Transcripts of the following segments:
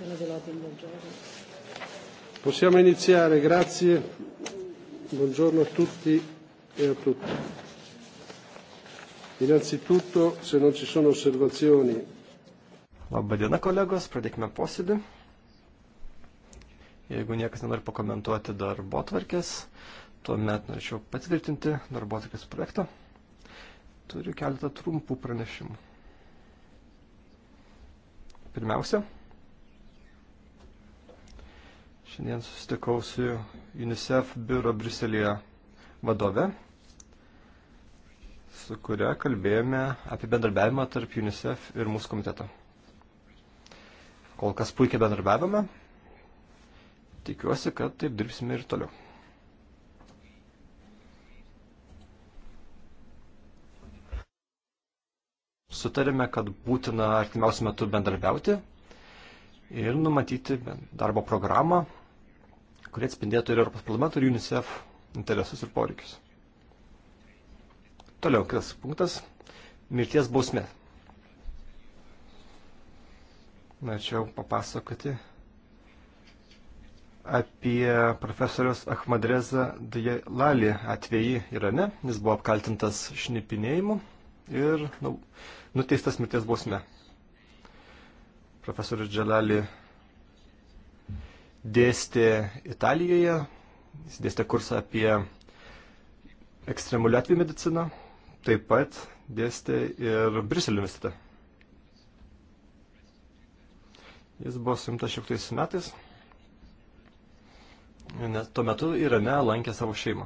approvazione dell'ordine del giorno. Possiamo iniziare, grazie. Buongiorno a tutti e a tutte. Innanzitutto, se non ci sono osservazioni. Labadiena, kolegos, pradėkime posėdį. Jeigu niekas nenori pakomentuoti darbo tvarkės, tuomet norėčiau patvirtinti darbo tvarkės projektą. Turiu keletą trumpų pranešimų. Pirmiausia, Šiandien susitikau su UNICEF biuro Briselėje vadove, su kuria kalbėjome apie bendarbiavimą tarp UNICEF ir mūsų komiteto. Kol kas puikiai bendarbiavome, tikiuosi, kad taip dirbsime ir toliau. Sutarėme, kad būtina artimiausiu metu bendarbiauti ir numatyti darbo programą kurie atspindėtų ir Europos parlamento ir UNICEF interesus ir poreikius. Toliau, kitas punktas – mirties bausmė. Norėčiau papasakoti apie profesorius Ahmadreza Djalali atvejį Irane. Jis buvo apkaltintas šnipinėjimu ir nu, nuteistas mirties bausme. Profesorius Djalali dėstė Italijoje, jis dėstė kursą apie ekstremalių atvejų mediciną, taip pat dėstė ir Briselio universitete. Jis buvo suimtas šiektais metais, nes tuo metu Irane lankė savo šeimą.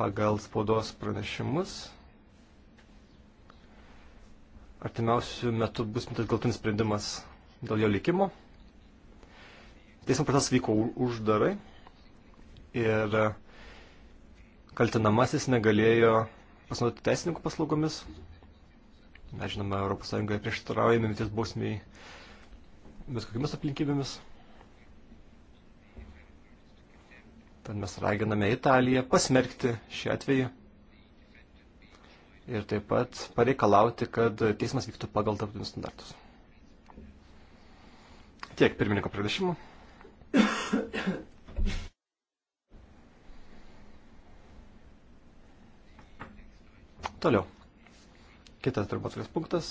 Pagal spaudos pranešimus artimiausių metų bus mintas galtinis sprendimas dėl jo likimo. Teismo procesas vyko uždarai ir kaltinamasis negalėjo pasinaudoti teisininkų paslaugomis. Mes žinome, ES prieštaraujame mirties bausmiai bet kokiamis aplinkybėmis. Tad mes raginame Italiją pasmerkti šį atvejį ir taip pat pareikalauti, kad teismas vyktų pagal tarptautinius standartus. Tiek pirmininko pranešimų. Toliau. Kitas darbotvarkės punktas.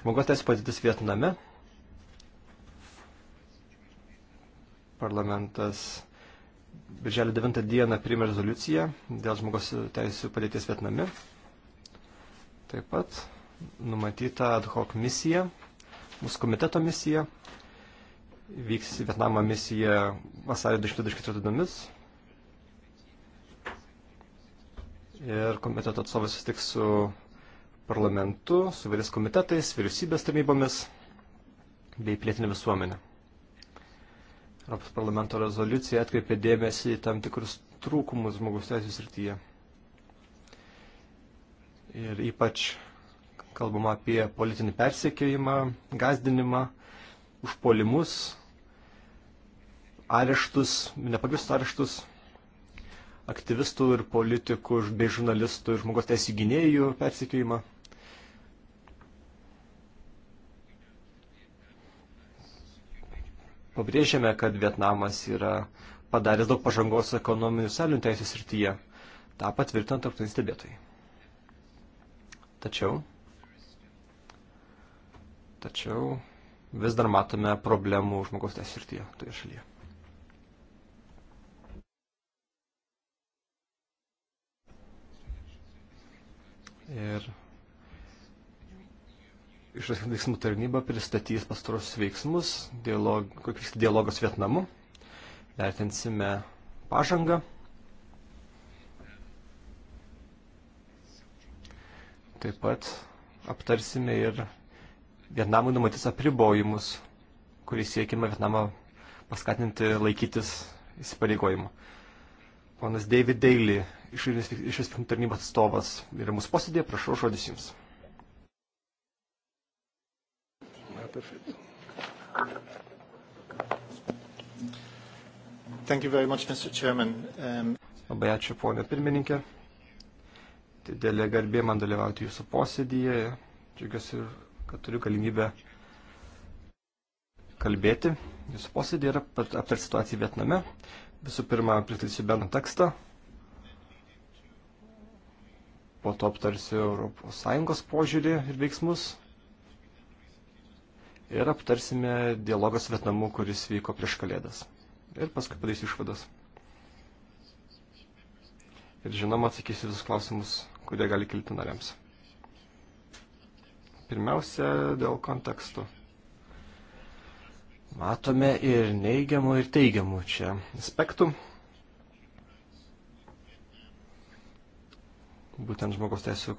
Žmogaus teisų padėtis Vietname. Parlamentas Birželio 9 dieną priėmė rezoliuciją dėl žmogaus teisų padėties Vietname. Taip pat numatyta ad hoc misija, mūsų komiteto misija vyks į Vietnamą misiją vasario 24 dienomis. Ir komiteto atstovas susitiks su parlamentu, su vyris komitetais, vyriausybės tarnybomis bei pilietinė visuomenė. Europos parlamento rezoliucija atkreipė dėmesį į tam tikrus trūkumus žmogus teisų srityje. Ir ypač kalbama apie politinį persiekėjimą, gazdinimą, užpolimus areštus, nepagristus areštus aktyvistų ir politikų bei žurnalistų ir žmogaus teisų gynėjų persikėjimą. Pabrėžėme, kad Vietnamas yra padaręs daug pažangos ekonominių sąlygų teisų srityje. Ta patvirtina tarptautiniai stebėtojai. Tačiau, tačiau vis dar matome problemų žmogaus teisų srityje toje šalyje. ir išrasės veiksmų tarnyba pristatys pastarosius veiksmus, dialog, kokius dialogas Vietnamu, vertinsime pažangą. Taip pat aptarsime ir Vietnamui numatys apribojimus, kuriais siekime Vietnamą paskatinti laikytis įsipareigojimų. Ponas David Daly išorės iš tarnybos atstovas yra mūsų posėdėje, prašau žodis jums. Much, um... Labai ačiū, ponė pirmininkė. Didelė garbė man dalyvauti jūsų posėdėje. Džiugiuosi, kad turiu galimybę kalbėti. Jūsų posėdėje yra aptarti situaciją Vietname. Visų pirma, pristatysiu bendrą tekstą, po to aptarsiu ES požiūrį ir veiksmus. Ir aptarsime dialogą su Vietnamu, kuris vyko prieš kalėdas. Ir paskui padarysiu išvadas. Ir žinoma, atsakysiu visus klausimus, kurie gali kilti nariams. Pirmiausia, dėl kontekstų. Matome ir neigiamų, ir teigiamų čia aspektų. būtent žmogaus teisų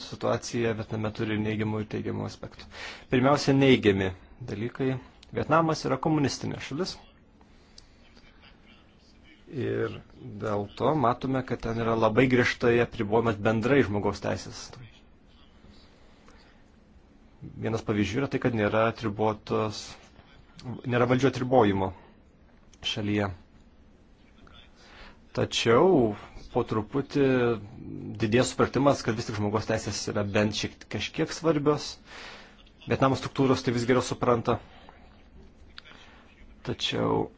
situacija Vietname turi neigiamų ir teigiamų aspektų. Pirmiausia, neigiami dalykai. Vietnamas yra komunistinė šalis. Ir dėl to matome, kad ten yra labai griežtai apribojamas bendrai žmogaus teisės. Vienas pavyzdžių yra tai, kad nėra, atribuotos, nėra valdžio atribojimo šalyje. Tačiau po truputį didės supratimas, kad vis tik žmogaus teisės yra bent šiek tiek kažkiek svarbios. Vietnamo struktūros tai vis geriau supranta. Tačiau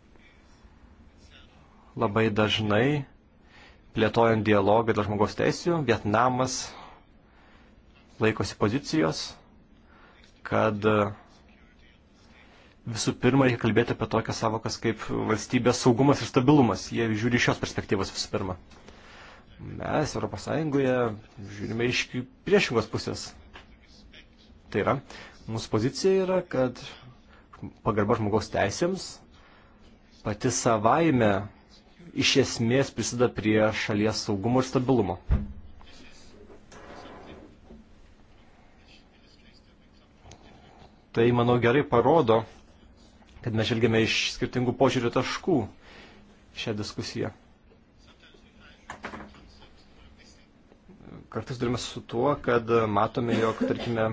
labai dažnai plėtojant dialogą dėl žmogaus teisų, Vietnamas laikosi pozicijos, kad visų pirma reikia kalbėti apie tokias savokas kaip valstybės saugumas ir stabilumas. Jie žiūri iš šios perspektyvos visų pirma mes ES žiūrime iš priešingos pusės. Tai yra, mūsų pozicija yra, kad pagarba žmogaus teisėms pati savaime iš esmės prisideda prie šalies saugumo ir stabilumo. Tai, manau, gerai parodo, kad mes žvelgiame iš skirtingų požiūrių taškų šią diskusiją kartais turime su tuo, kad matome, jog, tarkime,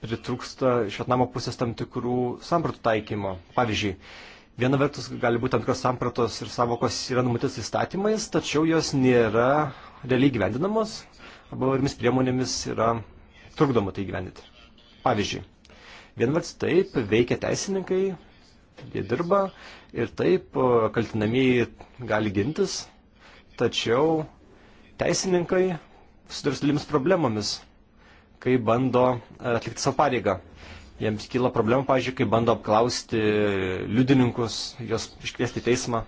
pritrūksta iš Vietnamo pusės tam tikrų sampratų taikymo. Pavyzdžiui, viena vertus gali būti tam tikros sampratos ir savokos yra numatytos įstatymais, tačiau jos nėra realiai gyvendinamos arba varmis priemonėmis yra trukdoma tai gyvendyti. Pavyzdžiui, viena vertus taip veikia teisininkai, jie dirba ir taip kaltinamieji gali gintis, tačiau Teisininkai susidurs dėlėmis problemomis, kai bando e, atlikti savo pareigą. Jiems kyla problemų, pažiūrėjau, kai bando apklausti liudininkus, juos iškviesti į teismą.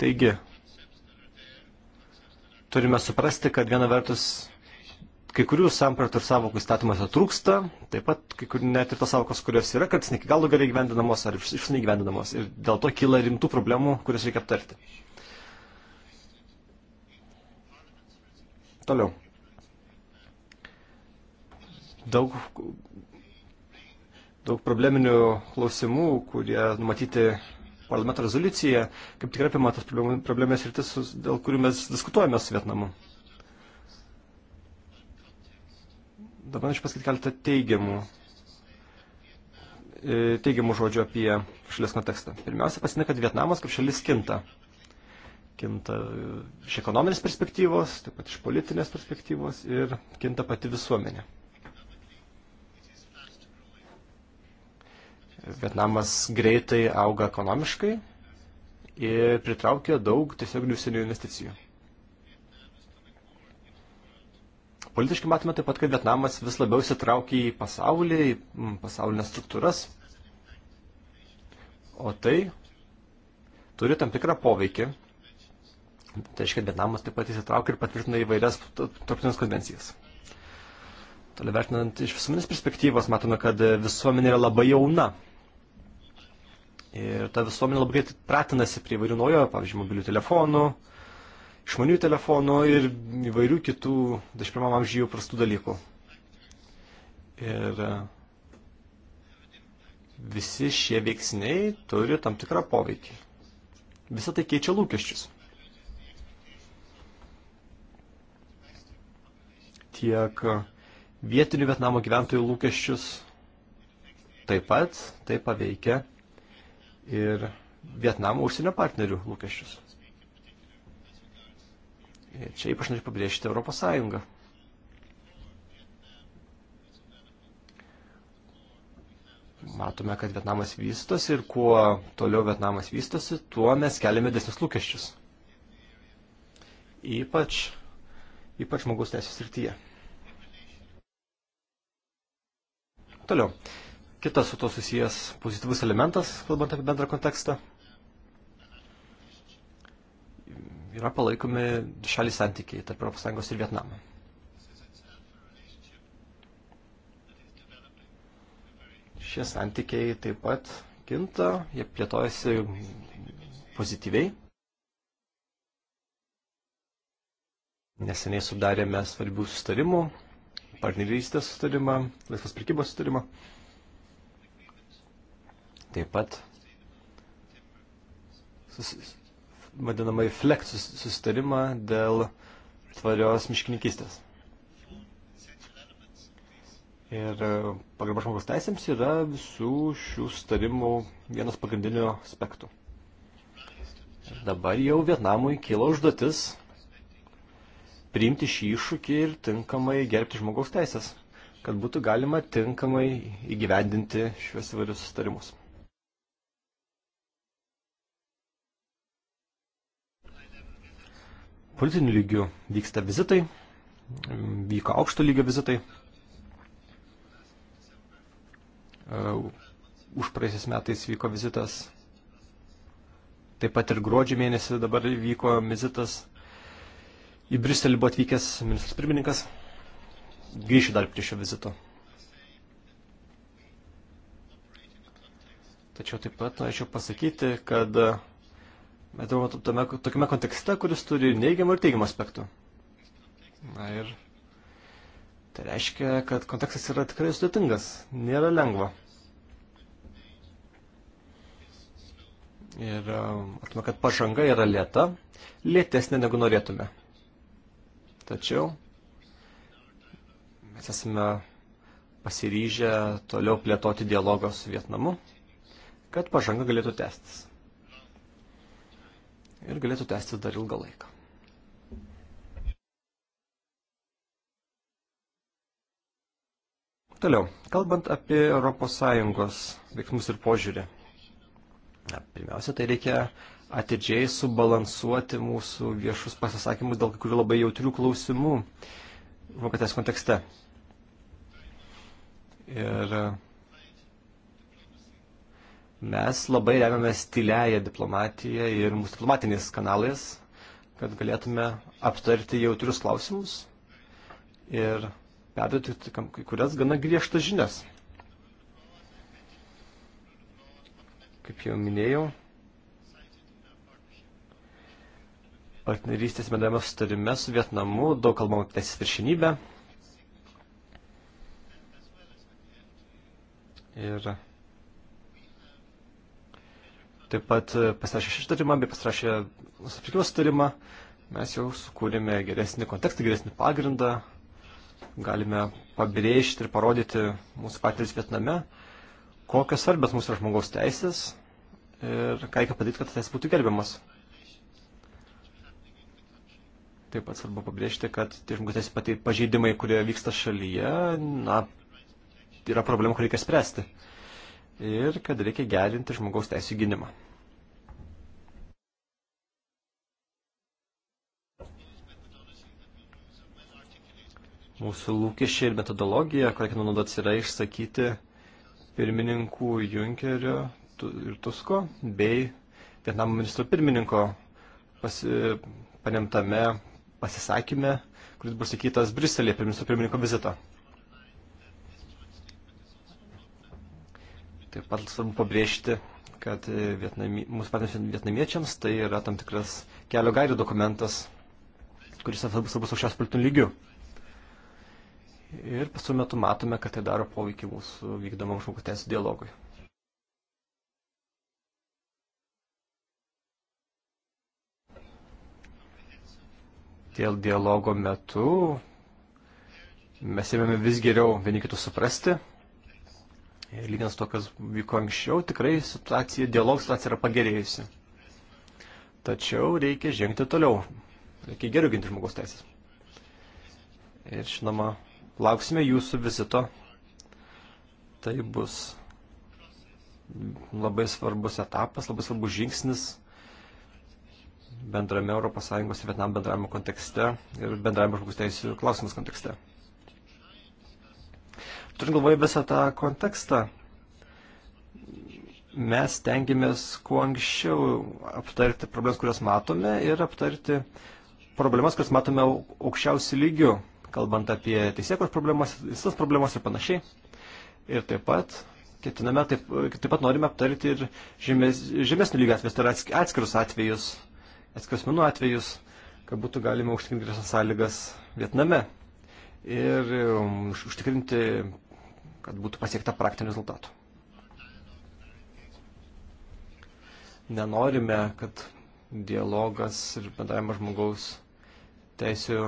Taigi, turime suprasti, kad viena vertus kai kurių sampratų ir savokų įstatymuose trūksta, taip pat kai kur net ir tos savokos, kurios yra, kad ne iki galo gerai gyvendinamos ar iš, iš neįgyvendinamos. Ir dėl to kyla rimtų problemų, kurias reikia aptarti. Toliau. Daug, daug probleminių klausimų, kurie numatyti parlamento rezoliuciją, kaip tikrai apima tas problemės rytis, dėl kurių mes diskutuojame su Vietnamu. Dabar aš pasakyti keletą teigiamų, e, teigiamų žodžių apie šalies kontekstą. Pirmiausia, pasinė, kad Vietnamas kaip šalis kinta kinta iš ekonominės perspektyvos, taip pat iš politinės perspektyvos ir kinta pati visuomenė. Vietnamas greitai auga ekonomiškai ir pritraukia daug tiesioginių užsienio investicijų. Politiškai matome taip pat, kad Vietnamas vis labiau sitraukia į pasaulį, į mm, pasaulinės struktūras, o tai turi tam tikrą poveikį Tai reiškia, Vietnamas taip pat įsitraukė ir patvirtino įvairias tarptautinės konvencijas. Toliau vertinant iš visuomenės perspektyvos, matome, kad visuomenė yra labai jauna. Ir ta visuomenė labai pratinasi prie įvairių naujo, pavyzdžiui, mobilių telefonų, išmanių telefonų ir įvairių kitų 21 amžiuje prastų dalykų. Ir e, visi šie veiksniai turi tam tikrą poveikį. Visą tai keičia lūkesčius. tiek vietinių Vietnamo gyventojų lūkesčius. Taip pat tai paveikia ir Vietnamo užsienio partnerių lūkesčius. Ir čia ypač noriu pabrėžti Europos Sąjungą. Matome, kad Vietnamas vystosi ir kuo toliau Vietnamas vystosi, tuo mes keliame desnius lūkesčius. Ypač, ypač žmogus teisės srityje. Toliau. Kitas su to susijęs pozityvus elementas, kalbant apie bendrą kontekstą, yra palaikomi šaliai santykiai tarp ES ir Vietnamo. Šie santykiai taip pat kinta, jie plėtojasi pozityviai. Neseniai sudarėme svarbių sustarimų partnerystės sutarimą, laisvas prekybos sutarimą. Taip pat sus, vadinamai FLECT sus, susitarimą dėl tvarios miškininkystės. Ir pagarba žmogaus teisėms yra visų šių starimų vienas pagrindinių aspektų. Ir dabar jau Vietnamui kilo užduotis priimti šį iššūkį ir tinkamai gerbti žmogaus teisės, kad būtų galima tinkamai įgyvendinti šiuos įvairius sustarimus. Politinių lygių vyksta vizitai, vyko aukšto lygio vizitai. E, už praeisiais metais vyko vizitas Taip pat ir gruodžio mėnesį dabar vyko vizitas. Į Briuselį buvo atvykęs ministras pirmininkas. Grįšiu dar prie šio vizito. Tačiau taip pat norėčiau pasakyti, kad e, mes dirbame tokiame kontekste, kuris turi neigiamų ir teigiamų aspektų. Na ir tai reiškia, kad kontekstas yra tikrai sudėtingas, nėra lengva. Ir e, atrodo, kad pažanga yra lėta, lėtesnė negu norėtume. Tačiau mes esame pasiryžę toliau plėtoti dialogą su Vietnamu, kad pažanga galėtų tęstis. Ir galėtų tęstis dar ilgą laiką. Toliau, kalbant apie ES veiksmus ir požiūrį. Na, pirmiausia, tai reikia atidžiai subalansuoti mūsų viešus pasisakymus dėl kurių labai jautrių klausimų vokietės kontekste. Ir e, mes labai remiame stiliają diplomatiją ir mūsų diplomatiniais kanalais, kad galėtume aptarti jautrius klausimus ir perduoti kai kurias gana griežtas žinias. Kaip jau minėjau, partnerystės medavimo sutarime su Vietnamu, daug kalbam apie teisės viršinybę. Ir taip pat pasirašė šį sutarimą, bei pasirašė nusipirkimo sutarimą. Mes jau sukūrėme geresnį kontekstą, geresnį pagrindą. Galime pabrėžti ir parodyti mūsų partnerius Vietname, kokios svarbios mūsų yra žmogaus teisės ir ką reikia padaryti, kad tas būtų gerbiamas. Taip pat svarbu pabrėžti, kad tie žmogus teisų pati pažeidimai, kurie vyksta šalyje, na, yra problema, kur reikia spręsti. Ir kad reikia gerinti žmogaus teisų gynimą. Mūsų lūkesčiai ir metodologija, kurią ketiname naudotis, yra išsakyti pirmininkų Junkerio ir Tusko bei Vietnamo ministro pirmininko pasi, paremtame pasisakymę, kuris bus sakytas Briselėje per ministro pirmininko vizito. Taip pat svarbu pabrėžti, kad vietnami, mūsų partneriams vietnamiečiams tai yra tam tikras kelio gairių dokumentas, kuris svarbus aukščiausios politinių lygių. Ir pasu metu matome, kad tai daro poveikį mūsų vykdomam žmogus teisų dialogui. dėl dialogo metu mes ėmėme vis geriau vieni kitus suprasti. Ir lyginant su to, kas vyko anksčiau, tikrai situacija, dialog situacija yra pagerėjusi. Tačiau reikia žengti toliau. Reikia geriau ginti žmogaus teisės. Ir žinoma, lauksime jūsų vizito. Tai bus labai svarbus etapas, labai svarbus žingsnis bendrame ES ir Vietnam bendravimo kontekste ir bendravimo žmogus teisų klausimus kontekste. Turint galvoje visą tą kontekstą, mes tengiamės kuo anksčiau aptarti problemas, kurias matome ir aptarti problemas, kurias matome aukščiausių lygių, kalbant apie teisėkos problemas, visas problemas ir panašiai. Ir taip pat ketiname, taip, taip pat norime aptarti ir žemės, žemesnių lygių atvejus, tai yra atskirus atvejus atskirsmenų atvejus, kad būtų galima užtikrinti geresnės sąlygas Vietname ir um, užtikrinti, kad būtų pasiekta praktinių rezultatų. Nenorime, kad dialogas ir bendravimas žmogaus teisų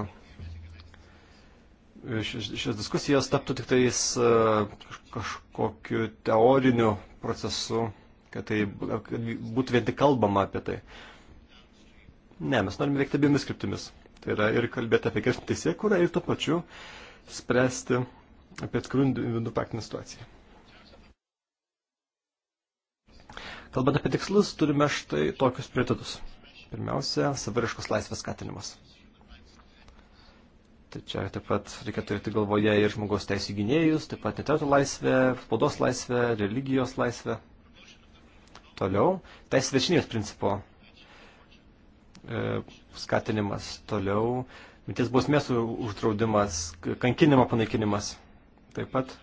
šios diskusijos taptų tik tais kažkokiu teoriniu procesu, kad tai kad būtų vien tik kalbama apie tai. Ne, mes norime veikti abiemis kryptimis. Tai yra ir kalbėti apie geresnį teisėkurą ir tuo pačiu spręsti apie atskirų individų praktinę situaciją. Kalbant apie tikslus, turime štai tokius prioritetus. Pirmiausia, savariškos laisvės skatinimas. Tai čia taip pat reikia turėti galvoje ir žmogaus teisų gynėjus, taip pat neteto laisvę, spaudos laisvę, religijos laisvę. Toliau, teisės viršinės principo E, skatinimas toliau, minties bausmės uždraudimas, kankinimo panaikinimas. Taip pat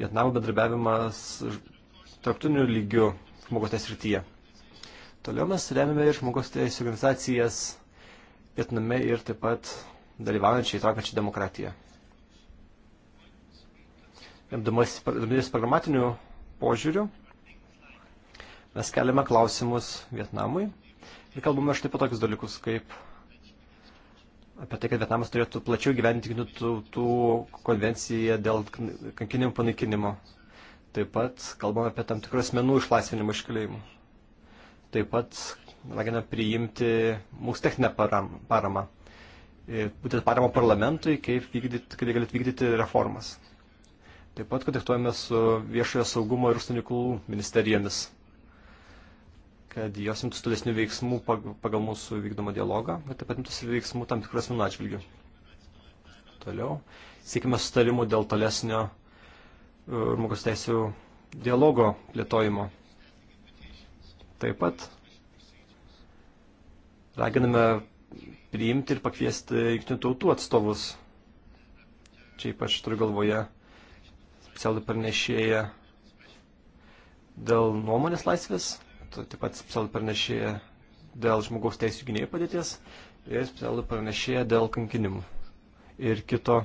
Vietnamo bendrabiavimas tarptautiniu lygiu žmogaus teisų srityje. Toliau mes remiame ir žmogaus teisų organizacijas Vietname ir taip pat dalyvaujančią įtraukiančią demokratiją. Remdamasis programatiniu požiūriu, Mes keliame klausimus Vietnamui ir kalbame štai po tokius dalykus, kaip apie tai, kad Vietnamas turėtų plačiau gyventi tų konvenciją dėl kankinimų panaikinimo. Taip pat kalbame apie tam tikrus menų išlaisvinimą iš kalėjimų. Taip pat raginame priimti mūsų techninę paramą. Būtent paramą parlamentui, kaip vykdyti, kad jie galėtų vykdyti reformas. Taip pat kontaktuojame su viešojo saugumo ir užsienio reikalų ministerijomis kad jos imtųsi tolesnių veiksmų pagal mūsų vykdomą dialogą, bet taip pat imtųsi veiksmų tam tikras minų atžvilgių. Toliau. Siekime sutarimų dėl tolesnio e, žmogus teisų dialogo plėtojimo. Taip pat raginame priimti ir pakviesti jungtinių tautų atstovus. Čia ypač turiu galvoje specialų pranešėją dėl nuomonės laisvės taip pat specialų pranešėją dėl žmogaus teisų gynėjų padėties ir specialų pranešėją dėl kankinimų ir kito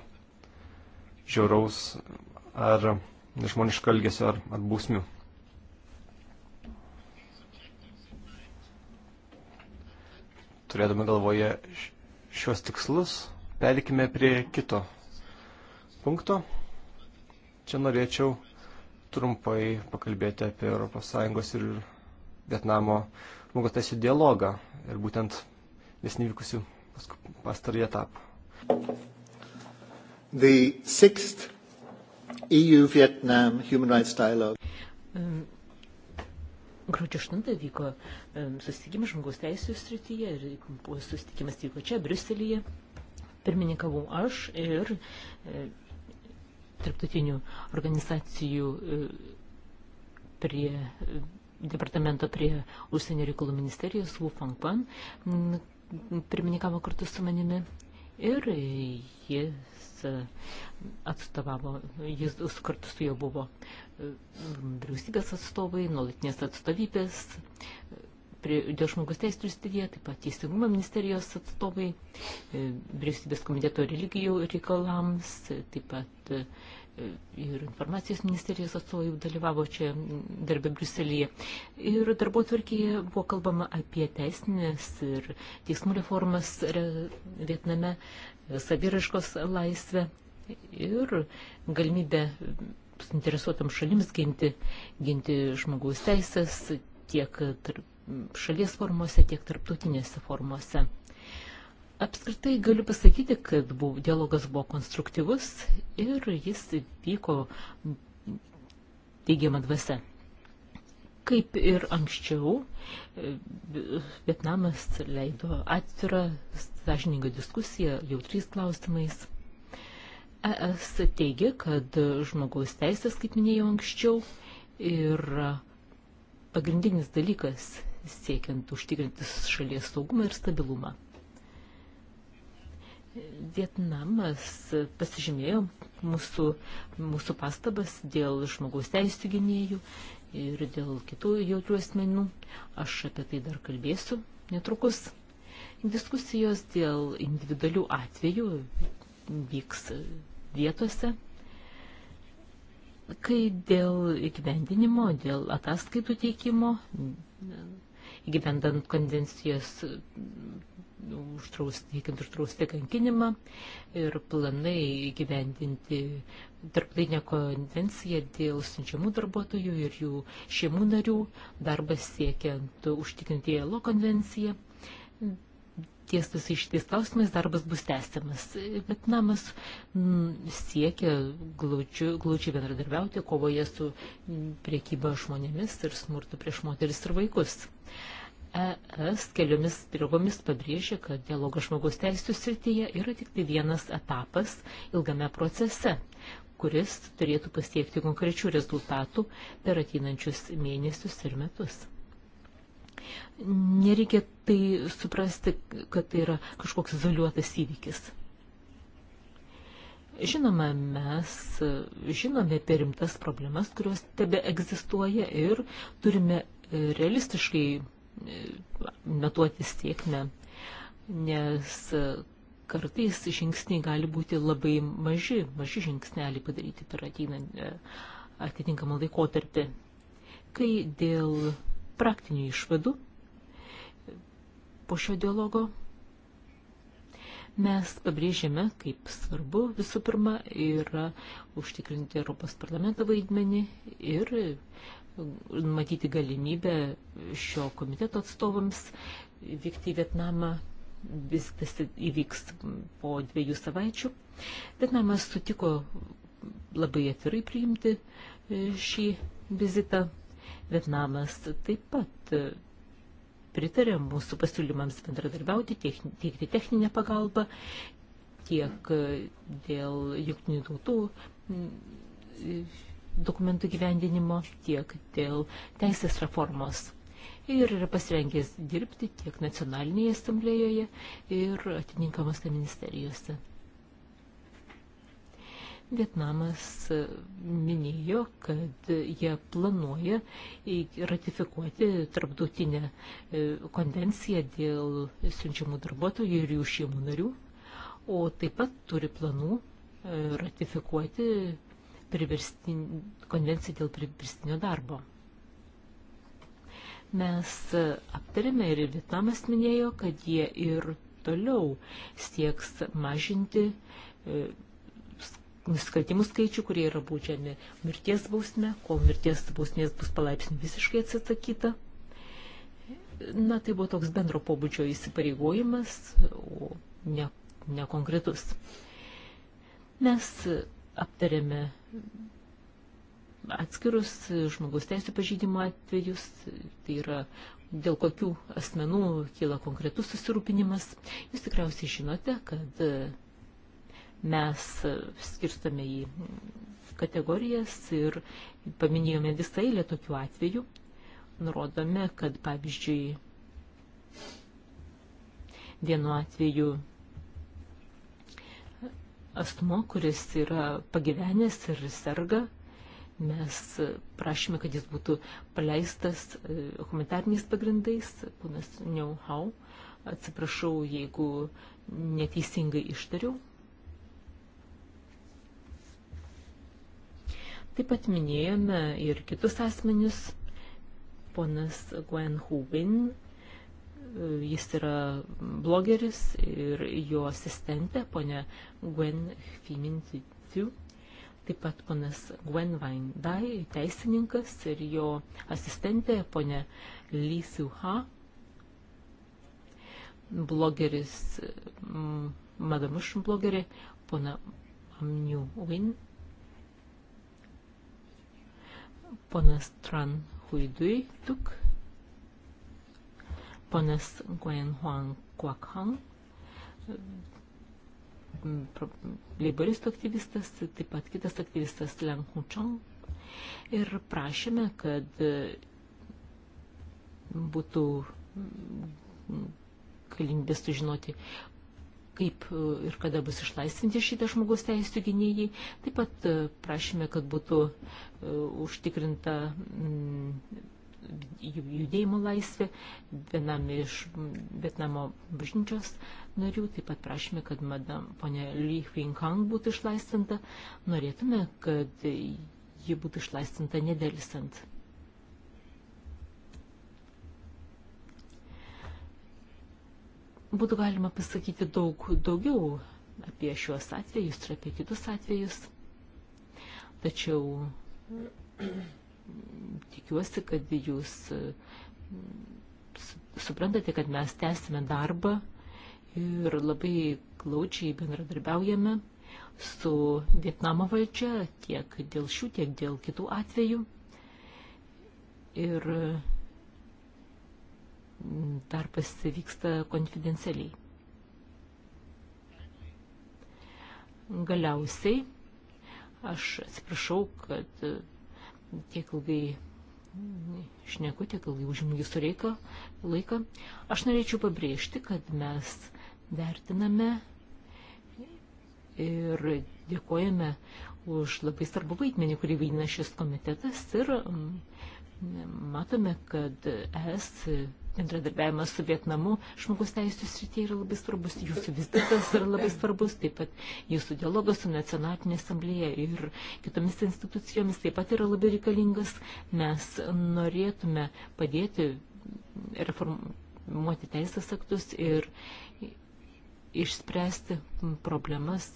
žiauraus ar nežmoniško elgesio ar, ar būsmių. Turėdami galvoje šios tikslus, perikime prie kito punkto. Čia norėčiau trumpai pakalbėti apie ES ir Vietnamo žmogaus teisų dialogą ir būtent nesnį vykusių pastarį etapą. The sixth EU-Vietnam Human Rights Dialogue. Um. Gruodžio 8 vyko susitikimas žmogaus teisų srityje ir susitikimas vyko čia, Briuselėje. Pirmininkavau aš ir e, tarptautinių organizacijų e, prie e, departamento prie užsienio reikalų ministerijos, Wu Fangpan, pirmininkavo kartu su manimi ir jis atstovavo, jis kartu su juo buvo e, vyriausybės atstovai, nuolatinės atstovybės, prie, dėl žmogus teisų studija, taip pat teisingumo ministerijos atstovai, e, vyriausybės komiteto religijų reikalams, taip pat e, ir informacijos ministerijos atstovai dalyvavo čia darbė Bruselėje. Ir darbo tvarkyje buvo kalbama apie teisinės ir teismų reformas Vietname, saviraškos laisvę ir galimybę suinteresuotam šalims ginti, ginti žmogaus teisės tiek šalies formuose, tiek tarptautinėse formuose. Apskritai galiu pasakyti, kad buvo, dialogas buvo konstruktyvus ir jis vyko teigiamą dvasę. Kaip ir anksčiau, Vietnamas leido atvirą, sąžiningą diskusiją jautriais klausimais. ES teigia, kad žmogaus teisės, kaip minėjau anksčiau, yra pagrindinis dalykas siekiant užtikrinti šalies saugumą ir stabilumą. Vietnamas pasižymėjo mūsų, mūsų pastabas dėl žmogaus teisų gynėjų ir dėl kitų jautrių asmenų. Aš apie tai dar kalbėsiu netrukus. Diskusijos dėl individualių atvejų vyks vietose. Kai dėl įgyvendinimo, dėl ataskaitų teikimo, įgyvendant konvencijos uždrausti, uždrausti kankinimą ir planai gyvendinti tarptautinę konvenciją dėl siunčiamų darbuotojų ir jų šeimų narių, darbas siekiant užtikrinti ELO konvenciją. Ties visais šitais klausimais darbas bus tęsiamas. Vietnamas mm, siekia glaučiai bendradarbiauti kovoje su priekyba žmonėmis ir smurtu prieš moteris ir vaikus. ES keliomis trilogomis pabrėžė, kad dialogas žmogaus teisų srityje yra tik tai vienas etapas ilgame procese, kuris turėtų pasiekti konkrečių rezultatų per ateinančius mėnesius ir metus. Nereikia tai suprasti, kad tai yra kažkoks izoliuotas įvykis. Žinoma, mes žinome apie rimtas problemas, kurios tebe egzistuoja ir turime realistiškai matuotis tiekme, nes e, kartais žingsniai gali būti labai maži, maži žingsneliai padaryti per e, atitinkamą laikotarpį. Kai dėl praktinių išvadų po šio dialogo mes pabrėžėme, kaip svarbu visų pirma yra užtikrinti Europos parlamento vaidmenį ir matyti galimybę šio komiteto atstovams vykti į Vietnamą. Viskas įvyks po dviejų savaičių. Vietnamas sutiko labai atvirai priimti e, šį vizitą. Vietnamas taip pat e, pritarė mūsų pasiūlymams bendradarbiauti, teikti techninę pagalbą tiek e, dėl jungtinių tautų dokumentų gyvendinimo, tiek dėl teisės reformos. Ir yra pasirengęs dirbti tiek nacionalinėje asamblėjoje ir atitinkamose ministerijose. Vietnamas e, minėjo, kad jie planuoja ratifikuoti tarptautinę e, konvenciją dėl siunčiamų darbuotojų ir jų šeimų narių, o taip pat turi planų e, ratifikuoti konvenciją dėl priverstinio darbo. Mes aptarėme ir Vietnamas minėjo, kad jie ir toliau sieks mažinti e, nusikaltimų skaičių, kurie yra būdžiami mirties bausme, kol mirties bausmės bus palaipsniui visiškai atsisakyta. Na, tai buvo toks bendro pobūdžio įsipareigojimas, o ne, ne konkretus. Mes aptarėme atskirus žmogus teisų pažydimo atvejus, tai yra dėl kokių asmenų kyla konkretus susirūpinimas. Jūs tikriausiai žinote, kad e, mes skirstame į kategorijas ir paminėjome visą eilę tokių atvejų. Nurodome, kad pavyzdžiui, vienu atveju asmo, kuris yra pagyvenęs ir serga. Mes prašome, kad jis būtų paleistas e, humanitarniais pagrindais, ponas Neuhau. Atsiprašau, jeigu neteisingai ištariu. Taip pat minėjome ir kitus asmenius. Ponas Gwen Hubin jis yra blogeris ir jo asistentė, ponė Gwen Fimintiu, taip pat ponas Gwen Vaindai, teisininkas ir jo asistentė, ponė Lysiu Ha, blogeris, mm, madamuš blogerė, pona Amniu Win, ponas Tran Huidui Tuk, Ponas Gwen Huang Guakhang, leiboristų aktyvistas, taip pat kitas aktyvistas Leng Huchong. Ir prašėme, kad e, būtų galimybė sužinoti, kaip e, ir kada bus išlaisvinti šitą žmogaus teisų gynėjai. Taip pat e, prašėme, kad būtų užtikrinta judėjimo laisvę, vienam iš Vietnamo bažnyčios narių, taip pat prašome, kad madam, ponė Li Huinkang būtų išlaisvinta, norėtume, kad ji būtų išlaisvinta nedėlisant. Būtų galima pasakyti daug daugiau apie šiuos atvejus ir apie kitus atvejus, tačiau tikiuosi, kad jūs mm, suprantate, kad mes tęsime darbą ir labai glaučiai bendradarbiaujame su Vietnamo valdžia tiek dėl šių, tiek dėl kitų atvejų. Ir mm, darbas vyksta konfidencialiai. Galiausiai, aš atsiprašau, kad tiek ilgai šneku, tiek ilgai užimu jūsų reiką, laiką. Aš norėčiau pabrėžti, kad mes vertiname ir dėkojame už labai svarbu vaidmenį, kurį vaidina šis komitetas ir mm, matome, kad es bendradarbiavimas su Vietnamu žmogus teisų srityje yra labai svarbus, jūsų vizitas yra labai svarbus, taip pat jūsų dialogas su nacionalinė asamblėje ir kitomis institucijomis taip pat yra labai reikalingas. Mes norėtume padėti reformuoti teisės aktus ir išspręsti problemas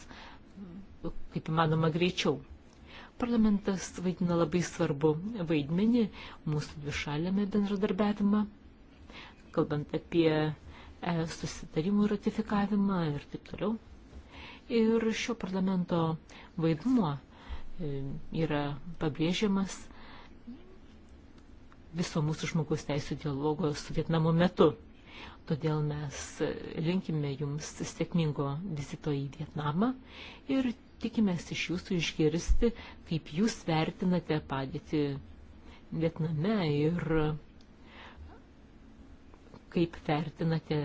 kaip įmanoma greičiau. Parlamentas vaidina labai svarbu vaidmenį mūsų dvišalėme bendradarbiavimą kalbant apie e, susitarimų ratifikavimą ir taip toliau. Ir šio parlamento vaidmuo e, yra pabrėžiamas viso mūsų žmogaus teisų dialogo su Vietnamu metu. Todėl mes e, linkime Jums sėkmingo vizito į Vietnamą ir tikimės iš Jūsų išgirsti, kaip Jūs vertinate padėtį Vietname ir kaip vertinate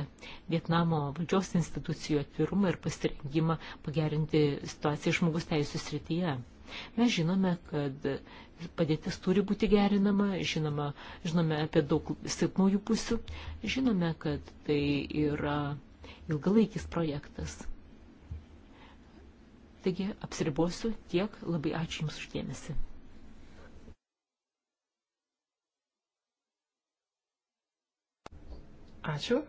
Vietnamo valdžios institucijų atvirumą ir pasirengimą pagerinti situaciją žmogus teisų srityje. Mes žinome, kad padėtis turi būti gerinama, žinoma, žinome apie daug silpnųjų pusių, žinome, kad tai yra ilgalaikis projektas. Taigi apsiribosiu tiek, labai ačiū Jums uždėmesi. Ačiū.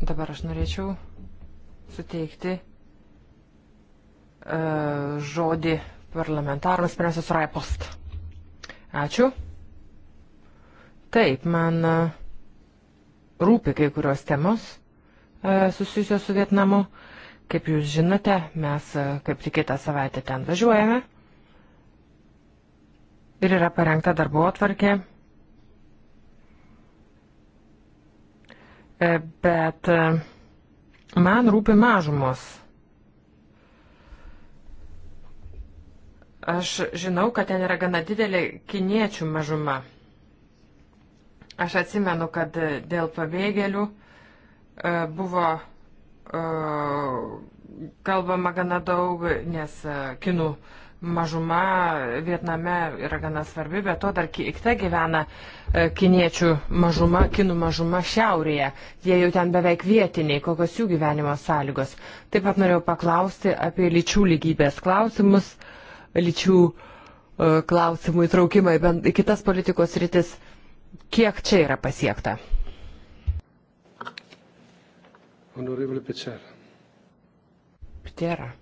Dabar aš norėčiau suteikti uh, žodį parlamentarams, pirmiausia, Suraipost. Ačiū. Taip, man uh, rūpi kai kurios temos uh, susijusios su Vietnamu. Kaip jūs žinote, mes uh, kaip tik kitą savaitę ten važiuojame. Ir yra parengta darbo atvarkė bet e, man rūpi mažumos. Aš žinau, kad ten yra gana didelė kiniečių mažuma. Aš atsimenu, kad dėl pabėgėlių e, buvo e, kalbama gana daug, nes kinų uh, mažuma Vietname yra gana svarbi, bet to dar kita gyvena e, kiniečių mažuma, kinų mažuma šiaurėje. Jie jau ten beveik vietiniai, kokios jų gyvenimo sąlygos. Taip pat norėjau paklausti apie lyčių lygybės klausimus, lyčių e, klausimų įtraukimą į kitas politikos rytis. Kiek čia yra pasiekta? Honorable Pechera. Pechera.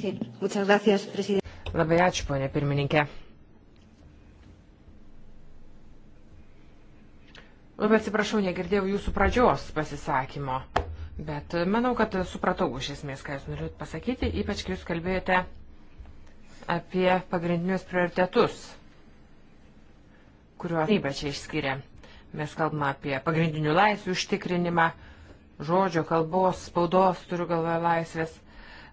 Sí. Muchas gracias, presidente. Labai ačiū, ponė pirmininkė. Labai atsiprašau, negirdėjau jūsų pradžios pasisakymo, bet manau, kad supratau iš esmės, ką jūs norėjot pasakyti, ypač kai jūs kalbėjote apie pagrindinius prioritetus, kuriuos ypač išskiria. Mes kalbame apie pagrindinių laisvių užtikrinimą, žodžio, kalbos, spaudos, turiu galvoje laisvės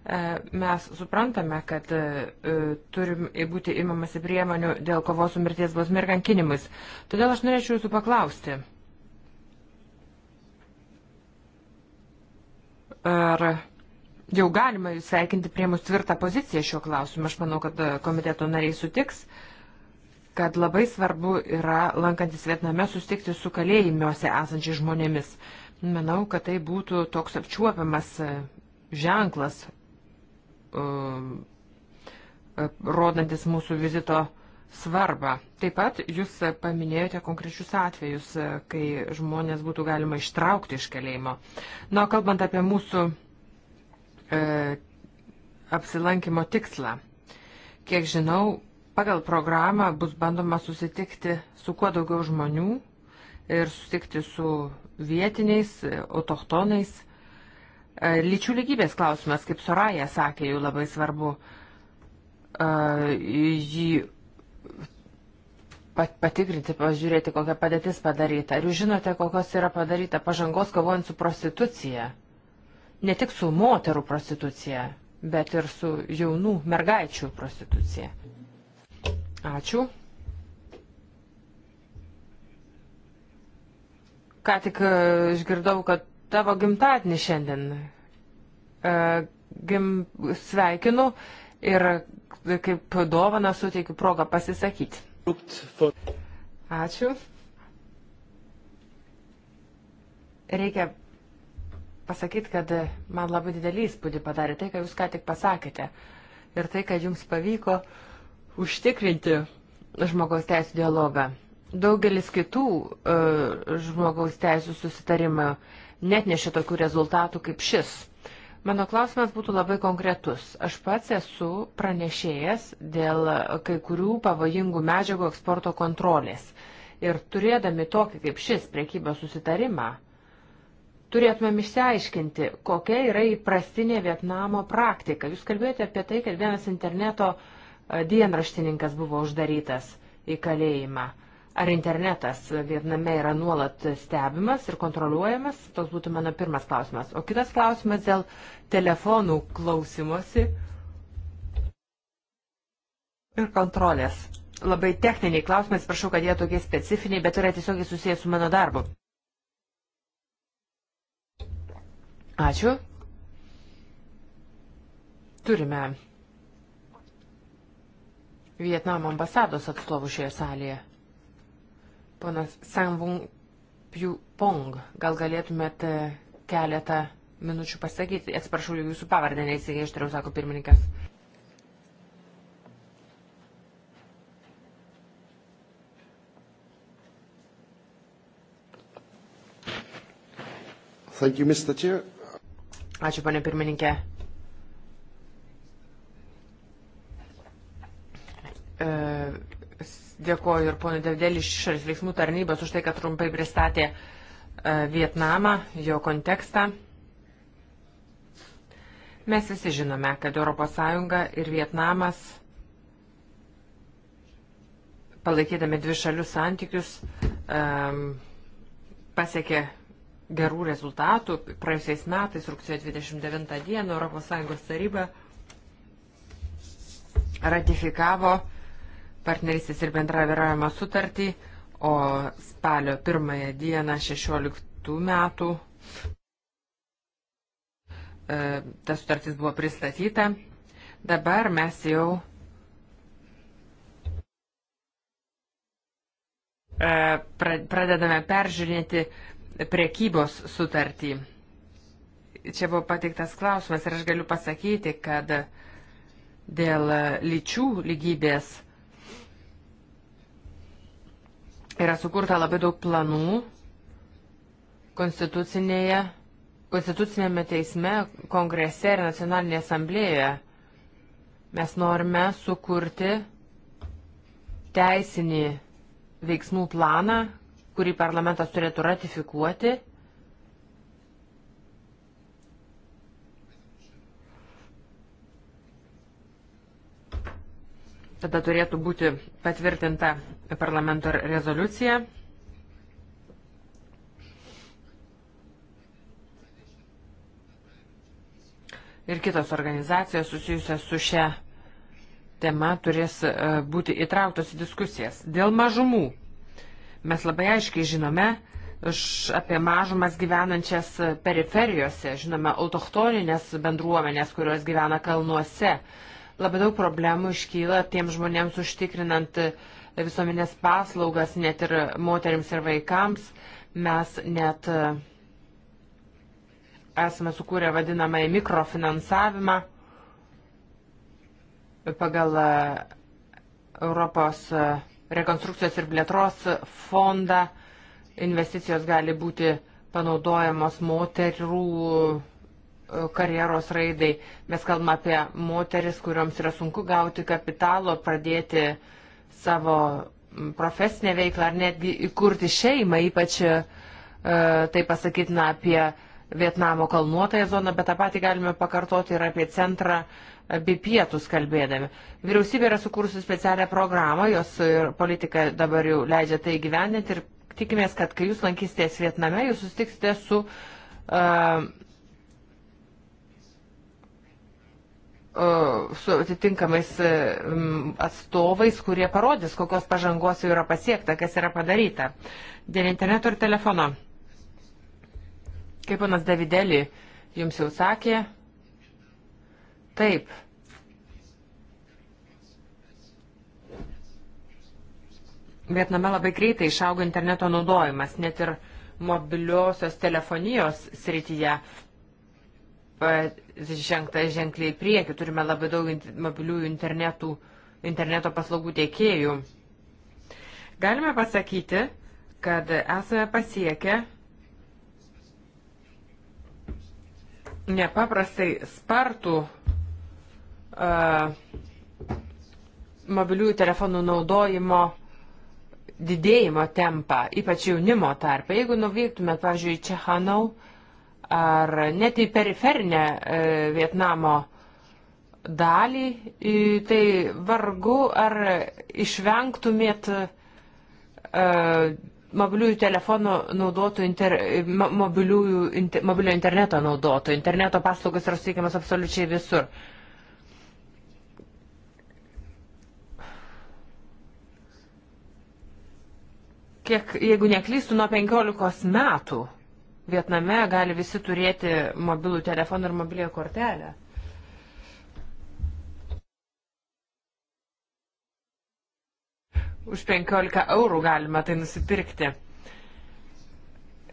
E, mes suprantame, kad e, turim būti imamasi priemonių dėl kovos su mirties bausmė ir kankinimus. Todėl aš norėčiau jūsų paklausti. Ar jau galima jūs sveikinti prie mūsų tvirtą poziciją šiuo klausimu? Aš manau, kad e, komiteto nariai sutiks kad labai svarbu yra lankantis Vietname sustikti su kalėjimuose esančiai žmonėmis. Manau, kad tai būtų toks apčiuopiamas ženklas Um, e, rodantis mūsų vizito svarbą. Taip pat jūs paminėjote konkrečius atvejus, e, kai žmonės būtų galima ištraukti iš kalėjimo. Na, kalbant apie mūsų e, apsilankimo tikslą, kiek žinau, pagal programą bus bandoma susitikti su kuo daugiau žmonių ir susitikti su vietiniais, e, autochtonais Lyčių lygybės klausimas, kaip Soraja sakė, jau labai svarbu jį patikrinti, pažiūrėti, kokia padėtis padaryta. Ar jūs žinote, kokios yra padaryta pažangos kovojant su prostitucija? Ne tik su moterų prostitucija, bet ir su jaunų mergaičių prostitucija. Ačiū. Ką tik e, išgirdau, kad tavo gimtadienį šiandien. E, gim, sveikinu ir kaip dovana suteikiu progą pasisakyti. Ačiū. Reikia pasakyti, kad man labai didelį įspūdį padarė tai, ką jūs ką tik pasakėte. Ir tai, kad jums pavyko užtikrinti žmogaus teisų dialogą. Daugelis kitų uh, žmogaus teisų susitarimų uh, net nešia tokių rezultatų kaip šis. Mano klausimas būtų labai konkretus. Aš pats esu pranešėjas dėl kai kurių pavojingų medžiagų eksporto kontrolės. Ir turėdami tokį kaip šis priekybos susitarimą, turėtumėm išsiaiškinti, kokia yra įprastinė Vietnamo praktika. Jūs kalbėjote apie tai, kad vienas interneto e, dienraštininkas buvo uždarytas į kalėjimą. Ar internetas Vietname yra nuolat stebimas ir kontroliuojamas? Toks būtų mano pirmas klausimas. O kitas klausimas dėl telefonų klausimosi ir kontrolės. Labai techniniai klausimai, prašau, kad jie tokie specifiniai, bet yra tiesiog susijęs su mano darbu. Ačiū. Turime Vietnamo ambasados atstovų šioje salėje. Ponas Sambung Pong, gal galėtumėt keletą minučių pasakyti? Atsiprašau, jūsų pavardę neįsigiai ištariau, sako pirmininkas. Thank you, Mr. Chair. Ačiū, ponė pirmininkė. Uh, Dėkoju ir ponui Devdėlį iš išorės veiksmų tarnybos už tai, kad trumpai pristatė e, Vietnamą, jo kontekstą. Mes visi žinome, kad ES ir Vietnamas, palaikydami dvi šalius santykius, um, pasiekė gerų rezultatų. Praėjusiais metais, rugsėjo 29 dieną, ES taryba ratifikavo uh, partnerystės ir bendraviravimo sutartį, o spalio pirmąją dieną 16 metų e, ta sutartis buvo pristatyta. Dabar mes jau e, pradedame peržiūrėti prekybos sutartį. Čia buvo pateiktas klausimas ir aš galiu pasakyti, kad dėl lyčių lygybės Yra sukurta labai daug planų konstitucinėje, konstitucinėme teisme, kongrese ir nacionalinėje asamblėje. Mes norime sukurti teisinį veiksmų planą, kurį parlamentas turėtų ratifikuoti Tada turėtų būti patvirtinta parlamento rezoliucija. Ir kitos organizacijos susijusios su šia tema turės e, būti įtrauktos į diskusijas. Dėl mažumų. Mes labai aiškiai žinome apie mažumas gyvenančias periferijose, žinome autochtoninės bendruomenės, kurios gyvena kalnuose Labai daug problemų iškyla tiem žmonėms užtikrinant e, visuomenės paslaugas, net ir moteriams ir vaikams. Mes net e, esame sukūrę vadinamąjį mikrofinansavimą pagal e, Europos rekonstrukcijos ir plėtros fondą investicijos gali būti panaudojamos moterų karjeros raidai. Mes kalbame apie moteris, kuriuoms yra sunku gauti kapitalo, pradėti savo profesinę veiklą ar netgi įkurti šeimą, ypač e, tai pasakytina apie Vietnamo kalnuotąją zoną, bet tą patį galime pakartoti ir apie centrą e, bei pietus kalbėdami. Vyriausybė yra sukūrusi specialią programą, jos politika dabar jau leidžia tai gyvendinti ir tikimės, kad kai jūs lankysitės Vietname, jūs susitiksite su uh, E, su atitinkamais e, atstovais, kurie parodys, kokios pažangos jau yra pasiekta, kas yra padaryta. Dėl interneto ir telefono. Kaip panas Davidelį jums jau sakė, taip. Vietname labai greitai išaugo interneto naudojimas, net ir mobiliosios telefonijos srityje žengta ženkliai į priekį. Turime labai daug mobiliųjų internetų, interneto paslaugų tiekėjų. Galime pasakyti, kad esame pasiekę nepaprastai spartų uh, mobiliųjų telefonų naudojimo didėjimo tempą, ypač jaunimo tarpą. Jeigu nuvyktume, pavyzdžiui, į Čehanau, uh, ar net į periferinę e, Vietnamo dalį, tai vargu ar išvengtumėt e, mobiliųjų telefonų naudotų, inter, mobiliųjų, inter, mobilio interneto naudotų. Interneto paslaugas yra suteikiamas absoliučiai visur. Kiek, jeigu neklystų, nuo 15 metų Vietname gali visi turėti mobilų telefoną ir mobilėje kortelę. Už 15 eurų galima tai nusipirkti.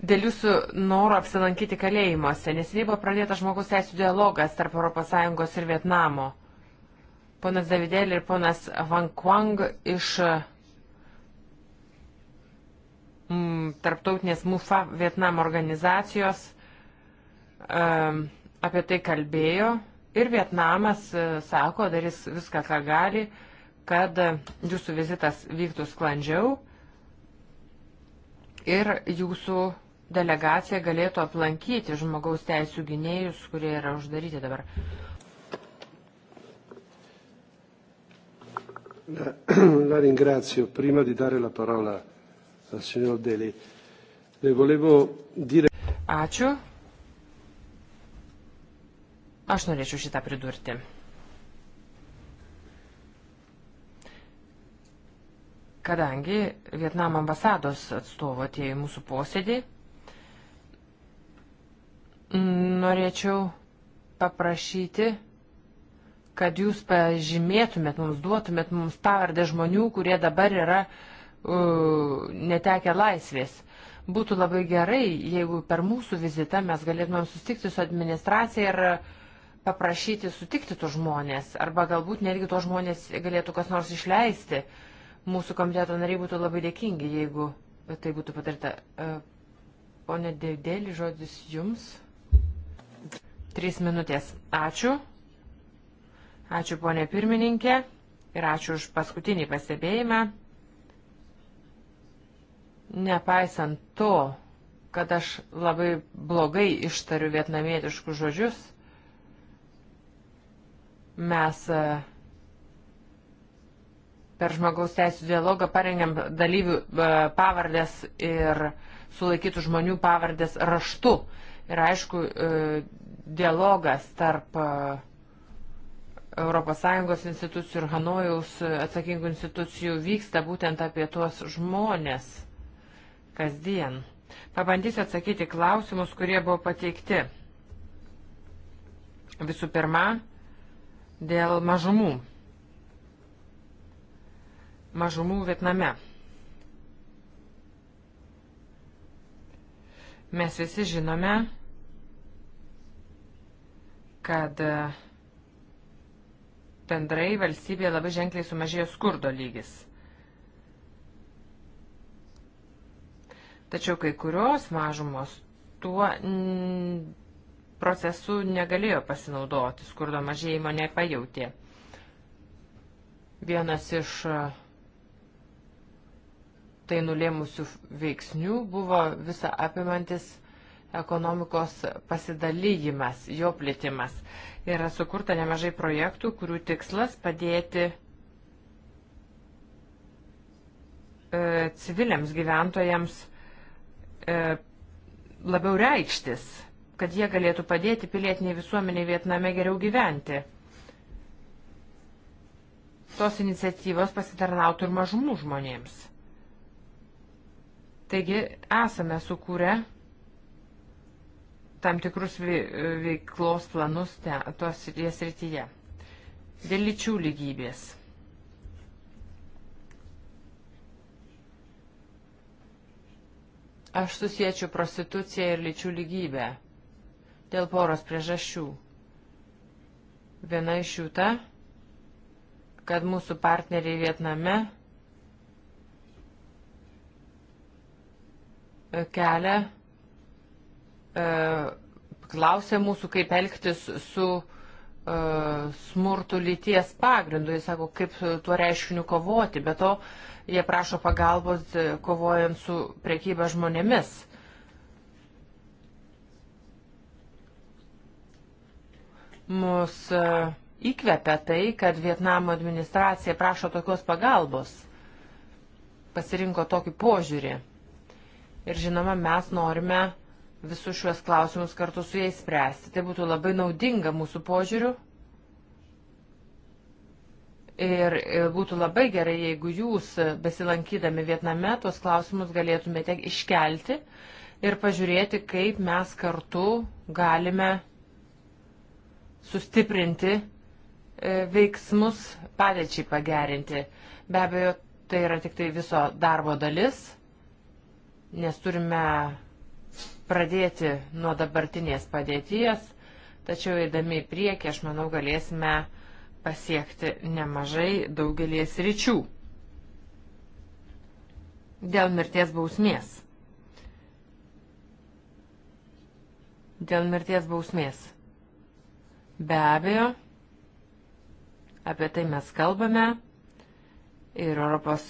Dėl jūsų noro apsilankyti kalėjimuose, nesiniai buvo pradėtas žmogus teisų dialogas tarp ES ir Vietnamo. Ponas Davidėlė ir ponas Van Kuang iš m, tarptautinės MUFA Vietnam organizacijos um, apie tai kalbėjo ir Vietnamas uh, sako, darys viską, ką gali, kad uh, jūsų vizitas vyktų sklandžiau ir jūsų delegacija galėtų aplankyti žmogaus teisų gynėjus, kurie yra uždaryti dabar. La, la ringrazio. Prima di dare la parola Ačiū. Aš norėčiau šitą pridurti. Kadangi Vietnamo ambasados atstovo atėjo į mūsų posėdį, norėčiau paprašyti, kad jūs pažymėtumėt mums, duotumėt mums pavardę žmonių, kurie dabar yra uh, netekę laisvės. Būtų labai gerai, jeigu per mūsų vizitą mes galėtumėm sustikti su administracija ir paprašyti sutikti tų žmonės, arba galbūt netgi tos žmonės galėtų kas nors išleisti. Mūsų komiteto nariai būtų labai dėkingi, jeigu tai būtų padaryta. E, pone Dėdėlį, žodis jums. Trys minutės. Ačiū. Ačiū, ponė pirmininkė. Ir ačiū už paskutinį pastebėjimą. Nepaisant to, kad aš labai blogai ištariu vietnamietiškus žodžius, mes e, per žmogaus teisų dialogą parengiam dalyvių e, pavardės ir sulaikytų žmonių pavardės raštu. Ir aišku, e, dialogas tarp ES institucijų ir Hanojaus atsakingų institucijų vyksta būtent apie tuos žmonės kasdien. Pabandysiu atsakyti klausimus, kurie buvo pateikti. Visų pirma, dėl mažumų. Mažumų Vietname. Mes visi žinome, kad bendrai valstybėje labai ženkliai sumažėjo skurdo lygis. Tačiau kai kurios mažumos tuo procesu negalėjo pasinaudoti, skurdo mažėjimo nepajautė. Vienas iš e, tai nulėmusių veiksnių buvo visa apimantis ekonomikos pasidalyjimas, jo plėtimas. Yra sukurta nemažai projektų, kurių tikslas padėti e, civiliams gyventojams E, labiau reikštis, kad jie galėtų padėti pilietiniai visuomeniai Vietname geriau gyventi. Tos iniciatyvos pasitarnautų ir mažumų žmonėms. Taigi esame sukūrę tam tikrus veiklos planus tuos srityje. Dėl lyčių lygybės. Aš susiečiu prostituciją ir lyčių lygybę. Dėl poros priežasčių. Viena iš jų ta, kad mūsų partneriai Vietname kelia, e, klausia mūsų, kaip elgtis su e, E, smurtų lyties pagrindų. Jis sako, kaip tuo reiškiniu kovoti. Be to, jie prašo pagalbos e, kovojant su priekyba žmonėmis. Mus e, įkvepia tai, kad Vietnamo administracija prašo tokios pagalbos. Pasirinko tokį požiūrį. Ir žinoma, mes norime uh, visus šiuos klausimus kartu su jais spręsti. Tai būtų labai naudinga mūsų požiūriu. Ir būtų labai gerai, jeigu jūs, besilankydami Vietname, tuos klausimus galėtumėte iškelti ir pažiūrėti, kaip mes kartu galime sustiprinti e, veiksmus, padėčiai pagerinti. Be abejo, tai yra tik tai viso darbo dalis, nes turime pradėti nuo dabartinės padėties, tačiau eidami į priekį, aš manau, galėsime pasiekti nemažai daugelies ryčių. Dėl mirties bausmės. Dėl mirties bausmės. Be abejo, apie tai mes kalbame ir ES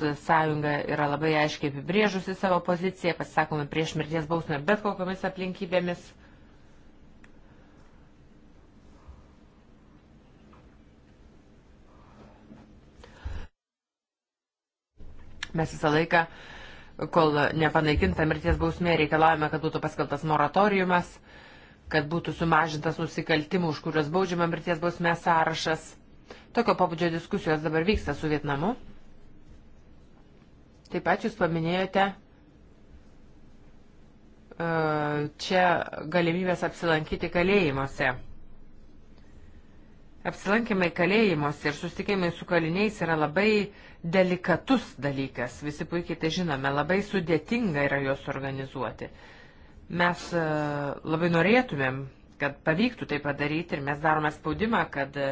yra labai aiškiai apibrėžusi savo poziciją, pasisakome prieš mirties bausmę bet kokiamis aplinkybėmis. Mes visą laiką, kol nepanaikinta mirties bausmė, reikalavome, kad būtų paskeltas moratoriumas, kad būtų sumažintas nusikaltimų, už kuriuos baudžiama mirties bausmė sąrašas. Tokio pabudžio diskusijos dabar vyksta su Vietnamu. Taip pat jūs paminėjote e, čia galimybės apsilankyti kalėjimuose. Apsilankimai kalėjimuose ir susitikimai su kaliniais yra labai delikatus dalykas, visi puikiai tai žinome, labai sudėtinga yra juos organizuoti. Mes e, labai norėtumėm, kad pavyktų tai padaryti ir mes darome spaudimą, kad e,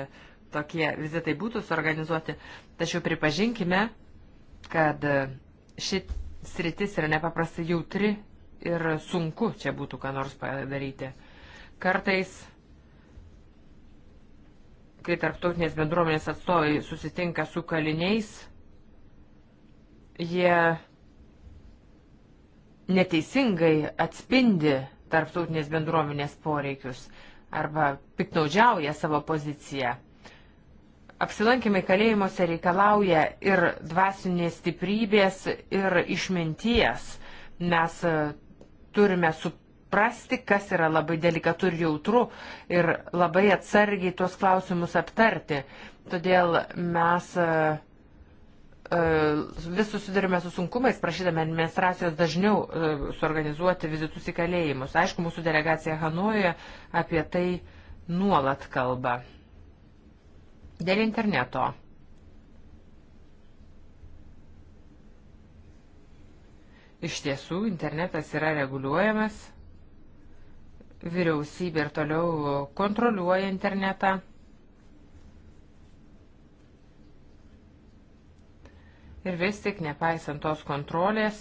tokie vizitai būtų suorganizuoti, tačiau pripažinkime, kad Šit sritis yra nepaprastai jautri ir sunku čia būtų ką nors padaryti. Kartais, kai tarptautinės bendruomenės atstovai susitinka su kaliniais, jie neteisingai atspindi tarptautinės bendruomenės poreikius arba piknaudžiauja savo poziciją. Apsilankimai kalėjimuose reikalauja ir dvasinės stiprybės, ir išminties. Mes e, turime suprasti, kas yra labai delikatu ir jautru, ir labai atsargiai tuos klausimus aptarti. Todėl mes e, e, vis susidurime su sunkumais, prašydami administracijos dažniau suorganizuoti vizitus į kalėjimus. Aišku, mūsų delegacija Hanojoje apie tai nuolat kalba. Dėl interneto. Iš tiesų, internetas yra reguliuojamas, vyriausybė ir toliau kontroliuoja internetą. Ir vis tik, nepaisant tos kontrolės,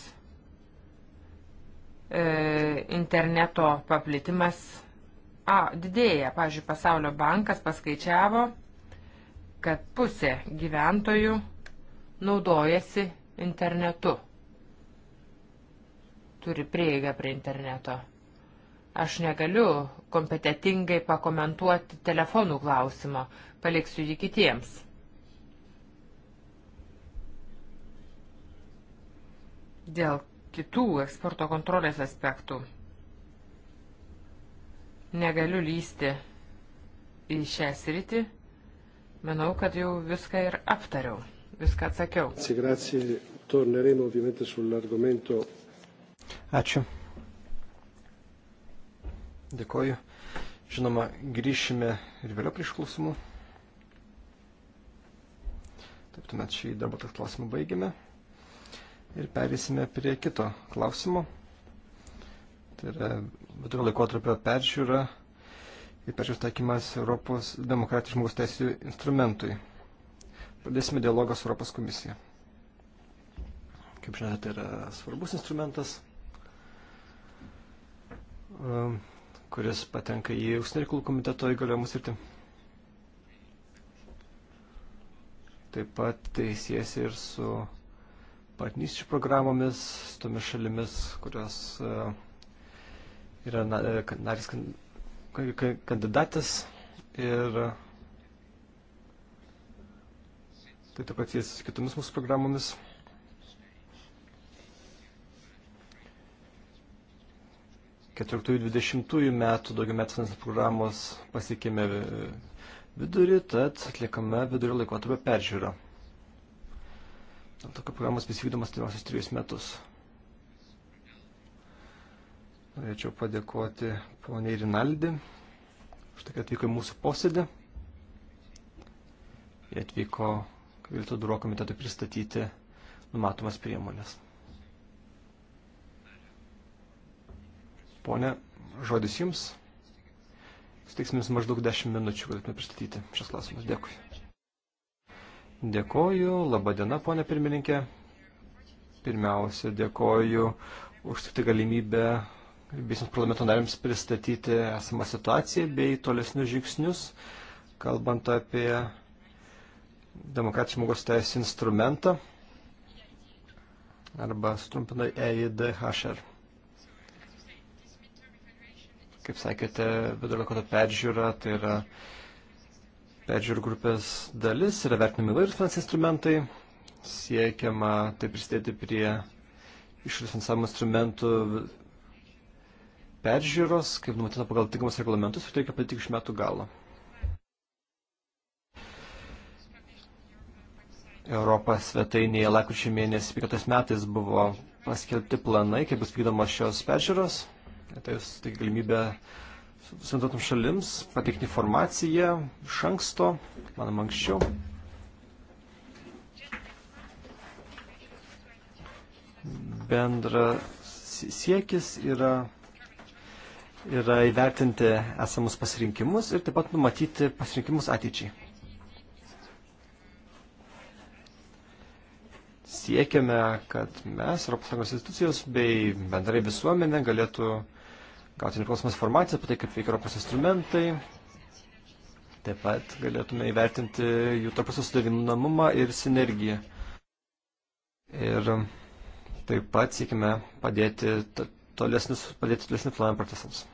e, interneto paplitimas a, didėja. Pavyzdžiui, Pasaulio bankas paskaičiavo, kad pusė gyventojų naudojasi internetu, turi prieigą prie interneto. Aš negaliu kompetitingai pakomentuoti telefonų klausimo, paliksiu jį kitiems. Dėl kitų eksporto kontrolės aspektų negaliu lysti į šią sritį Manau, kad jau viską ir aptariau, viską atsakiau. Ačiū. Dėkoju. Žinoma, grįšime ir vėliau prie išklausimų. Taip, tuomet šį darbo tas klausimą baigėme. Ir perėsime prie kito klausimo. Tai yra vidurio laikotarpio peržiūra ypač užtaikymas Europos demokratijos žmogus teisų instrumentui. Pradėsime dialogą su Europos komisija. Kaip žinote, tai yra svarbus instrumentas, um, kuris patenka į užsienio reikalų komiteto įgaliojimus ir tai- Taip pat tai siesi ir su partnysčių programomis, su tomis šalimis, kurios uh, yra e, narys kandidatas ir tai taip pat jis su kitomis mūsų programomis. Keturiktųjų dvidešimtųjų metų daugiametės finansinės programos pasiekėme vidurį, tad atliekame vidurio laikotarpio peržiūrą. Tokia programos bus vykdomas trijosius trijus metus. Norėčiau padėkoti poniai Rinaldi už tai, kad atvyko į mūsų posėdį. Jie atvyko Vilto Duro komitetui pristatyti numatomas priemonės. Pone, žodis jums. Suteiksime jums maždaug 10 minučių, galėtume pristatyti šias klausimus. Dėkui. Dėkoju. Labadiena, ponė pirmininkė. Pirmiausia, dėkoju už tik galimybę visiems parlamento nariams pristatyti esamą situaciją bei tolesnius žingsnius, kalbant apie demokratijos žmogaus teisų instrumentą arba sutrumpinai EIDHR. Kaip sakėte, vidurio kodo peržiūra, tai yra peržiūrų grupės dalis, yra vertinami įvairūs finansiniai instrumentai, siekiama tai prisidėti prie išorės finansavimo instrumentų peržiūros, kaip numatyta pagal tinkamus reglamentus, ir reikia patikti iš metų galo. Europos svetainėje lakučio mėnesį 5 metais buvo paskelbti planai, kaip bus vykdomos šios peržiūros. Tai jūs tai galimybė susintotum šalims pateikti informaciją iš anksto, manom anksčiau. Bendra siekis yra yra įvertinti esamus pasirinkimus ir taip pat numatyti pasirinkimus ateičiai. Siekiame, kad mes, ES institucijos bei bendrai visuomenė galėtų gauti nepriklausomas informacijas apie tai, kaip veikia Europos instrumentai. Taip pat galėtume įvertinti jų tarpusio sudarinamumą ir sinergiją. Ir taip pat siekime padėti tolesnius, padėti tolesnį planą procesams.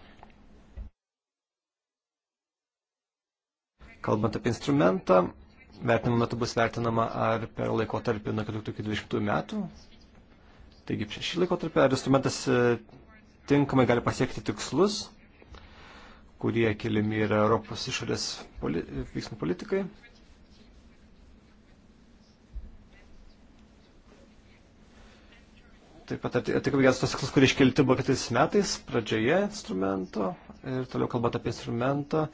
Kalbant apie instrumentą, vertinimo metu bus vertinama, ar per laikotarpį nuo 14 iki 20 metų, taigi šį laikotarpį, ar instrumentas e, tinkamai gali pasiekti tikslus, kurie keliami yra Europos išorės poli veiksmų politikai. Taip pat, ar tikrai geras tos tikslus, kurie iškelti buvo kitais metais, pradžioje instrumento ir toliau kalbant apie instrumentą,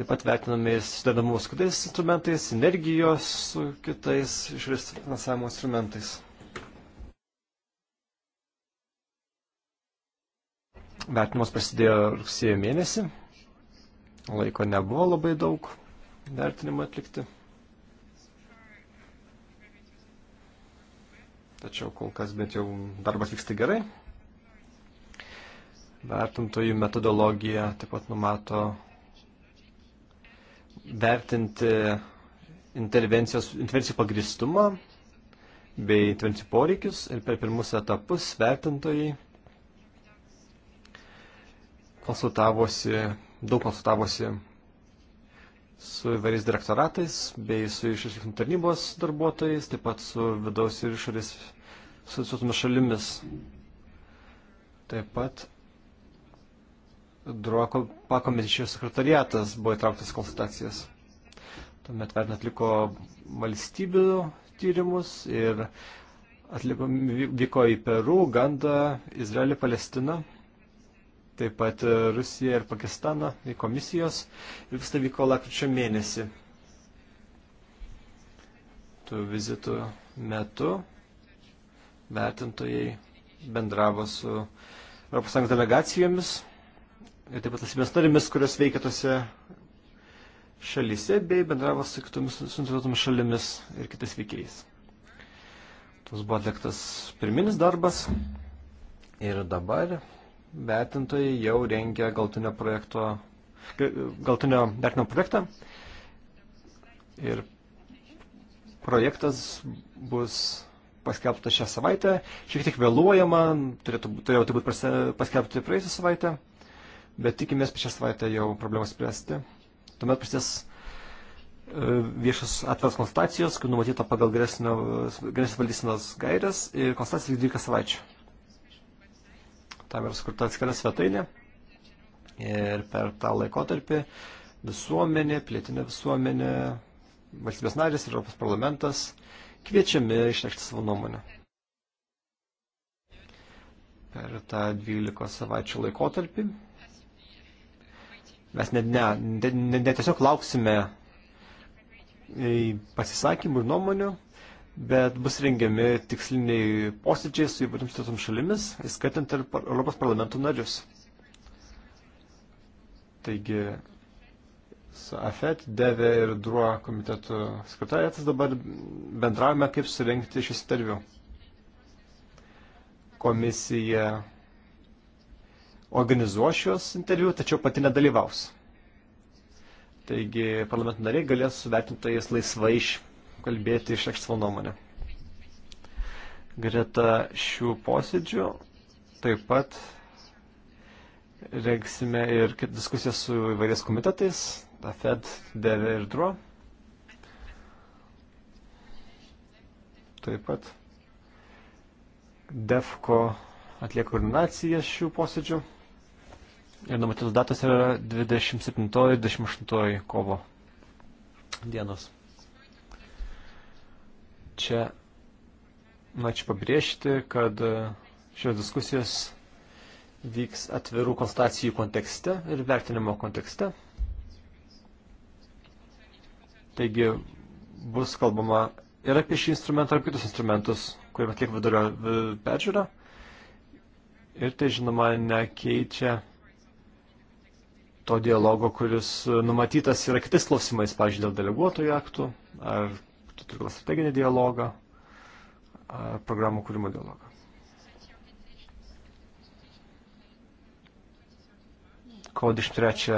Taip pat vertinami sudedamus kitais instrumentais, energijos su kitais išvis finansavimo instrumentais. Vertinimas prasidėjo rugsėjo mėnesį. Laiko nebuvo labai daug vertinimą atlikti. Tačiau kol kas bent jau darbas vyksta gerai. Vertintojų metodologija taip pat numato vertinti intervencijos, intervencijų pagristumą bei intervencijų poreikius ir per pirmus etapus vertintojai konsultavosi, daug konsultavosi su įvairiais direktoratais bei su išrinkimų tarnybos darbuotojais, taip pat su vidaus ir išorės su visomis šalimis. Taip pat Drojo pakomitečio sekretariatas buvo įtrauktas konsultacijas. Tuomet vertinant atliko valstybių tyrimus ir atliko, vyko į Peru, Gandą, Izraelį, Palestiną, taip pat Rusiją ir Pakistaną, vyko misijos ir vis tai vyko lakryčio mėnesį. Tų vizitų metu vertintojai bendravo su ES delegacijomis ir taip pat asmės narimis, kurios veikia tose šalyse, bei bendravo su kitomis suinteresuotomis šalimis ir kitais veikėjais. Tos buvo atliktas pirminis darbas ir dabar vertintojai jau rengia galtinio projekto, galtinio vertinio projektą ir projektas bus paskelbta šią savaitę, šiek tiek vėluojama, turėtų, turėjo tai būti paskelbti praėjusią savaitę bet tikimės per šią savaitę jau problemą spręsti. Tuomet prasidės e, viešas atviras konsultacijos, kur numatyta pagal geresnės valdysenos gairias ir konsultacija 12 savaičių. Tam yra sukurta atskira svetainė ir per tą laikotarpį visuomenė, plėtinė visuomenė, valstybės narės ir Europos parlamentas kviečiami išreikšti savo nuomonę. Per tą 12 savaičių laikotarpį Mes net ne, ne, ne, ne tiesiog lauksime e, pasisakymų ir nuomonių, bet bus rengiami tiksliniai posėdžiai su įvairioms kitoms šalimis, įskaitant ir Europos parlamento narius. Taigi, su AFET, DEVE ir DRUO komitetų sekretariatas dabar bendravime, kaip surinkti šis interviu. Komisija organizuos šios interviu, tačiau pati nedalyvaus. Taigi parlamento nariai galės su vertintojais laisvai kalbėti iš savo nuomonę. Greta šių posėdžių taip pat rengsime ir diskusiją su įvairiais komitetais, AFED, DV ir DRO. Taip pat DEFCO atlieka koordinaciją šių posėdžių ir numatytos datos yra 27 ir 28 kovo dienos. Čia norėčiau pabrėžti, kad šios diskusijos vyks atvirų konstatacijų kontekste ir vertinimo kontekste. Taigi bus kalbama ir apie šį instrumentą, ir kitus instrumentus, kurie atliek vidurio peržiūrą. Ir tai, žinoma, nekeičia to dialogo, kuris numatytas yra kitais klausimais, pavyzdžiui, dėl deleguotojų aktų, ar tu turi strateginį dialogą, ar programų kūrimo dialogą. Kovo 23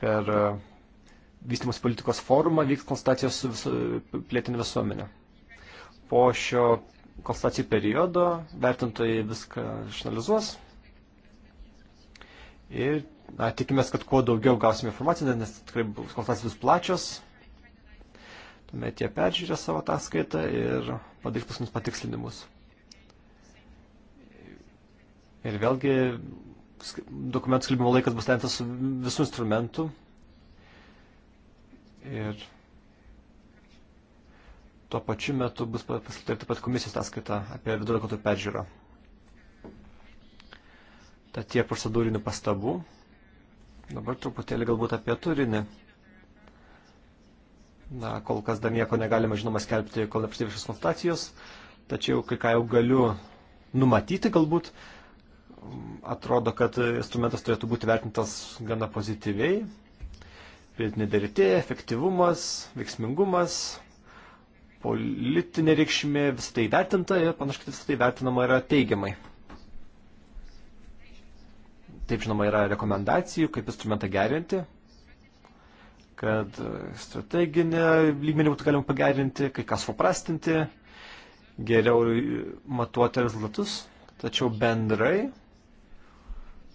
per e, vystimus politikos forumą vyks konsultacijos su viso, plėtinė visuomenė. Po šio konsultacijų periodo vertintojai viską išanalizuos ir na, tikimės, kad kuo daugiau gausime informaciją, nes tikrai bus konsultacijos plačios. Tuomet jie peržiūrė savo ataskaitą ir padarys pas mus patikslinimus. Ir vėlgi dokumentų skelbimo laikas bus lentas su visų instrumentų. Ir tuo pačiu metu bus paskelbta taip pat komisijos ataskaita apie vidurio kontų peržiūrą. Tad tie procedūrinių pastabų. Dabar truputėlį galbūt apie turinį. Na, kol kas dar nieko negalima, žinoma, skelbti, kol neprasidėjo viešos konsultacijos, tačiau kai ką jau galiu numatyti galbūt, atrodo, kad instrumentas turėtų būti vertintas gana pozityviai. Pridėtinė dėritė, efektyvumas, veiksmingumas, politinė reikšmė, visą tai vertinta ir panašu, kad visą tai vertinama yra teigiamai. Taip, žinoma, yra rekomendacijų, kaip instrumentą gerinti, kad strateginę lygmenį būtų galima pagerinti, kai kas paprastinti, geriau matuoti rezultatus, tačiau bendrai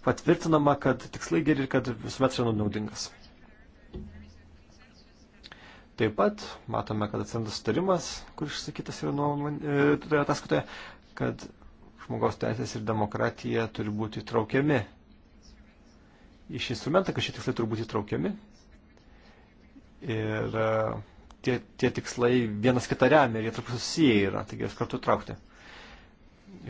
patvirtinama, kad tikslai geri ir kad visuomet yra naudingas. Taip pat matome, kad atsiranda sutarimas, kuris išsakytas yra nuomonė, e, ataskaitoje, kad žmogaus teisės ir demokratija turi būti įtraukiami į šį instrumentą, kad šie tikslai turbūt įtraukiami. Ir e, tie, tie tikslai vienas kitą remia ir jie tarpus susiję yra, taigi jas kartu traukti.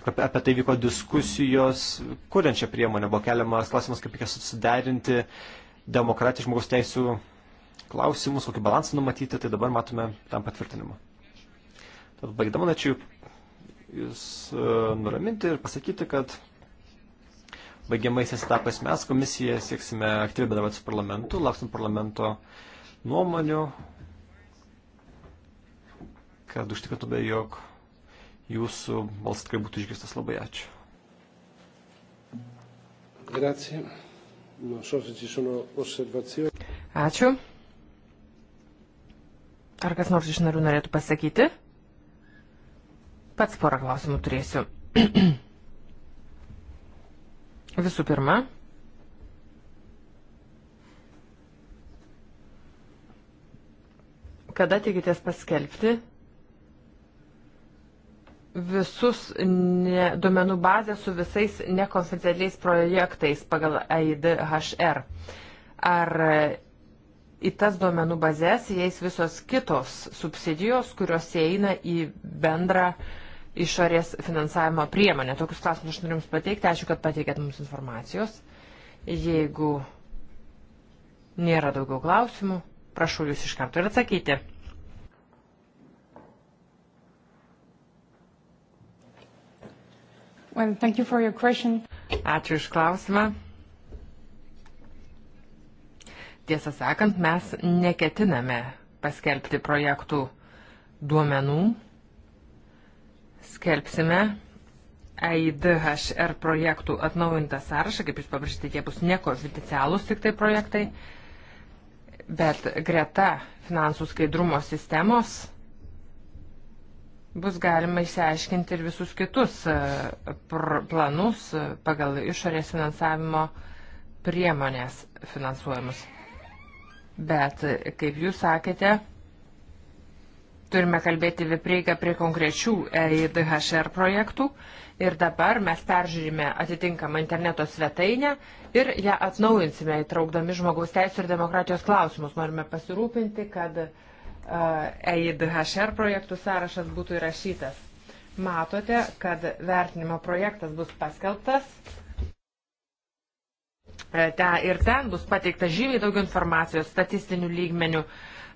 Apie tai vyko diskusijos, kuriant šią priemonę buvo keliamas klausimas, kaip reikia susiderinti demokratijos žmogaus teisų klausimus, kokį balansą numatyti, tai dabar matome tam patvirtinimą. Tad baigdama, norėčiau Jūs e, nuraminti ir pasakyti, kad baigiamaisiais etapais mes komisija sieksime aktyviai bendrauti su parlamentu, lauksim parlamento nuomonių, kad užtikrintume, jog jūsų balsas tikrai būtų išgirstas. Labai ačiū. Grazie. Non so se ci sono osservazioni. Ačiū. Ar kas nors iš narių norėtų pasakyti? Pats porą klausimų turėsiu. Visų pirma, kada tikitės paskelbti visus ne, duomenų bazę su visais nekonfidencialiais projektais pagal AIDHR. Ar į tas duomenų bazės įeis visos kitos subsidijos, kurios įeina į bendrą uh, išorės finansavimo priemonę. Tokius klausimus aš noriu Jums pateikti. Ačiū, kad pateikėt mums informacijos. Jeigu nėra daugiau klausimų, prašau Jūs iš karto ir atsakyti. Well, thank you for your question. Ačiū iš klausimą. Tiesą sakant, mes neketiname paskelbti projektų duomenų skelbsime AIDHR projektų atnaujintą sąrašą, kaip jūs paprašyti, jie bus nekonfidencialūs tik tai projektai, bet greta finansų skaidrumo sistemos bus galima išsiaiškinti ir visus kitus e, planus e, pagal išorės finansavimo priemonės finansuojamus. Bet, e, kaip jūs sakėte, Turime kalbėti apie prieigą prie konkrečių EIDHR projektų ir dabar mes peržiūrime atitinkamą interneto svetainę ir ją atnaujinsime įtraukdami žmogaus teisų ir demokratijos klausimus. Norime pasirūpinti, kad EIDHR projektų sąrašas būtų įrašytas. Matote, kad vertinimo projektas bus paskelbtas. E, ten ir ten bus pateikta žymiai daugiau informacijos statistinių lygmenių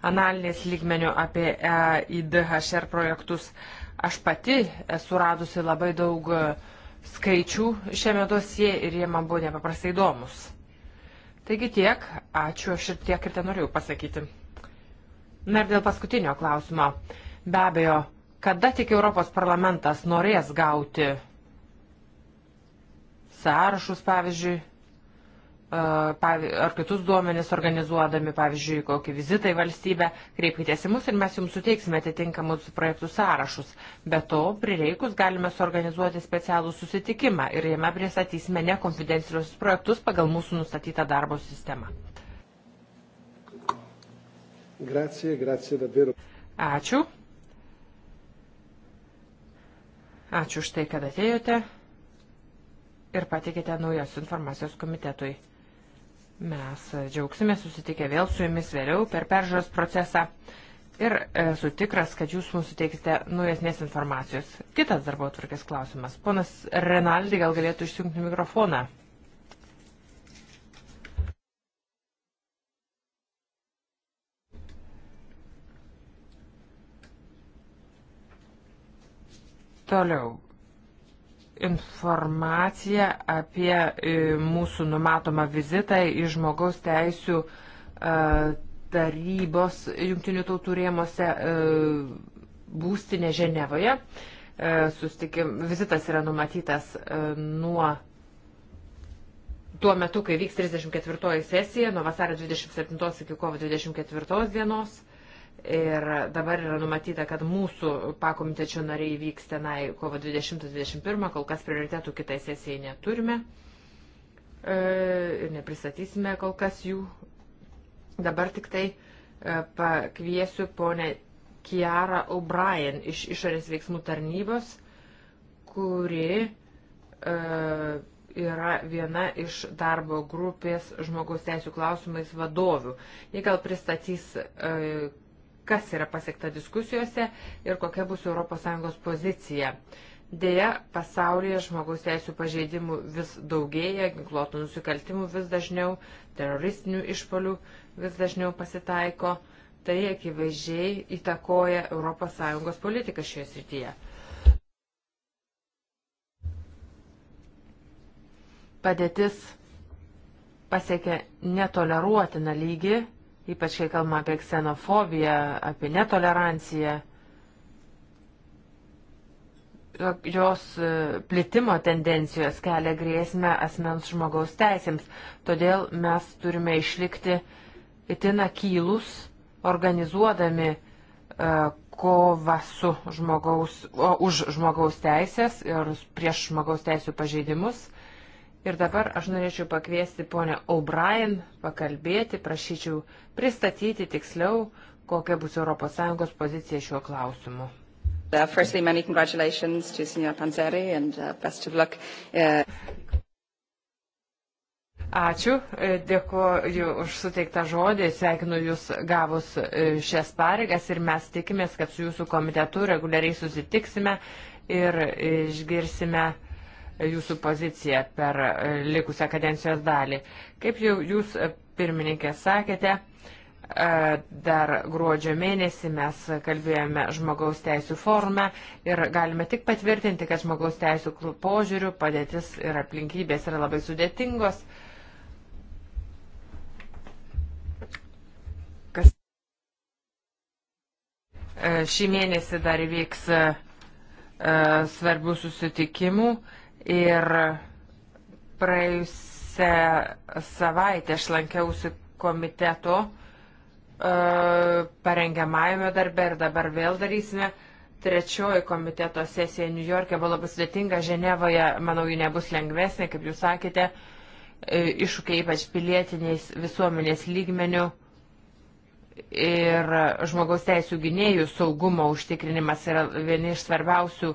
analinės lygmenių apie e IDHR projektus. Aš pati esu radusi labai daug e, skaičių šiame dosie ir jie man buvo nepaprastai įdomus. Taigi tiek, ačiū, aš ir tiek ir ten norėjau pasakyti. Na ir dėl paskutinio klausimo. Be abejo, kada tik Europos parlamentas norės gauti sąrašus, pavyzdžiui, ar kitus duomenis organizuodami, pavyzdžiui, kokį vizitą į valstybę, kreipkitės į mus ir mes jums suteiksime atitinkamus projektų sąrašus. Be to, prireikus galime suorganizuoti specialų susitikimą ir jame pristatysime nekonfidencialius projektus pagal mūsų nustatytą darbo sistemą. Grazie, grazie davvero. Ačiū. Ačiū už tai, kad atėjote ir patikite naujos informacijos komitetui. Mes džiaugsime susitikę vėl su jumis vėliau per peržiūros procesą ir e, esu tikras, kad jūs mums suteiksite naujesnės informacijos. Kitas darbo atvarkės klausimas. Ponas Renaldi gal galėtų išjungti mikrofoną. Toliau informaciją apie e, mūsų numatomą vizitą į žmogaus teisų e, tarybos jungtinių tautų rėmose e, būstinė Ženevoje. Sustikim, vizitas yra numatytas nuo tuo metu, kai vyks 34 sesija, nuo vasario 27 iki kovo 24 dienos. Ir dabar yra numatyta, kad mūsų pakomitečio nariai vyks tenai kovo 20-21, kol kas prioritetų kitai sesijai neturime e, ir nepristatysime kol kas jų. Dabar tik tai e, pakviesiu ponę Kiara O'Brien iš išorės veiksmų tarnybos, kuri e, yra viena iš darbo grupės žmogaus teisų klausimais vadovių. Jie gal pristatys kas yra pasiekta diskusijose ir kokia bus ES pozicija. Deja, pasaulyje žmogaus teisų pažeidimų vis daugėja, ginkluotų nusikaltimų vis dažniau, teroristinių išpolių vis dažniau pasitaiko. Tai akivaizdžiai įtakoja ES politiką šioje srityje. Padėtis pasiekė netoleruotiną lygį ypač kai kalbama apie ksenofobiją, apie netoleranciją. Jos e, plitimo tendencijos kelia grėsmę asmens žmogaus teisėms, todėl mes turime išlikti itin akylus, organizuodami e, kova su žmogaus, o, už žmogaus teisės ir prieš žmogaus teisų pažeidimus. Ir dabar aš norėčiau pakviesti ponę O'Brien pakalbėti, prašyčiau pristatyti tiksliau, kokia bus ES pozicija šiuo klausimu. Uh, firstly, many congratulations to Signor Panzeri and uh, best of luck. Uh... Ačiū, e, dėkuoju už suteiktą žodį, sveikinu Jūs gavus e, šias pareigas ir mes tikimės, kad su Jūsų komitetu reguliariai susitiksime ir išgirsime uh, jūsų poziciją per e, likusią kadencijos dalį. Kaip jau jūs, e, pirmininkė, sakėte, e, dar gruodžio mėnesį mes kalbėjome žmogaus teisų forume ir galime tik patvirtinti, kad žmogaus teisų požiūrių padėtis ir aplinkybės yra labai sudėtingos. Kas šį mėnesį dar įvyks svarbių susitikimų. Uh, Ir praėjusią savaitę aš lankiausi komiteto e, parengiamajame darbe ir dabar vėl darysime. Trečioji komiteto sesija New York'e buvo labai sudėtinga, Ženevoje, manau, ji nebus lengvesnė, kaip jūs sakėte, e, iššūkiai ypač pilietiniais visuomenės lygmenių ir žmogaus teisų gynėjų saugumo užtikrinimas yra vieni iš svarbiausių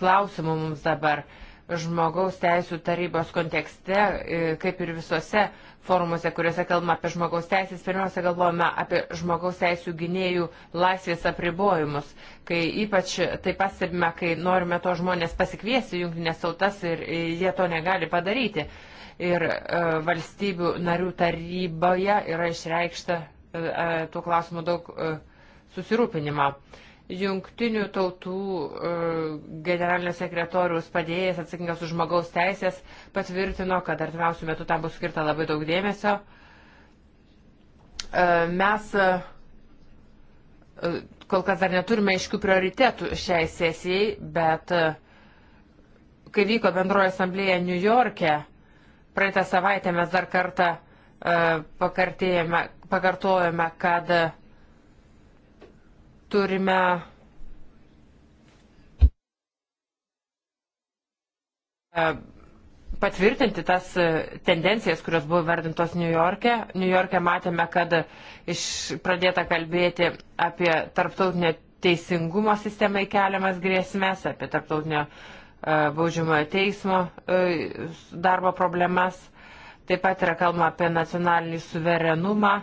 klausimų mums dabar. Uh, žmogaus teisų tarybos kontekste, e, kaip ir visose forumuose, kuriuose kalbame apie žmogaus teisės, pirmiausia galvojame apie žmogaus teisų gynėjų laisvės apribojimus, kai ypač tai pastebime, kai norime to žmonės pasikviesti jungtinės tautas ir e, jie to negali padaryti. Ir e, valstybių narių taryboje yra išreikšta tų klausimų daug susirūpinimą. Uh, jungtinių tautų e, generalinio sekretoriaus padėjėjas atsakingas už žmogaus teisės patvirtino, kad artimiausių metų tam bus skirta labai daug dėmesio. E, mes e, kol kas dar neturime aiškių prioritetų šiai sesijai, bet kai vyko bendroji asamblėje New York'e, praeitą savaitę mes dar kartą pakartojame, kad turime e, patvirtinti tas e, tendencijas, kurios buvo vardintos New York'e. New York'e matėme, kad iš pradėta kalbėti apie tarptautinio teisingumo sistemai keliamas grėsmės, apie tarptautinio e, baudžiamojo teismo darbo problemas. Taip pat yra kalbama apie nacionalinį suverenumą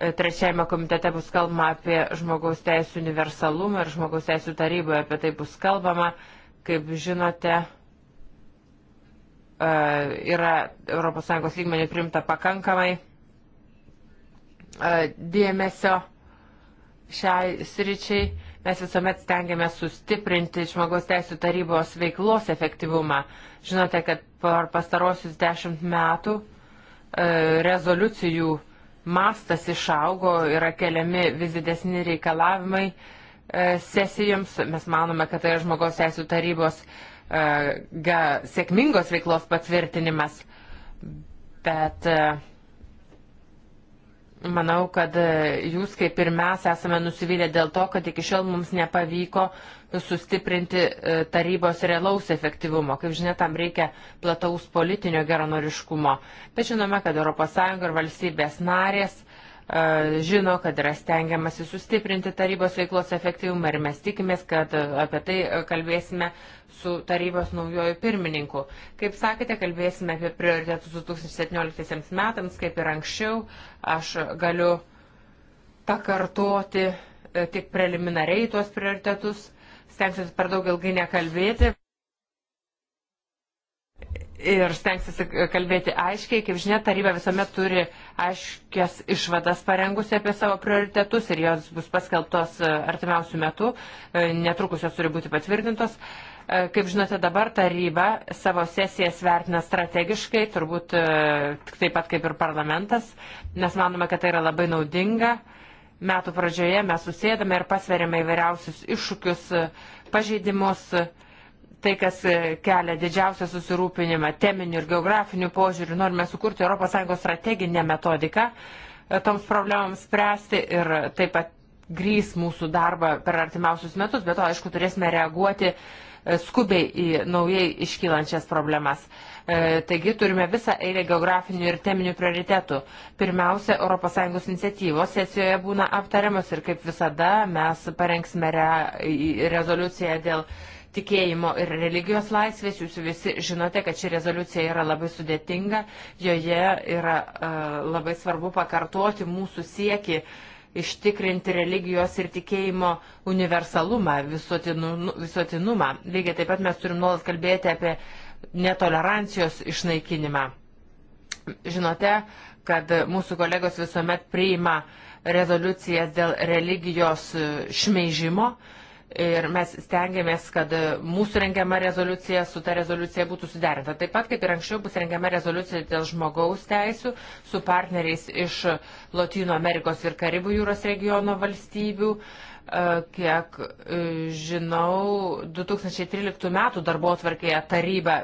Trečiajame komitete bus kalbama apie žmogaus teisų universalumą ir žmogaus teisų taryboje apie tai bus kalbama. Kaip žinote, e, yra ES lygmenį primta pakankamai e, dėmesio šiai sričiai. Mes visuomet stengiamės sustiprinti žmogaus teisų tarybos veiklos efektyvumą. Žinote, kad per pastarosius dešimt metų e, rezoliucijų mastas išaugo, yra keliami vis didesni reikalavimai e, sesijoms. Mes manome, kad tai yra žmogaus teisų tarybos e, ga, sėkmingos veiklos patvirtinimas. Bet e, manau, kad jūs kaip ir mes esame nusivylę dėl to, kad iki šiol mums nepavyko sustiprinti e, tarybos realaus efektyvumo. Kaip žinia, tam reikia plataus politinio geranoriškumo. Bet žinome, kad ES ir valstybės narės e, žino, kad yra stengiamasi sustiprinti tarybos veiklos efektyvumą ir mes tikimės, kad e, apie tai kalbėsime su tarybos naujoju pirmininku. Kaip sakėte, kalbėsime apie prioritetus 2017 metams, kaip ir anksčiau. Aš galiu pakartoti tik preliminariai tuos prioritetus stengsiuosi per daug ilgai nekalbėti ir stengsiuosi kalbėti aiškiai. Kaip žinia, taryba visuomet turi aiškias išvadas parengusi apie savo prioritetus ir jos bus paskelbtos e, artimiausių metų, e, netrukus jos turi būti patvirtintos. E, kaip žinote, dabar taryba savo sesijas vertina strategiškai, turbūt taip pat kaip ir parlamentas, nes manome, kad tai yra labai naudinga. Metų pradžioje mes susėdame ir pasveriame įvairiausius iššūkius, pažeidimus, tai, kas kelia didžiausią susirūpinimą teminių ir geografinių požiūrių. Norime sukurti ES strateginę metodiką e, toms problemams spręsti ir taip pat grįs mūsų darbą per artimiausius metus, bet to, aišku, turėsime reaguoti e, skubiai į naujai iškylančias problemas. E, taigi turime visą eilę geografinių ir teminių prioritetų. Pirmiausia, ES iniciatyvos sesijoje būna aptariamos ir kaip visada mes parengsime re, rezoliuciją dėl tikėjimo ir religijos laisvės. Jūs visi žinote, kad ši rezoliucija yra labai sudėtinga, joje yra uh, labai svarbu pakartoti mūsų sieki ištikrinti religijos ir tikėjimo universalumą, visotinu, visuotinumą. Lygiai taip pat mes turim nuolat kalbėti apie uh, netolerancijos išnaikinimą. Žinote, kad mūsų kolegos visuomet priima rezoliucijas dėl religijos šmeižimo ir mes stengiamės, kad mūsų rengiama rezoliucija su ta rezoliucija būtų suderinta. Taip pat kaip ir anksčiau bus rengiama rezoliucija dėl žmogaus teisų su partneriais iš Latino Amerikos ir Karibų jūros regiono valstybių. Uh, E, kiek e, žinau, 2013 metų darbo atvarkėje taryba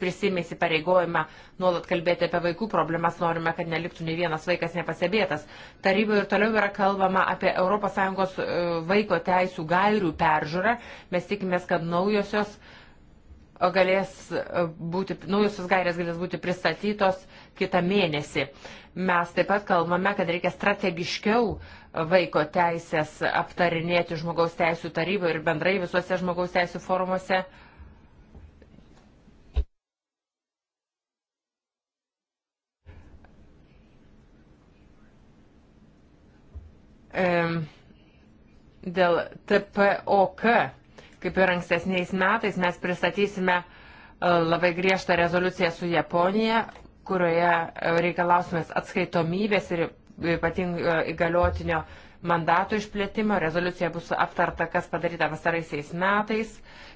prisimė įsipareigojimą nuolat kalbėti apie vaikų problemas, norime, kad neliktų nei vienas vaikas nepastebėtas. Taryboje ir toliau yra kalbama apie ES e, vaiko teisų gairių peržiūrą. Mes tikimės, kad naujosios galės būti, naujusios gairės galės būti pristatytos kitą mėnesį. Mes taip pat kalbame, kad reikia strategiškiau uh, vaiko teisės aptarinėti žmogaus teisų taryboje ir bendrai visuose žmogaus teisų forumuose. Dėl TPOK, kaip ir ankstesniais metais, mes pristatysime e, labai griežtą rezoliuciją su Japonija, kurioje e, reikalausimės atskaitomybės ir ypatingo e, įgaliotinio mandato išplėtimo. Rezoliucija bus aptarta, kas padaryta vasaraisiais metais.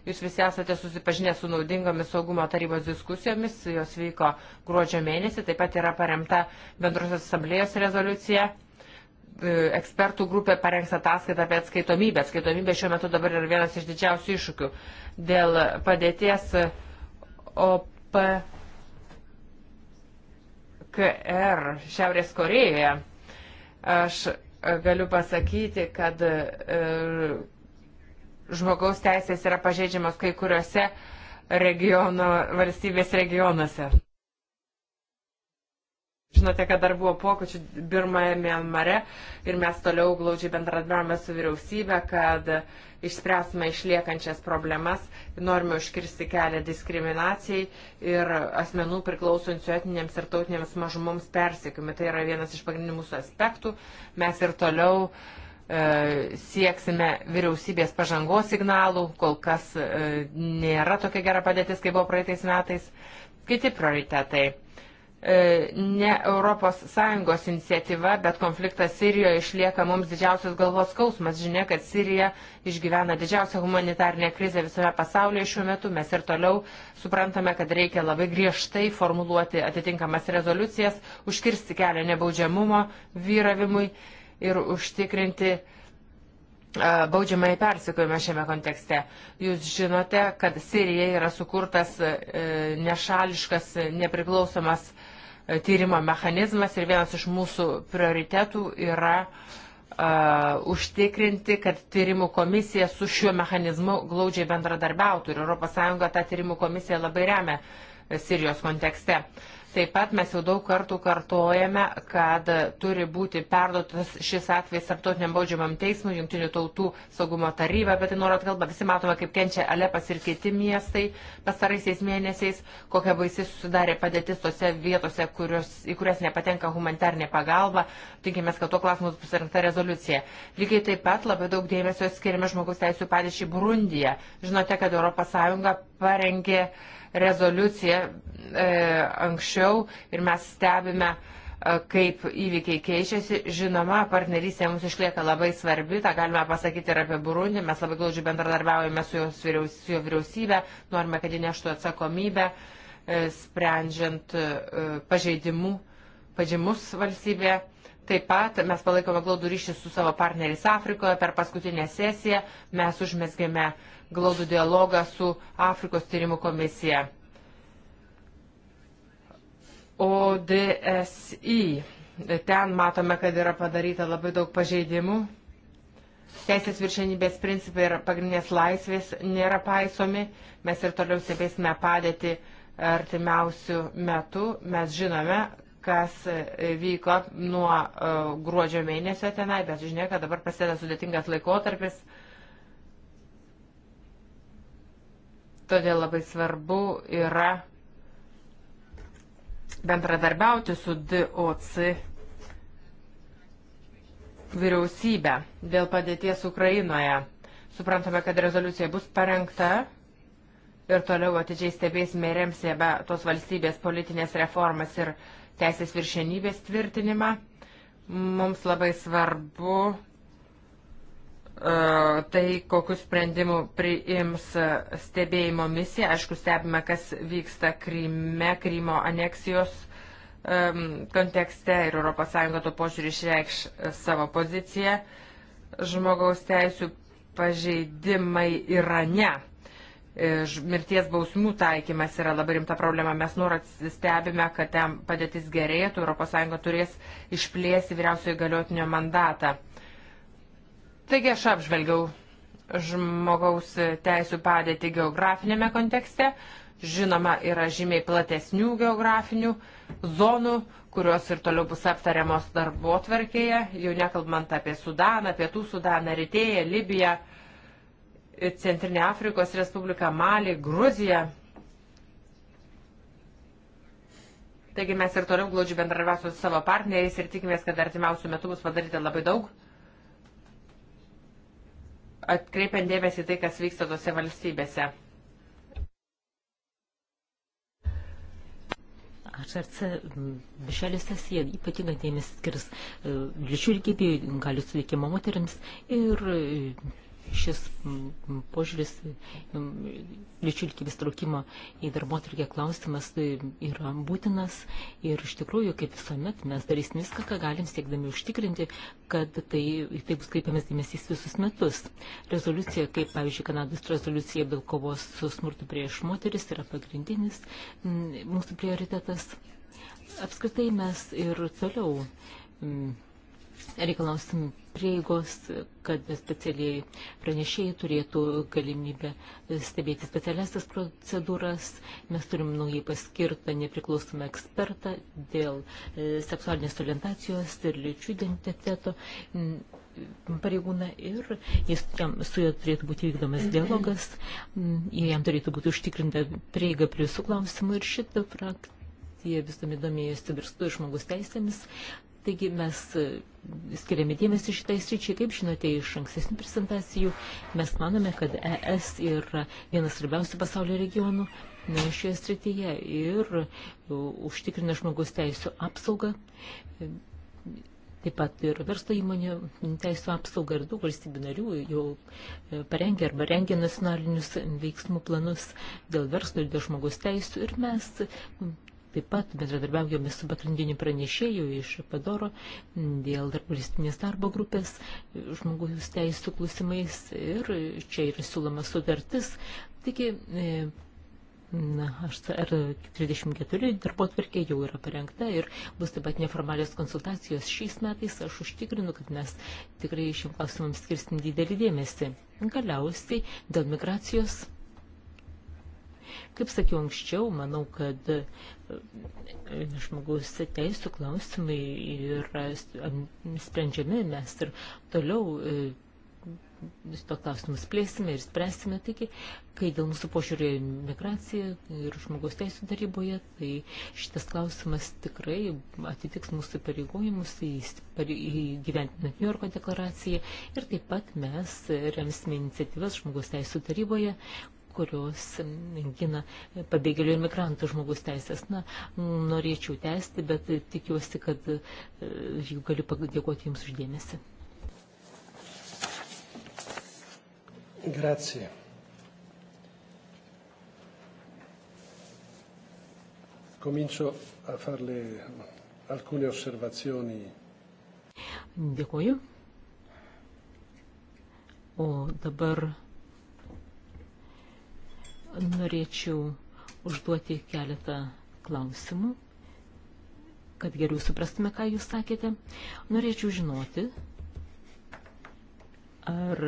Jūs visi esate susipažinę su naudingomis saugumo tarybos diskusijomis, jos vyko gruodžio mėnesį, taip pat yra paremta bendrosios asamblėjos rezoliucija. E, ekspertų grupė parengs ataskaitą apie atskaitomybę. Atskaitomybė šiuo metu dabar yra vienas iš didžiausių iššūkių dėl padėties OPKR Šiaurės Korejoje Aš galiu pasakyti, kad e, žmogaus teisės yra pažeidžiamas kai kuriuose regiono, valstybės regionuose. Žinote, kad dar buvo pokyčių Birmoje, Mianmare ir mes toliau glaudžiai bendradarbiavame su vyriausybė, kad išspręsime išliekančias problemas, norime užkirsti kelią diskriminacijai ir asmenų priklausančių etninėms ir tautinėms mažumoms persiekimui. Tai yra vienas iš pagrindinių mūsų aspektų. Mes ir toliau e, sieksime vyriausybės pažangos signalų, kol kas e, nėra tokia gera padėtis, kaip buvo praeitais metais. Kiti prioritetai E, ne ES iniciatyva, bet konfliktas Sirijoje išlieka mums didžiausias galvos skausmas. Žinia, kad Sirija išgyvena didžiausią humanitarnę krizę visame pasaulyje šiuo metu. Mes ir toliau suprantame, kad reikia labai griežtai formuluoti atitinkamas rezoliucijas, užkirsti kelią nebaudžiamumo vyravimui ir užtikrinti e, baudžiamai persikojimą šiame kontekste. Jūs žinote, kad Sirijai yra sukurtas e, nešališkas, nepriklausomas tyrimo mechanizmas ir vienas iš mūsų prioritetų yra uh, užtikrinti, kad tyrimų komisija su šiuo mechanizmu glaudžiai bendradarbiautų ir ES tą tyrimų komisiją labai remia Sirijos kontekste. Taip pat mes jau daug kartų kartojame, kad turi būti perduotas šis atvejs tarptautiniam baudžiamam teismui, jungtinių tautų saugumo taryba, bet tai nuolat kalba, visi matome, kaip kenčia Alepas ir kiti miestai pastaraisiais mėnesiais, kokia baisi susidarė padėtis tose vietose, kurios, į kurias nepatenka humanitarnė pagalba. Tikimės, kad tuo klausimu bus pasirinkta rezoliucija. Lygiai taip pat labai daug dėmesio skiriame žmogus teisų padėčiai Burundija. Žinote, kad ES parengė uh, rezoliuciją e, anksčiau ir mes stebime, e, kaip įvykiai keičiasi. Žinoma, partnerystė mums išlieka labai svarbi, tą galime pasakyti ir apie Burundį, mes labai glaudžiai bendradarbiaujame su, vyriaus, su jo vyriausybė, norime, kad ji neštų atsakomybę, e, sprendžiant e, pažeidimų, pažeidimus valstybėje Taip pat mes palaikome glaudų ryšį su savo partneriais Afrikoje. Per paskutinę sesiją mes užmesgėme glaudų dialogą su Afrikos tyrimų komisija. ODSI. Ten matome, kad yra padaryta labai daug pažeidimų. Teisės viršenybės principai ir pagrindinės laisvės nėra paisomi. Mes ir toliau stebėsime padėti artimiausių metų. Mes žinome, kas e, vyko nuo e, gruodžio mėnesio tenai, bet žinia, kad dabar prasideda sudėtingas laikotarpis. Todėl labai svarbu yra bendradarbiauti su DOC vyriausybė dėl padėties Ukrainoje. Suprantame, kad rezoliucija bus parengta ir toliau atidžiai stebėsime remsėbe tos valstybės politinės reformas ir reformas teisės viršenybės tvirtinimą. Mums labai svarbu uh, tai, kokius sprendimų priims stebėjimo misija. Aišku, stebime, kas vyksta Kryme, Krymo aneksijos um, kontekste ir ES to požiūrį išreikš e, savo poziciją. Žmogaus teisų pažeidimai Irane mirties bausmių taikymas yra labai rimta problema. Mes nuolat stebime, kad ten padėtis gerėtų, ES turės išplėsti vyriausiojo galiotinio mandatą. Taigi aš apžvelgiau žmogaus teisų padėtį geografinėme kontekste. Žinoma, yra žymiai platesnių geografinių zonų, kurios ir toliau bus aptariamos darbo tvarkėje, jau nekalbant apie Sudaną, Pietų Sudaną, Rytėją, Libiją. Centrinė Afrikos Respublika, Mali, Gruzija. Taigi mes ir toliau glaudžiai bendradarbiausime su savo partneriais ir tikimės, kad artimiausių metų bus padaryta labai daug. Atkreipiant dėmesį tai, kas vyksta tose valstybėse. HRC šalis sesija ypatingą dėmesį skirs e, lyčių lygybei, galių suveikimo moteriams ir e, šis požiūris lyčių lygybės traukimo į darbotvarkę klausimas e, yra būtinas ir iš tikrųjų, kaip visuomet, mes darysim viską, ką galim, siekdami užtikrinti, kad tai, tai bus kreipiamas dėmesys visus metus. Rezoliucija, kaip pavyzdžiui, Kanados rezoliucija dėl kovos su smurtu prieš moteris yra pagrindinis mūsų prioritetas. Apskritai mes ir toliau reikalausim prieigos, kad specialiai pranešėjai turėtų galimybę stebėti specialiasias procedūras. Mes turim naujai paskirtą nepriklausomą ekspertą dėl e, seksualinės orientacijos ir lyčių identiteto mm, pareigūną ir jis, jam, su juo turėtų būti vykdomas dialogas, mm, jam turėtų būti užtikrinta prieiga prie visų klausimų ir šitą praktiką jie vis domėjosi verstų ir žmogus teisėmis, Taigi mes e, skiriame dėmesį šitai sričiai, kaip žinote, iš ankstesnių prezentacijų mes manome, kad ES yra vienas svarbiausių pasaulio regionų šioje srityje ir e, užtikrina žmogus teisų apsaugą, taip pat ir verslo įmonių teisų apsaugą ir daug valstybių narių jau e, parengė arba rengė nacionalinius veiksmų planus dėl verslo ir dėl žmogus teisų ir mes Taip pat bendradarbiaujame su pagrindiniu pranešėju iš Padoro dėl valstybinės darbo grupės žmogus teisų klausimais ir čia yra siūloma sutartis. Taigi, e, Na, aš R34 darbo atverkė jau yra parengta ir bus taip pat neformalios konsultacijos šiais metais. Aš užtikrinu, kad mes tikrai šiam klausimams skirsim didelį dėmesį. Galiausiai dėl migracijos. Kaip sakiau anksčiau, manau, kad žmogaus teisų klausimai yra sprendžiami, mes ir toliau e, to klausimus plėsime ir spręsime. Taigi, kai dėl mūsų požiūrė migracija ir žmogaus teisų taryboje, tai šitas klausimas tikrai atitiks mūsų pareigojimus įgyventinant New Yorko deklaraciją ir taip pat mes remsime iniciatyvas žmogaus teisų taryboje, kurios gina pabėgėlių ir migrantų žmogus teisės. Na, norėčiau tęsti, bet tikiuosi, kad e, jau galiu padėkoti Jums uždėmesi. Grazie. Comincio a farle alcune osservazioni. Dėkuoju. O dabar norėčiau užduoti keletą klausimų, kad geriau suprastume, ką jūs sakėte. Norėčiau žinoti, ar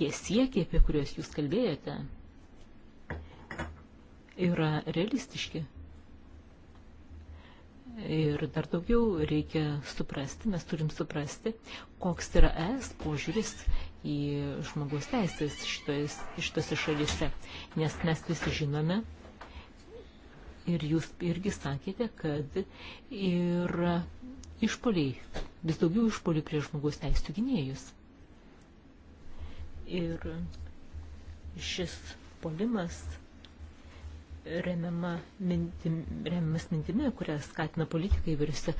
tie siekiai, apie kuriuos jūs kalbėjote, yra realistiški. Ir dar daugiau reikia suprasti, mes turim suprasti, koks yra es požiūris į žmogaus teisės šitose šalyse, nes mes visi žinome ir jūs irgi sakėte, kad yra išpoliai, vis daugiau išpolių prie žmogaus teisų gynėjus. Ir šis polimas remiama mintim, remiamas mintimi, kurią skatina politikai įvairiose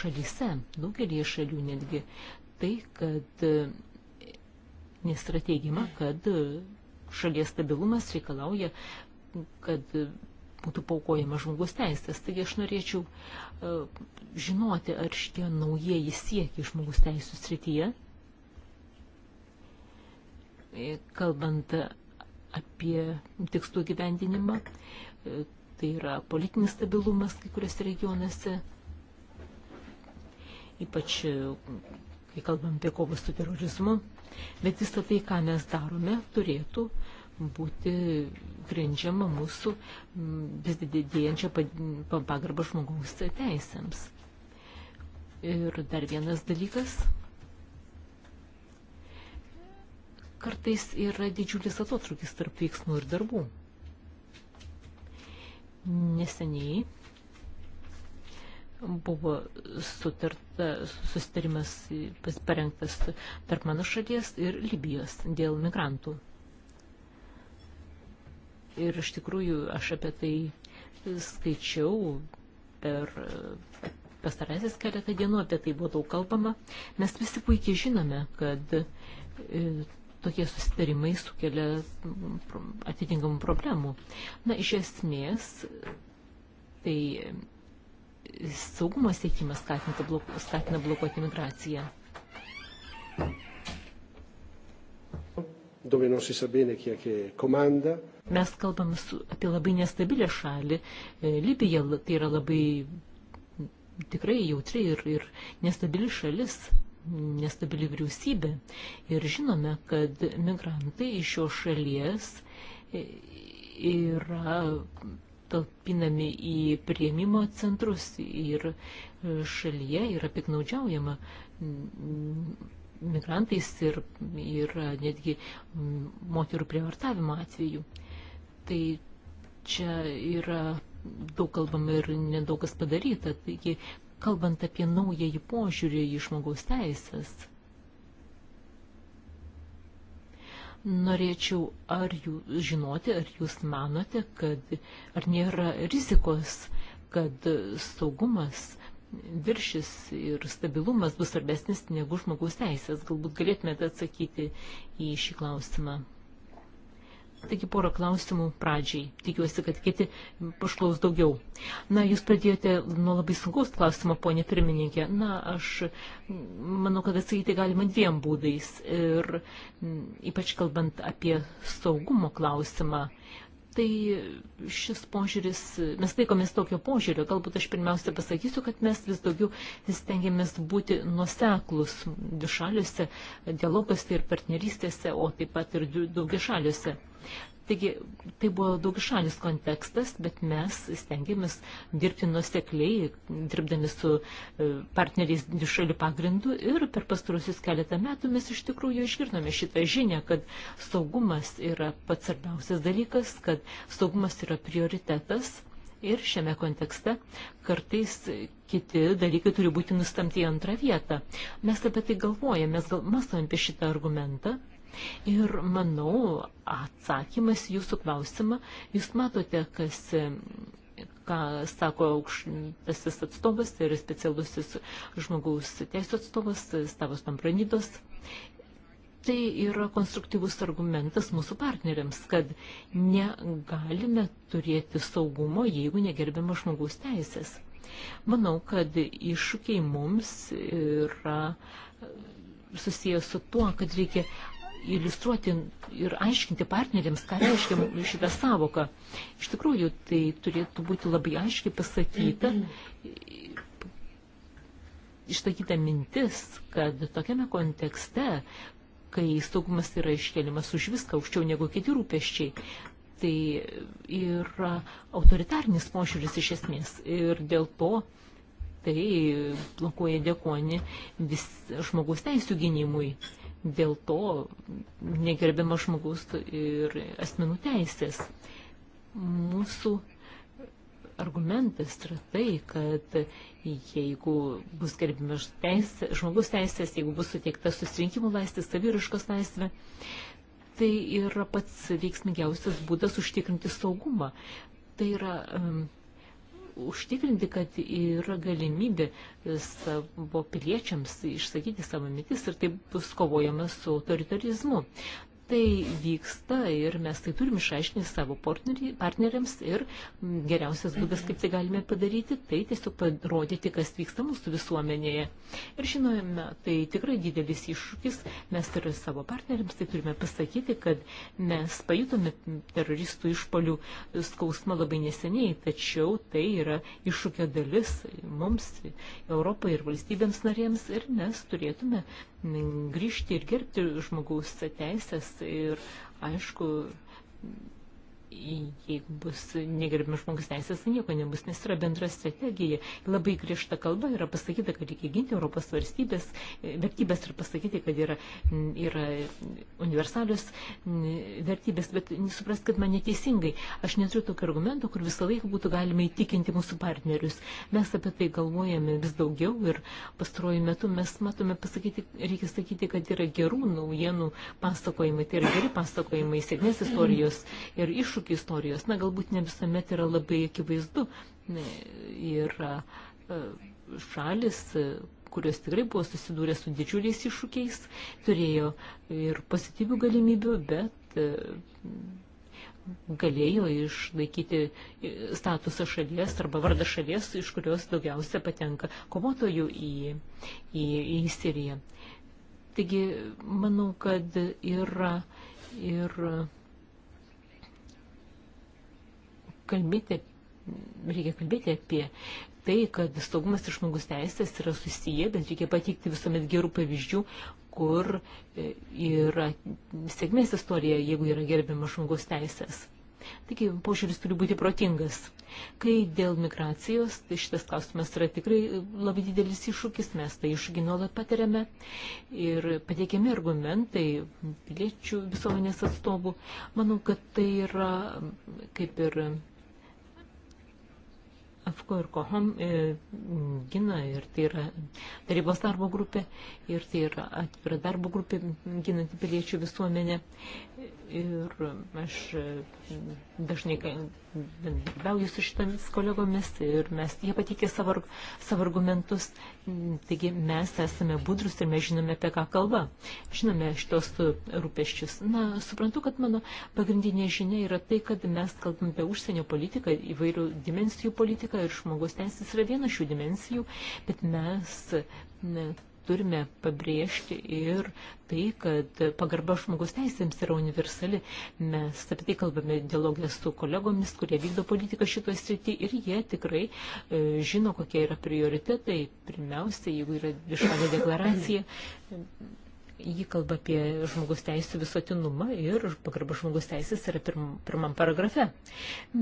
šalyse, daugelį šalių netgi, tai, kad ministra teigiama, kad e, šalies stabilumas reikalauja, kad e, būtų paukojama žmogus teisės. Taigi aš norėčiau e, žinoti, ar šitie naujieji siekiai žmogus teisų srityje, kalbant apie tikslų gyvendinimą, tai yra politinis stabilumas kai kuriuose regionuose, ypač kai kalbam apie kovą su terorizmu. Bet visą tai, ką mes darome, turėtų būti grindžiama mūsų mm, vis didėjančia pagarba žmogaus teisėms. Ir dar vienas dalykas. Kartais yra didžiulis atotrukis tarp veiksmų ir darbų. Neseniai buvo sutarta, sustarimas parengtas tarp mano šalies ir Libijos dėl migrantų. Ir iš tikrųjų aš apie tai skaičiau per pastarąsias keletą dienų, apie tai buvo daug kalbama. Mes visi puikiai žinome, kad e, tokie susitarimai sukelia atitinkamų problemų. Na, iš esmės, tai saugumo siekimas bloku, skatina blokuoti migraciją. Mes kalbam su, apie labai nestabilę šalį. E, Libija tai yra labai tikrai jautri ir, ir nestabili šalis, nestabili vyriausybė. Ir žinome, kad migrantai iš šios šalies e, yra patalpinami į prieimimo centrus ir e, šalyje yra piknaudžiaujama migrantais ir yra netgi moterų prievartavimo atveju. Tai čia yra daug kalbama ir nedaug kas padaryta. Taigi, kalbant apie naująjį požiūrį į žmogaus teisės, Norėčiau ar jų žinoti, ar jūs manote, kad ar nėra rizikos, kad saugumas viršis ir stabilumas bus svarbesnis negu žmogaus teisės. Galbūt galėtumėte atsakyti į šį klausimą. Taigi porą klausimų pradžiai. Tikiuosi, kad kiti pašklaus daugiau. Na, jūs pradėjote nuo labai sunkaus klausimo, ponė pirmininkė. Na, aš manau, kad atsakyti galima dviem būdais. Ir ypač kalbant apie saugumo klausimą. Tai šis požiūris, mes laikomės tokio požiūrio, galbūt aš pirmiausia pasakysiu, kad mes vis daugiau stengiamės būti nuseklus dušaliuose, dialoguose ir partnerystėse, o taip pat ir daugiašaliuose. Taigi, tai buvo daugišanis kontekstas, bet mes stengiamės dirbti nusekliai, dirbdami su e, partneriais dišalių pagrindu ir per pastarusius keletą metų mes iš tikrųjų išgirdome šitą žinią, kad saugumas yra pats svarbiausias dalykas, kad saugumas yra prioritetas. Ir šiame kontekste kartais kiti dalykai turi būti nustamti į antrą vietą. Mes apie tai galvojame, mes gal, mąstame apie šitą argumentą Ir manau, atsakymas jūsų klausimą, jūs matote, kas ką sako aukštasis atstovas tai yra specialusis žmogaus teisų atstovas Stavas Pampranidos. Tai yra konstruktyvus argumentas mūsų partneriams, kad negalime turėti saugumo, jeigu negerbiama žmogaus teisės. Manau, kad iššūkiai mums yra susijęs su tuo, kad reikia iliustruoti ir aiškinti partneriams, ką reiškia šitą savoką. Iš tikrųjų, tai turėtų būti labai aiškiai pasakyta, išsakyta mintis, kad tokiame kontekste, kai saugumas yra iškeliamas už viską aukščiau negu kiti rūpeščiai, tai yra autoritarnis požiūris iš esmės. Ir dėl to tai blokuoja dėkonį vis žmogus teisų gynimui dėl to negerbiama žmogus ir asmenų teisės. Mūsų argumentas yra tai, kad jeigu bus gerbimas teisė, žmogus teisės, jeigu bus suteikta susirinkimų laisvė, saviriškos laisvė, tai yra pats veiksmingiausias būdas užtikrinti saugumą. Tai yra um, užtikrinti, kad yra galimybė savo piliečiams išsakyti savo mintis ir taip bus kovojama su autoritarizmu tai vyksta ir mes tai turim išaiškinti savo partneriams ir geriausias būdas, kaip tai galime padaryti, tai tiesiog parodyti, kas vyksta mūsų visuomenėje. Ir žinojame, tai tikrai didelis iššūkis, mes ir savo partneriams tai turime pasakyti, kad mes pajutome teroristų išpolių skausmą labai neseniai, tačiau tai yra iššūkio dalis mums, Europai ir valstybėms narėms ir mes turėtume grįžti ir gerbti žmogaus teisės ir, aišku, jeigu bus negerbimas žmogus teisės, tai nieko nebus, nes yra bendra strategija. Labai griežta kalba yra pasakyta, kad reikia ginti Europos valstybės, vertybės ir pasakyti, kad yra, yra universalius vertybės, bet nesuprast, kad man neteisingai. Aš neturiu tokio argumento, kur visą laiką būtų galima įtikinti mūsų partnerius. Mes apie tai galvojame vis daugiau ir pastaruoju metu mes matome pasakyti, reikia sakyti, kad yra gerų naujienų pasakojimai, tai yra geri pasakojimai, sėkmės istorijos ir iš iššūkių istorijos. Na, galbūt ne visuomet yra labai akivaizdu. Yra e, šalis, e, kurios tikrai buvo susidūrę su didžiuliais iššūkiais, turėjo ir pozityvių galimybių, bet e, galėjo išlaikyti statusą šalies arba vardą šalies, iš kurios daugiausia patenka kovotojų į, į, į Siriją. Taigi, manau, kad yra ir, ir kalbėti, reikia kalbėti apie tai, kad saugumas ir žmogus teisės yra susiję, bet reikia pateikti visuomet gerų pavyzdžių, kur e, yra sėkmės istorija, jeigu yra gerbiamas žmogus teisės. Taigi, požiūris turi būti protingas. Kai dėl migracijos, tai šitas klausimas yra tikrai labai didelis iššūkis, mes tai iššūkį nuolat patiriame ir pateikiami argumentai piliečių visuomenės atstovų. Manau, kad tai yra kaip ir AFKO ir KOHOM e, gina ir tai yra tarybos darbo grupė ir tai yra atvira darbo grupė ginanti piliečių visuomenę. E, ir aš dažnai bendrauju su šitomis kolegomis ir mes, jie patikė savo, savo argumentus, taigi mes esame budrus ir mes žinome, apie ką kalba. Žinome šitos rūpeščius. Na, suprantu, kad mano pagrindinė žinia yra tai, kad mes kalbame apie užsienio politiką, įvairių dimensijų politiką ir žmogus teisės yra viena šių dimensijų, bet mes ne, turime pabrėžti ir tai, kad pagarba žmogus teisėms yra universali. Mes apie tai kalbame dialogę su kolegomis, kurie vykdo politiką šitoje srityje ir jie tikrai e, žino, kokie yra prioritetai. Pirmiausia, jeigu yra viešalė deklaracija, Ji kalba apie žmogus teisų visotinumą ir pagarba žmogus teisės yra pirm, pirmam paragrafe.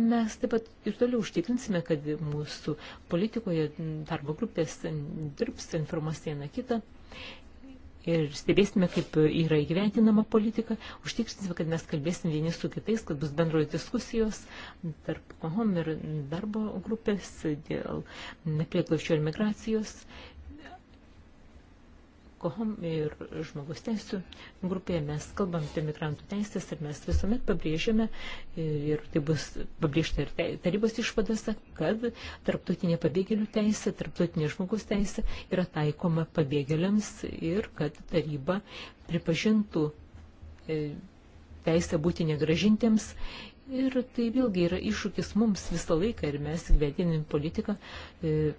Mes taip pat ir toliau užtikrinsime, kad mūsų politikoje darbo grupės dirbs, informuos vieną kitą. Ir stebėsime, kaip yra įgyventinama politika, užtiksime, kad mes kalbėsim vieni su kitais, kad bus bendroji diskusijos tarp kohom ir darbo grupės dėl prieglaušio ir migracijos kohom ir žmogus teisų grupėje mes kalbam apie migrantų teisės ir mes visuomet pabrėžiame, ir tai bus pabrėžta ir tarybos išvadose, kad tarptautinė pabėgėlių teisė, tarptautinė žmogus teisė yra taikoma pabėgėliams ir kad taryba pripažintų e, teisę būti negražintiems Ir tai vėlgi yra iššūkis mums visą laiką ir mes vedinam politiką, e,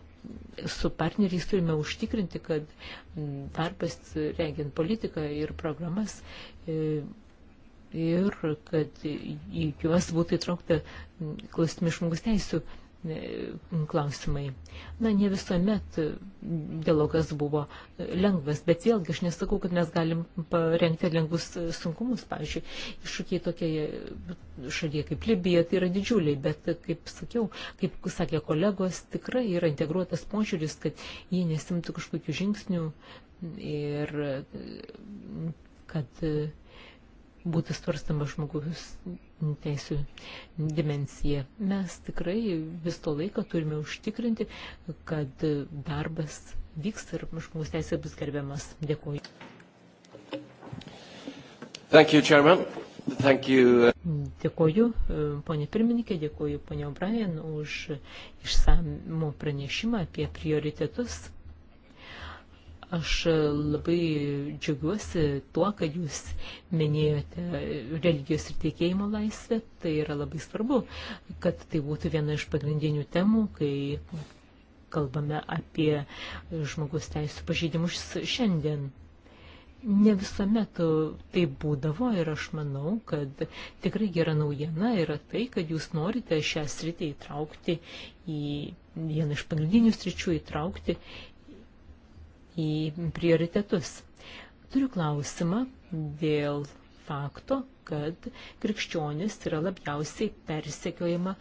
su partneriais turime užtikrinti, kad darbas rengiant politiką ir programas e, ir kad į juos būtų įtraukta klausimai žmogus teisų E, klausimai. Na, ne visuomet dialogas buvo lengvas, bet vėlgi aš nesakau, kad mes galim parengti lengvus sunkumus. Pavyzdžiui, iššūkiai tokie šalyje kaip Libija, tai yra didžiuliai, bet kaip sakiau, kaip sakė kolegos, tikrai yra integruotas požiūris, kad jie nesimtų kažkokių žingsnių ir kad būtų svarstama žmogus teisų dimensiją. Mes tikrai vis to laiko turime užtikrinti, kad darbas vyks ir žmogus teisė bus gerbiamas. Dėkuoju. Thank you, Chairman. Thank you. Dėkuoju, e, ponė pirmininkė, dėkuoju, ponė O'Brien, už išsamų pranešimą apie prioritetus Aš labai džiaugiuosi tuo, kad jūs minėjote religijos ir tikėjimo laisvę. Tai yra labai svarbu, kad tai būtų viena iš pagrindinių temų, kai kalbame apie žmogus teisų pažeidimus šiandien. Ne visuomet tai būdavo ir aš manau, kad tikrai gera naujiena yra tai, kad jūs norite šią sritį įtraukti į vieną iš pagrindinių sričių, įtraukti į prioritetus. Turiu klausimą dėl fakto, kad krikščionis yra labiausiai persekiojama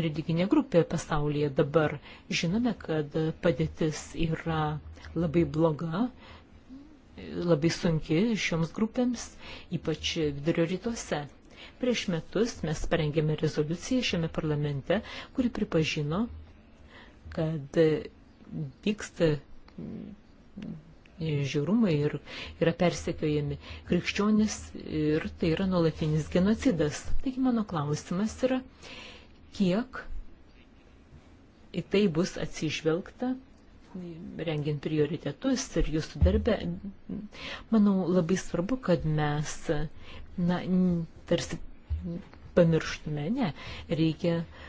religinė grupė pasaulyje dabar. Žinome, kad padėtis yra labai bloga, labai sunki šioms grupėms, ypač vidurio rytuose. Prieš metus mes parengėme rezoliuciją šiame parlamente, kuri pripažino, kad vyksta žiaurumai ir yra persekiojami krikščionis ir tai yra nuolatinis genocidas. Taigi mano klausimas yra, kiek į tai bus atsižvelgta, rengiant prioritetus ir jūsų darbę. Manau, labai svarbu, kad mes, na, tarsi pamirštume, ne, reikia uh,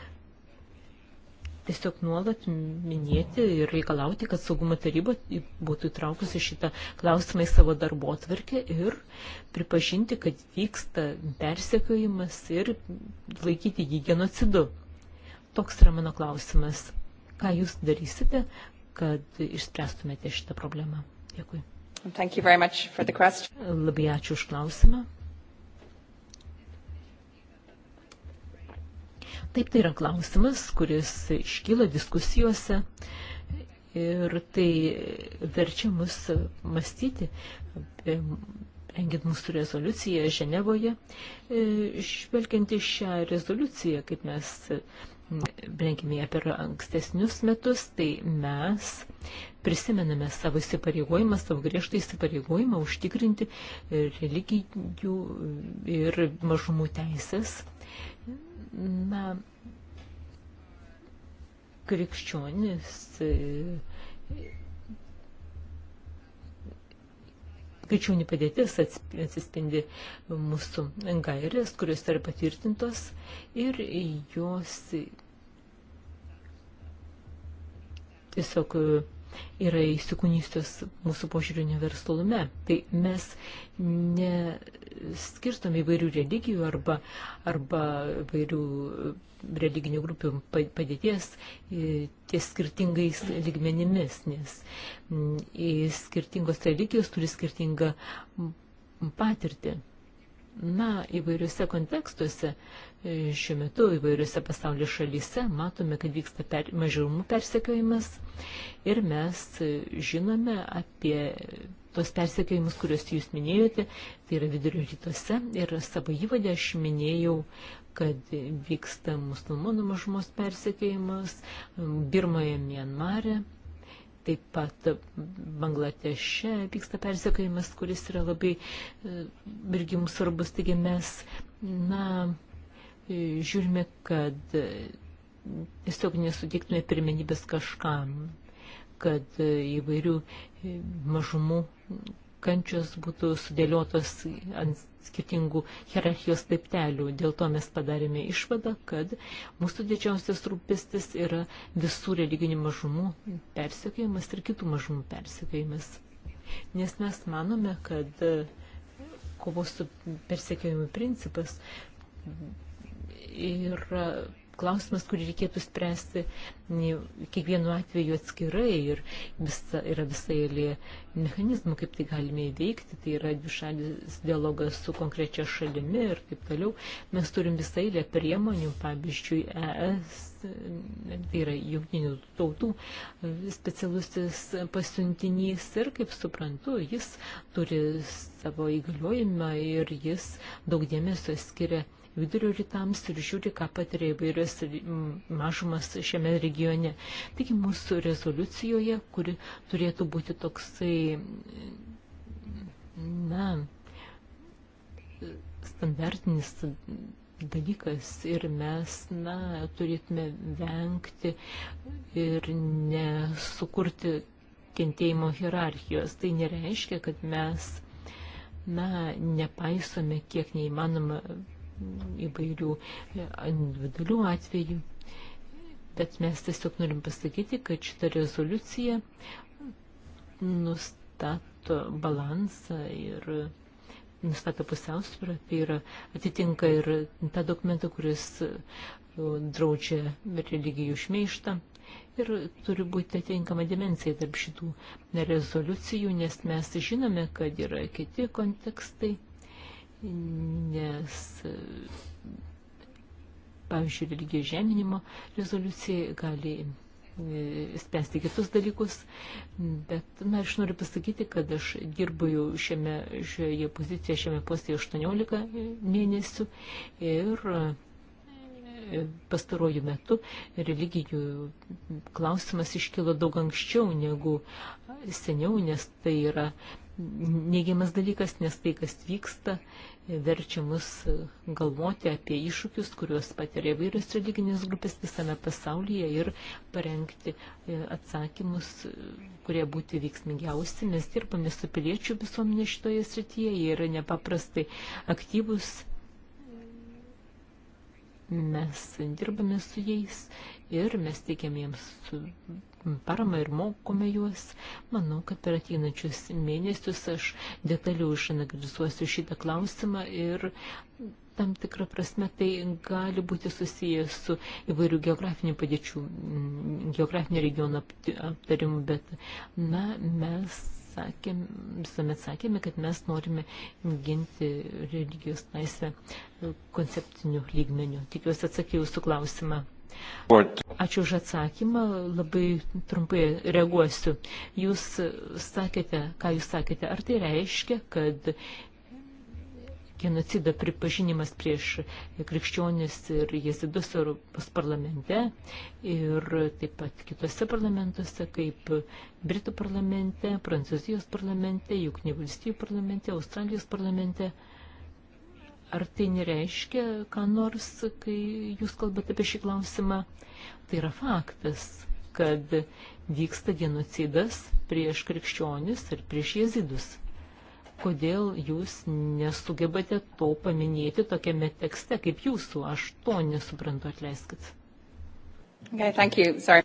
tiesiog nuolat minėti ir reikalauti, kad saugumo taryba būtų įtraukusi šitą klausimą į savo darbo atvarkę ir pripažinti, kad vyksta persekiojimas ir laikyti jį genocidu. Toks yra mano klausimas. Ką jūs darysite, kad išspręstumėte šitą problemą? Dėkui. Labai ačiū už klausimą. Taip, tai yra klausimas, kuris iškyla diskusijose ir tai verčia mus mąstyti, rengiant mūsų rezoliuciją Ženevoje, e, žvelgiant į šią rezoliuciją, kaip mes rengėme ją per ankstesnius metus, tai mes prisimename savo įsipareigojimą, savo griežtą įsipareigojimą užtikrinti religijų ir mažumų teisės Na, krikščionis, e, krikščionių padėtis atsispindi mūsų gairės, kurios yra patvirtintos ir jos tiesiog yra įsikūnystės mūsų požiūrių universalume. Tai mes neskirstome įvairių religijų arba, arba įvairių e, religinių grupių padėties e, ties skirtingais lygmenimis, nes mm, skirtingos religijos turi skirtingą patirtį. Na, įvairiuose kontekstuose uh, Šiuo metu įvairiuose pasaulio šalyse matome, kad vyksta per, mažumų persekiojimas ir mes žinome apie tos persekiojimus, kuriuos jūs minėjote, tai yra vidurio rytuose ir savo įvadę aš minėjau kad vyksta musulmonų mažumos persekėjimas Birmoje, Mianmare, taip pat Bangladeše vyksta persekėjimas, kuris yra labai e, irgi mums svarbus, taigi mes, na, žiūrime, kad e, tiesiog nesutiktume pirmenybės kažkam, kad e, įvairių e, mažumų kančios būtų sudėliotos ant skirtingų hierarchijos laiptelių. Dėl to mes padarėme išvadą, kad mūsų didžiausias rūpestis yra visų religinių mažumų persekiojimas ir kitų mažumų persekiojimas. Nes mes manome, kad kovos su persekiojimu principas ir e, klausimas, kurį reikėtų spręsti kiekvienu atveju atskirai ir visa, yra visa eilė mechanizmų, kaip tai galime įveikti, tai yra dvišalis dialogas su konkrečia šalimi ir taip toliau. Mes turim visą eilę priemonių, pavyzdžiui, ES, tai yra jungtinių tautų specialusis pasiuntinys ir, kaip suprantu, jis turi savo įgaliojimą ir jis daug dėmesio skiria vidurio rytams ir žiūri, ką patiria įvairios mažumas šiame regione. Taigi mūsų rezoliucijoje, kuri turėtų būti toksai, na, standartinis dalykas ir mes, na, turėtume vengti ir nesukurti kentėjimo hierarchijos. Tai nereiškia, kad mes, na, nepaisome kiek neįmanoma įvairių e, individualių atvejų, bet mes tiesiog norim pasakyti, kad šita rezoliucija nustato balansą ir nustato pusiausvyrą, tai yra atitinka ir tą dokumentą, kuris e, draudžia religijų šmeištą. Ir turi būti atitinkama dimensija tarp šitų rezoliucijų, nes mes žinome, kad yra kiti kontekstai nes, pavyzdžiui, religijos žeminimo rezoliucija gali e, spręsti kitus dalykus, bet, na, aš noriu pasakyti, kad aš dirbu jau šiame, šioje pozicijoje, šiame postėje 18 mėnesių ir e, pastaruoju metu religijų klausimas iškilo daug anksčiau negu seniau, nes tai yra neigiamas dalykas, nes tai, kas vyksta, verčia mus galvoti apie iššūkius, kuriuos patiria įvairios religinės grupės visame pasaulyje ir parengti e, atsakymus, kurie būtų veiksmingiausi. Mes dirbame su piliečių visuomenė šitoje srityje, jie yra nepaprastai aktyvus. Mes dirbame su jais ir mes teikiam jiems paramą ir mokome juos. Manau, kad per ateinančius mėnesius aš detaliau išanalizuosiu šitą klausimą ir tam tikrą prasme tai gali būti susijęs su įvairių geografinių padėčių, mm, geografinio regiono aptarimu, bet na, mes sakėm, visuomet sakėme, kad mes norime ginti religijos laisvę e, konceptinių lygmenių. Tikiuosi atsakiau jūsų klausimą. Ačiū už atsakymą, labai trumpai reaguosiu. Jūs sakėte, ką jūs sakėte, ar tai reiškia, kad genocido pripažinimas prieš krikščionis ir jezidus Europos parlamente ir taip pat kitose parlamentuose, kaip Britų parlamente, Prancūzijos parlamente, Juknių valstybių parlamente, Australijos parlamente. parlamente Ar tai nereiškia, ką nors, kai jūs kalbate apie šį klausimą? Tai yra faktas, kad vyksta genocidas prieš krikščionis ir prieš jezidus. Kodėl jūs nesugebate to paminėti tokiame tekste kaip jūsų? Aš to nesuprantu, atleiskit. Okay, thank you. Sorry.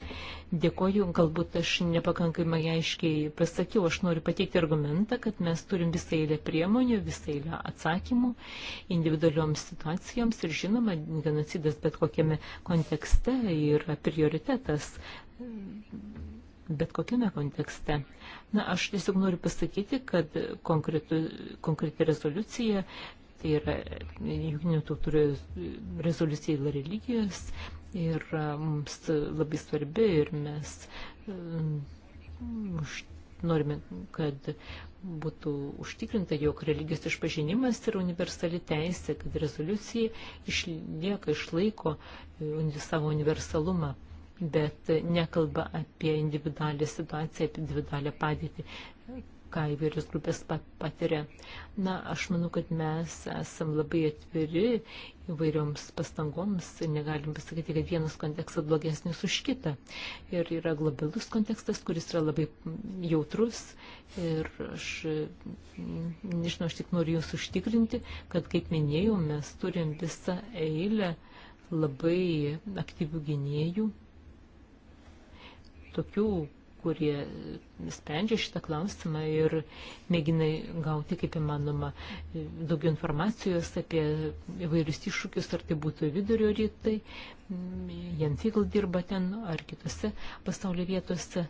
Dėkoju, galbūt aš nepakankamai aiškiai pasakiau, aš noriu pateikti argumentą, kad mes turim visą eilę priemonių, visą eilę atsakymų individualioms situacijoms ir žinoma, genocidas bet kokiame kontekste yra prioritetas bet kokiame kontekste. Na, aš tiesiog noriu pasakyti, kad konkretu, konkreti rezoliucija, tai yra jungtinių tautų rezoliucija dėl religijos, yra e, mums labai svarbi ir mes e, norime, kad būtų užtikrinta, jog religijos išpažinimas yra universali teisė, kad rezoliucija išlieka, išlaiko e, savo universalumą, bet nekalba apie individualią situaciją, apie individualią padėtį ką įvairios grupės patiria. Na, aš manau, kad mes esam labai atviri įvairioms pastangoms ir negalim pasakyti, kad vienas kontekstas blogesnis už kitą. Ir yra globalus kontekstas, kuris yra labai jautrus ir aš, nežinau, aš tik noriu jūs užtikrinti, kad, kaip minėjau, mes turim visą eilę labai aktyvių gynėjų, tokių, kurie sprendžia šitą klausimą ir mėgina gauti kaip įmanoma daugiau informacijos apie įvairius iššūkius, ar tai būtų vidurio rytai, Jan Figl dirba ten, ar kitose pasaulio vietose.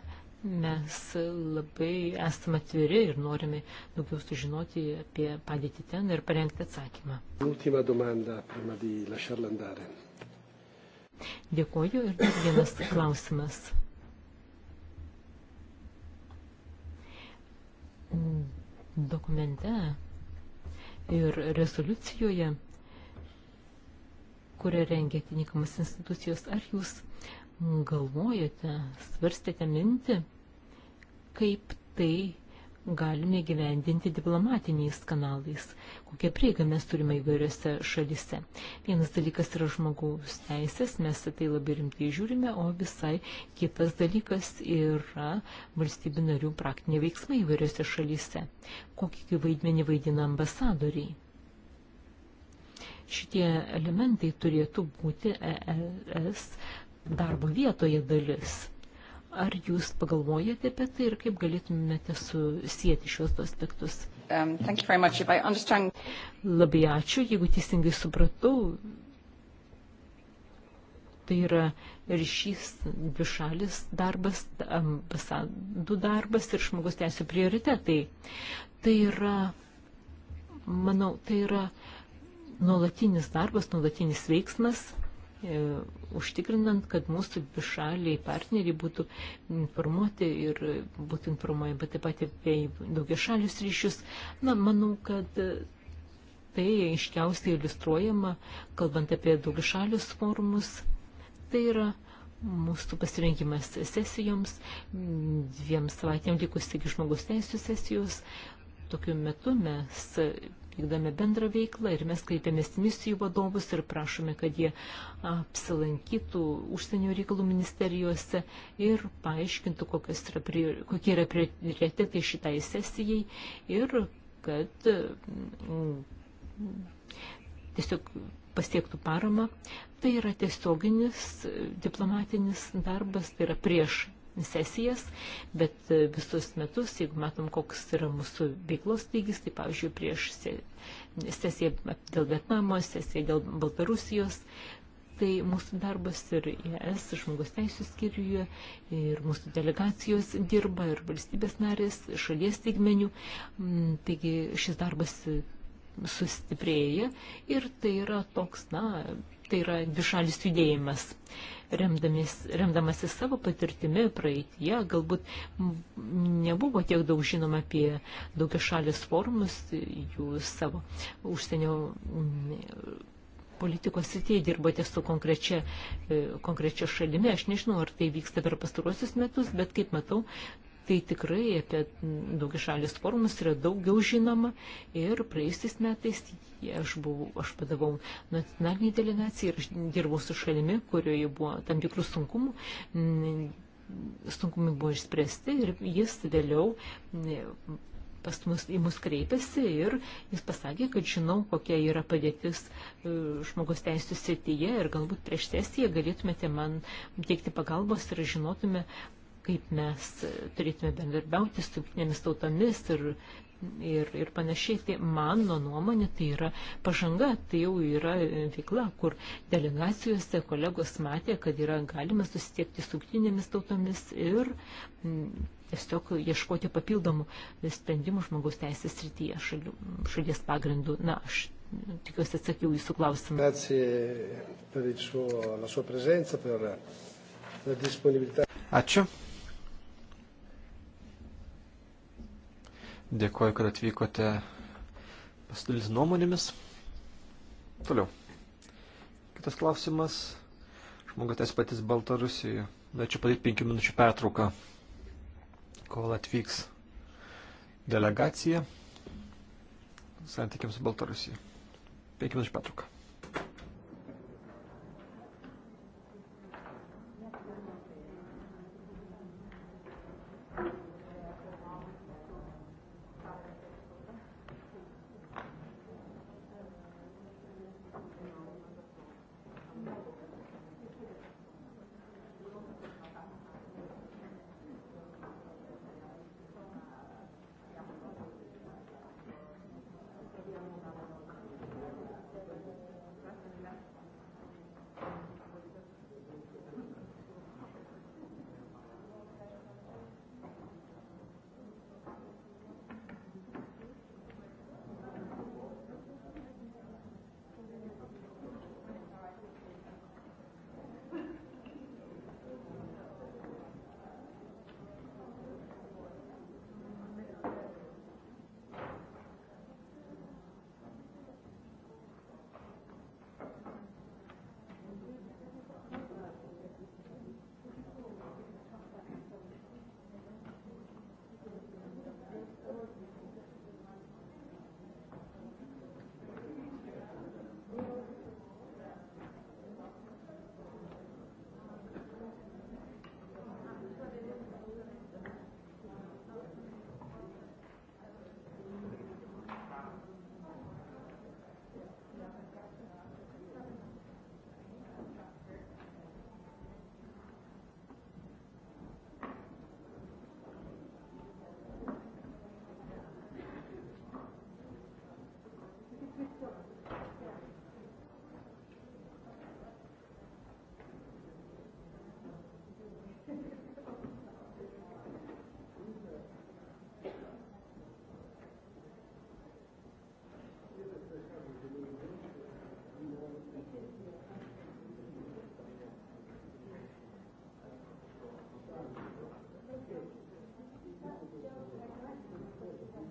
Mes labai esame atviri ir norime daugiau sužinoti apie padėtį ten ir parengti atsakymą. Ultima domanda, prima di lasciarla andare. Dėkoju ir dar vienas klausimas. dokumente ir rezoliucijoje, kurią rengia atinikamas institucijos, ar jūs galvojate, svarstėte mintį, kaip tai galime gyvendinti diplomatiniais kanalais, kokią prieigą mes turime įvairiose šalise. Vienas dalykas yra žmogaus teisės, mes tai labai rimtai žiūrime, o visai kitas dalykas yra valstybių narių praktiniai veiksmai įvairiose šalise. Kokį vaidmenį vaidina ambasadoriai? Šitie elementai turėtų būti ES darbo vietoje dalis. Ar jūs pagalvojate apie tai ir kaip galėtumėte susijęti šios du aspektus? Um, thank you very much. If I understand... Labai ačiū, jeigu teisingai supratau. Tai yra ryšys dvišalis darbas, ambasadų darbas ir žmogus teisų prioritetai. Tai yra, manau, tai yra nuolatinis darbas, nuolatinis veiksmas E, užtikrinant, kad mūsų bišaliai partneriai būtų informuoti ir būtų informuojami, bet taip pat apie daugia šalius ryšius. Na, manau, kad tai iškiausiai iliustruojama, kalbant apie daugia šalius forumus. Tai yra mūsų pasirinkimas sesijoms, dviem savaitėm likus iki žmogus teisų sesijos. Tokiu metu mes vykdome bendrą veiklą ir mes kreipiamės misijų vadovus ir prašome, kad jie apsilankytų užsienio reikalų ministerijose ir paaiškintų, yra, kokie yra prioritetai šitai sesijai ir kad mm, tiesiog pasiektų paramą. Tai yra tiesioginis diplomatinis darbas, tai yra prieš sesijas, bet e, visus metus, jeigu matom, koks yra mūsų veiklos lygis, tai pavyzdžiui, prieš sesiją dėl Vietnamo, sesiją dėl Baltarusijos, tai mūsų darbas ir ES žmogus teisų skyriuje, ir mūsų delegacijos dirba, ir valstybės narės, šalies lygmenių. Mm, taigi šis darbas e, sustiprėja ir tai yra toks, na, tai yra dvišalis judėjimas remdamasi savo patirtimi praeitie, galbūt nebuvo tiek daug žinoma apie daugia šalis formus, jų savo užsienio politikos srityje dirbate su konkrečia, e, konkrečia šalimi. Aš nežinau, ar tai vyksta per pastaruosius metus, bet kaip matau, tai tikrai apie daugišalės formas yra daugiau žinoma ir praeistais metais aš, buvau, aš padavau nacionalinį delegaciją ir aš dirbau su šalimi, kurioje buvo tam tikrų sunkumų. Mm, sunkumai buvo išspręsti ir jis vėliau mm, pas mus, į mus kreipėsi ir jis pasakė, kad žinau, kokia yra padėtis e, žmogus teisų srityje ir galbūt prieš sesiją galėtumėte man teikti pagalbos ir žinotume, kaip mes turėtume bendarbiauti su jungtinėmis tautomis ir, ir, ir panašiai. Tai mano nuomonė tai yra pažanga, tai jau yra veikla, kur delegacijose kolegos matė, kad yra galima susitiekti su jungtinėmis tautomis ir m, tiesiog ieškoti papildomų sprendimų žmogaus teisės srityje šalių, šalies pagrindų. Na, aš tikiuosi atsakiau jūsų klausimą. Ačiū per la sua presenza, per la disponibilità. Ačiū Dėkuoju, kad atvykote pasidalis nuomonėmis. Toliau. Kitas klausimas. Žmogus tas patys Baltarusijoje. Norėčiau padaryti penkių minučių pertrauką, kol atvyks delegacija santykiams su Baltarusija. Penkių minučių pertrauką.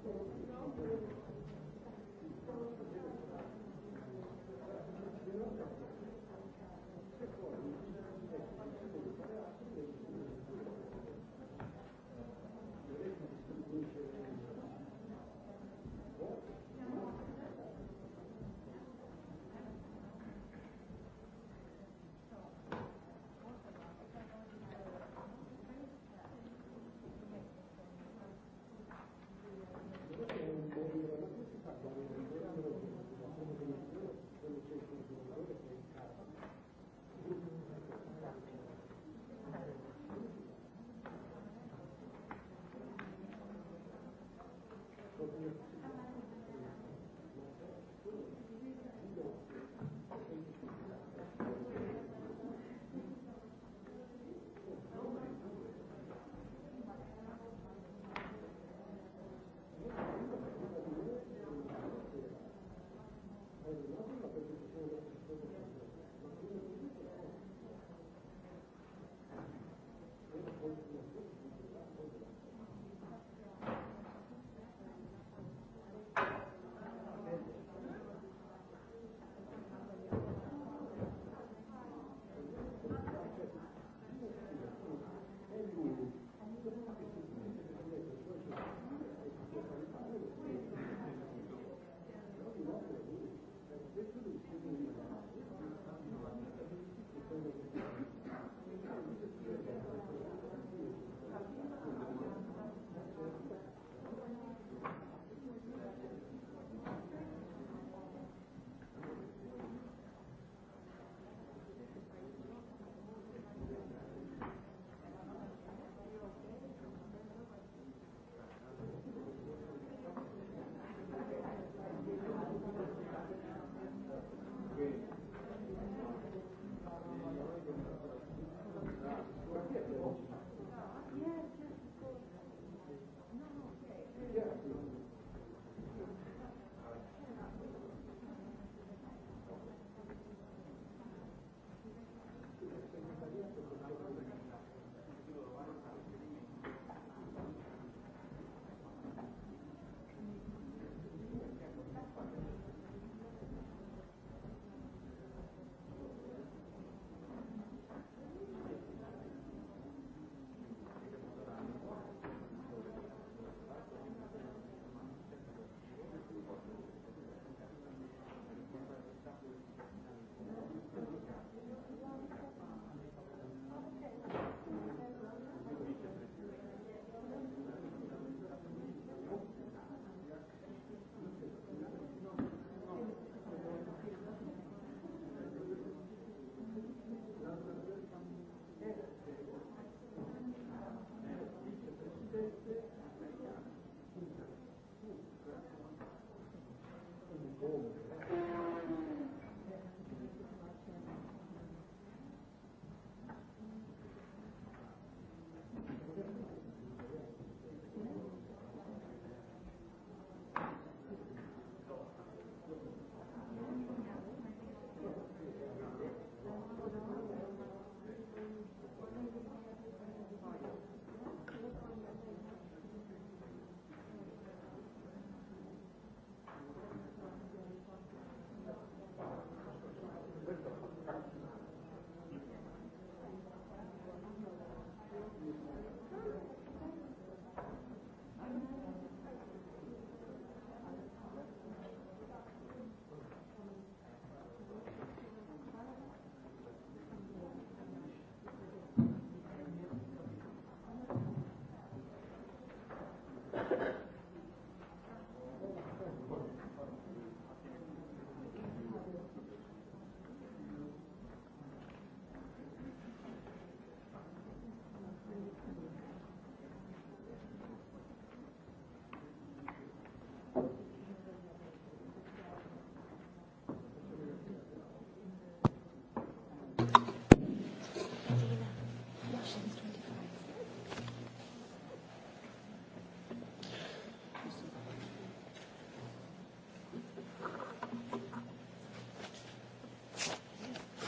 Thank you.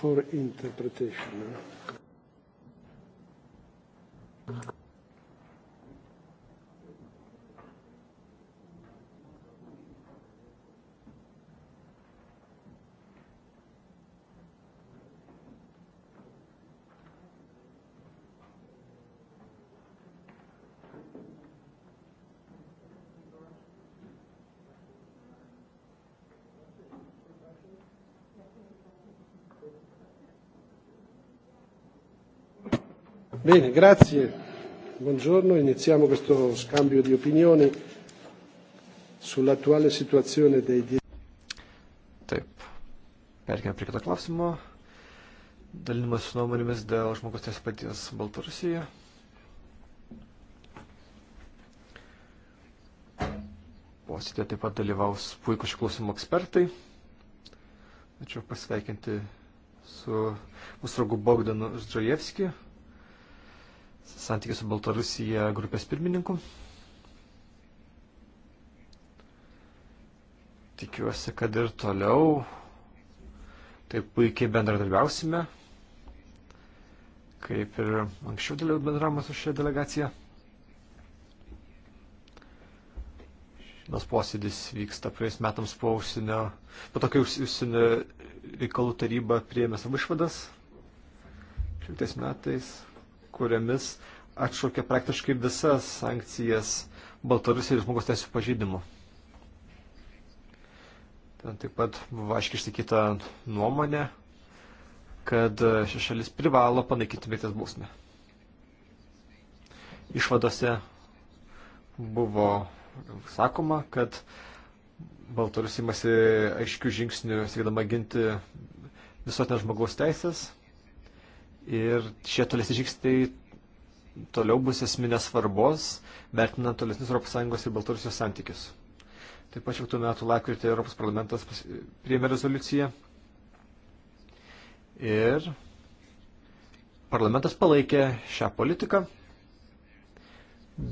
for interpretation. Bene, grazie. Buongiorno, iniziamo questo scambio di opinioni sull'attuale situazione dei diritti. Taip, perkime prie kito klausimo. Dalinimas nuomonėmis dėl žmogus teisų paties Baltarusijoje. Posėdėje taip pat dalyvaus puikų išklausimų ekspertai. Ačiū pasveikinti su mūsų draugu Bogdanu Zdrojevskiu santykių su Baltarusija grupės pirmininku. Tikiuosi, kad ir toliau taip puikiai bendradarbiausime, kaip ir anksčiau dėliau bendravimą su šia delegacija. Šitas posėdis vyksta praeis metams po užsienio, po to, kai užsienio reikalų taryba priėmė savo išvadas, šimtais metais kuriamis atšaukė praktiškai visas sankcijas Baltarusijai ir žmogaus teisų pažydimų. Ten taip pat buvo aiškiai išsakyta nuomonė, kad ši šalis privalo panaikinti mirties bausmę. Išvadose buvo sakoma, kad Baltarusija imasi aiškių žingsnių siekdama ginti visuotinės žmogaus teisės Ir šie tolesni žingsniai toliau bus esminės svarbos, vertinant tolesnius ES ir Baltarusijos santykius. Taip pat šimtų metų lakrytį Europos parlamentas priėmė rezoliuciją. Ir parlamentas palaikė šią politiką,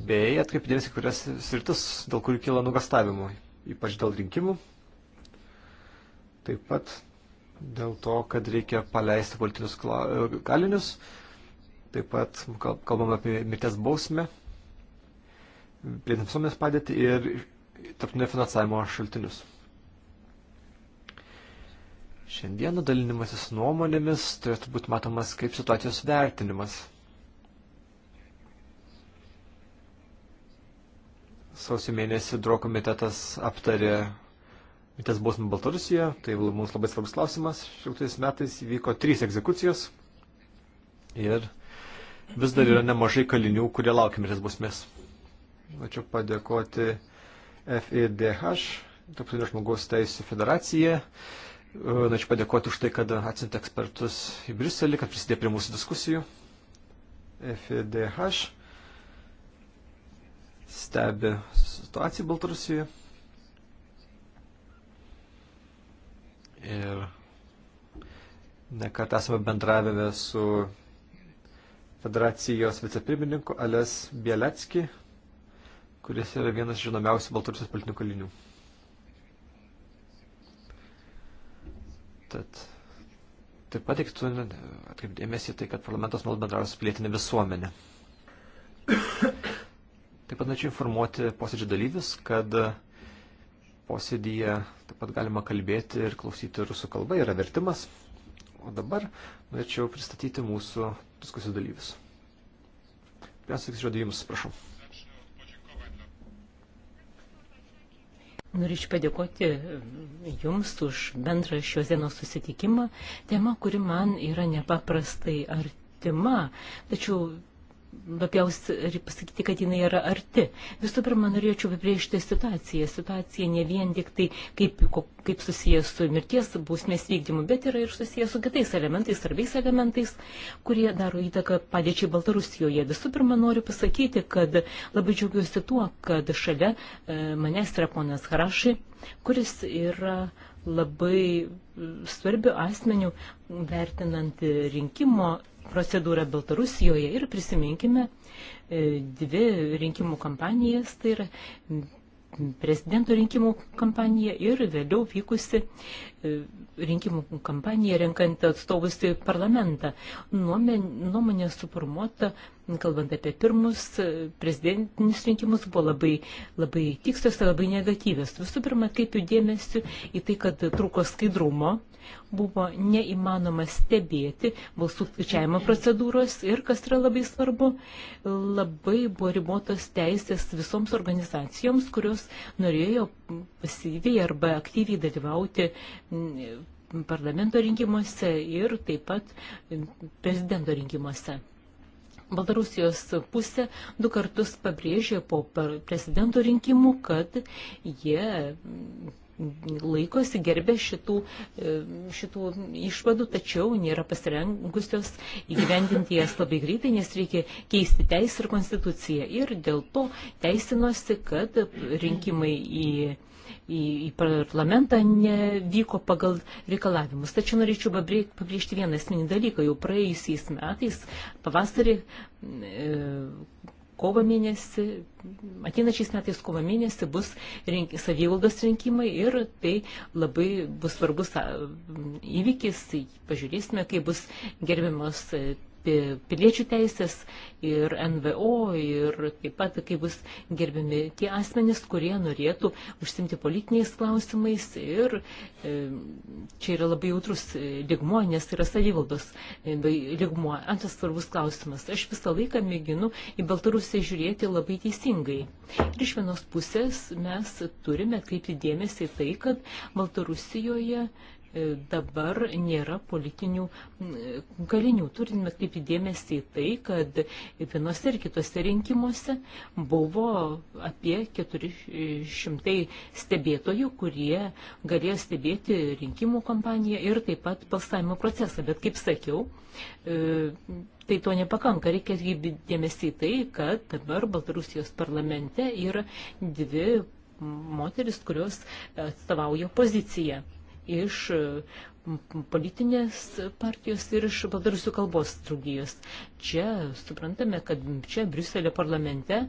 bei atkreipdėmėsi kurias sritis, dėl kurių kyla nugastavimų, ypač dėl rinkimų. Taip pat dėl to, kad reikia paleisti politinius e, kalinius. Taip pat kalbam apie mirties bausmę, plėtinę visuomenės padėtį ir tarptautinio finansavimo šaltinius. Šiandieną dalinimasis nuomonėmis turėtų būti matomas kaip situacijos vertinimas. Sausio mėnesį DRO komitetas aptarė Rytas bausmė Baltarusijoje, tai mums labai svarbus klausimas. Šiltais metais įvyko trys egzekucijos ir vis dar yra nemažai kalinių, kurie laukia mirties bausmės. Norėčiau padėkoti FIDH, Tarptautinio žmogaus teisų federacija. Norėčiau padėkoti už tai, kad atsintė ekspertus į Briuselį, kad prisidėjo prie mūsų diskusijų. FIDH stebi situaciją Baltarusijoje Ir nekart esame bendravę su federacijos vicepirmininku Ales Bielecki, kuris yra vienas žinomiausių Baltarusijos politinių kalinių. Tad taip pat reiktų atkreipti dėmesį tai, kad parlamentas nuolat bendrauja su pilietinė visuomenė. Taip pat norėčiau informuoti posėdžio dalyvis, kad posėdyje taip pat galima kalbėti ir klausyti rusų kalba, yra vertimas. O dabar norėčiau pristatyti mūsų diskusijų dalyvius. Pirmiausia, žodį Jums, prašau. Norėčiau padėkoti Jums už bendrą šios dienos susitikimą. Tema, kuri man yra nepaprastai artima, tačiau labiaus pasakyti, kad jinai yra arti. Visų pirma, norėčiau apibriežti situaciją. Situacija ne vien tik tai, kaip, kaip susijęs su mirties bausmės vykdymu, bet yra ir susijęs su kitais elementais, svarbiais elementais, kurie daro įtaką padėčiai Baltarusijoje. Visų pirma, noriu pasakyti, kad labai džiaugiuosi tuo, kad šalia e, manęs yra ponas Haraši, kuris yra labai svarbiu asmeniu vertinant rinkimo procedūrą Baltarusijoje ir prisiminkime e, dvi rinkimų kampanijas, tai yra prezidento rinkimų kampanija ir vėliau vykusi e, rinkimų kampanija renkant atstovus į parlamentą. Nuomonė suformuota, kalbant apie pirmus e, prezidentinius rinkimus, buvo labai, labai tikslios ir labai negatyvės. Visų pirma, atkreipiu dėmesį į tai, kad trūko skaidrumo buvo neįmanoma stebėti balsų skaičiavimo procedūros ir, kas yra labai svarbu, labai buvo ribotos teisės visoms organizacijoms, kurios norėjo pasyviai arba aktyviai dalyvauti parlamento rinkimuose ir taip pat prezidento rinkimuose. Baltarusijos pusė du kartus pabrėžė po prezidento rinkimų, kad jie laikosi, gerbė šitų, e, šitų išvadų, tačiau nėra pasirengusios įgyvendinti jas labai greitai, nes reikia keisti teisę ir konstituciją. Ir dėl to teisinosi, kad rinkimai į į, į parlamentą nevyko pagal reikalavimus. Tačiau norėčiau pabrėžti vieną esminį dalyką. Jau praėjusiais metais pavasarį e, kovo mėnesį, ateinačiais metais kovo mėnesį bus rink, savivaldos rinkimai ir tai labai bus svarbus įvykis. Pažiūrėsime, kaip bus gerbiamas piliečių teisės ir NVO ir taip pat, kai bus gerbiami tie asmenys, kurie norėtų užsimti politiniais klausimais ir e, čia yra labai jautrus e, ligmuo, nes yra savivaldos e, ligmuo. Antras svarbus klausimas. Aš visą laiką mėginu į Baltarusiją žiūrėti labai teisingai. Ir iš vienos pusės mes turime atkreipti dėmesį į tai, kad Baltarusijoje E, dabar nėra politinių kalinių. Turime kaip įdėmėsi į tai, kad vienose ir kitose rinkimuose buvo apie 400 stebėtojų, kurie galėjo stebėti rinkimų kampaniją ir taip pat balsavimo procesą. Bet kaip sakiau, e, tai to nepakanka. Reikia atkreipti dėmesį į tai, kad dabar Baltarusijos parlamente yra dvi moteris, kurios atstovauja poziciją iš politinės partijos ir iš baltarusių kalbos draugijos. Čia suprantame, kad čia Briuselio parlamente,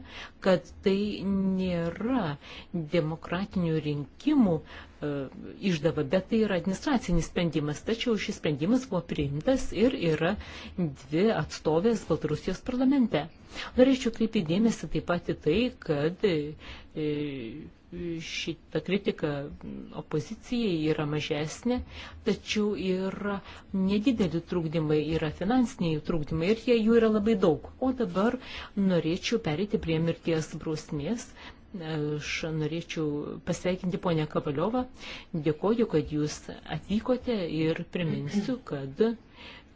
kad tai nėra demokratinių rinkimų E, išdava, bet tai yra administracinis sprendimas. Tačiau šis sprendimas buvo priimtas ir yra dvi atstovės Baltarusijos parlamente. Norėčiau kreipti dėmesį taip pat į tai, kad e, e, šita kritika opozicijai yra mažesnė, tačiau yra nedideli trūkdymai, yra finansiniai trūkdymai ir jie jų yra labai daug. O dabar norėčiau perėti prie mirties brusmės, Aš norėčiau pasveikinti ponę Kavaliovą. Dėkoju, kad jūs atvykote ir priminsiu, kad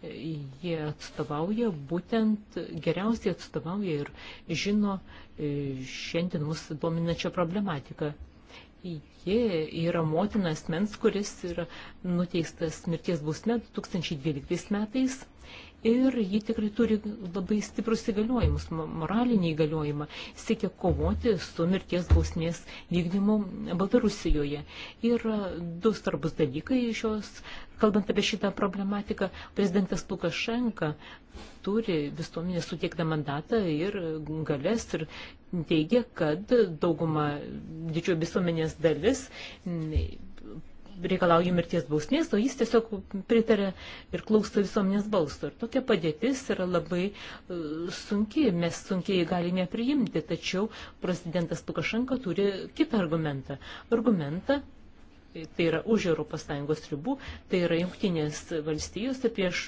jie atstovauja, būtent geriausiai atstovauja ir žino e, šiandien mūsų dominačią problematiką ji yra motina asmens, kuris yra nuteistas mirties bausme 2012 metais. Ir ji tikrai turi labai stiprus įgaliojimus, moralinį įgaliojimą, siekia kovoti su mirties bausmės vykdymu Baltarusijoje. Ir du svarbus dalykai šios, kalbant apie šitą problematiką, prezidentas Lukašenka turi visuomenė sutiekta mandatą ir galės ir teigia, kad dauguma didžioji visuomenės dalis reikalauja mirties bausmės, o jis tiesiog pritarė ir klauso visuomenės balso. Ir tokia padėtis yra labai e, sunki, mes sunkiai galime priimti, tačiau prezidentas Lukašenka turi kitą argumentą. Argumentą, Tai, tai yra už ES ribų, tai yra jungtinės valstijos. Tai prieš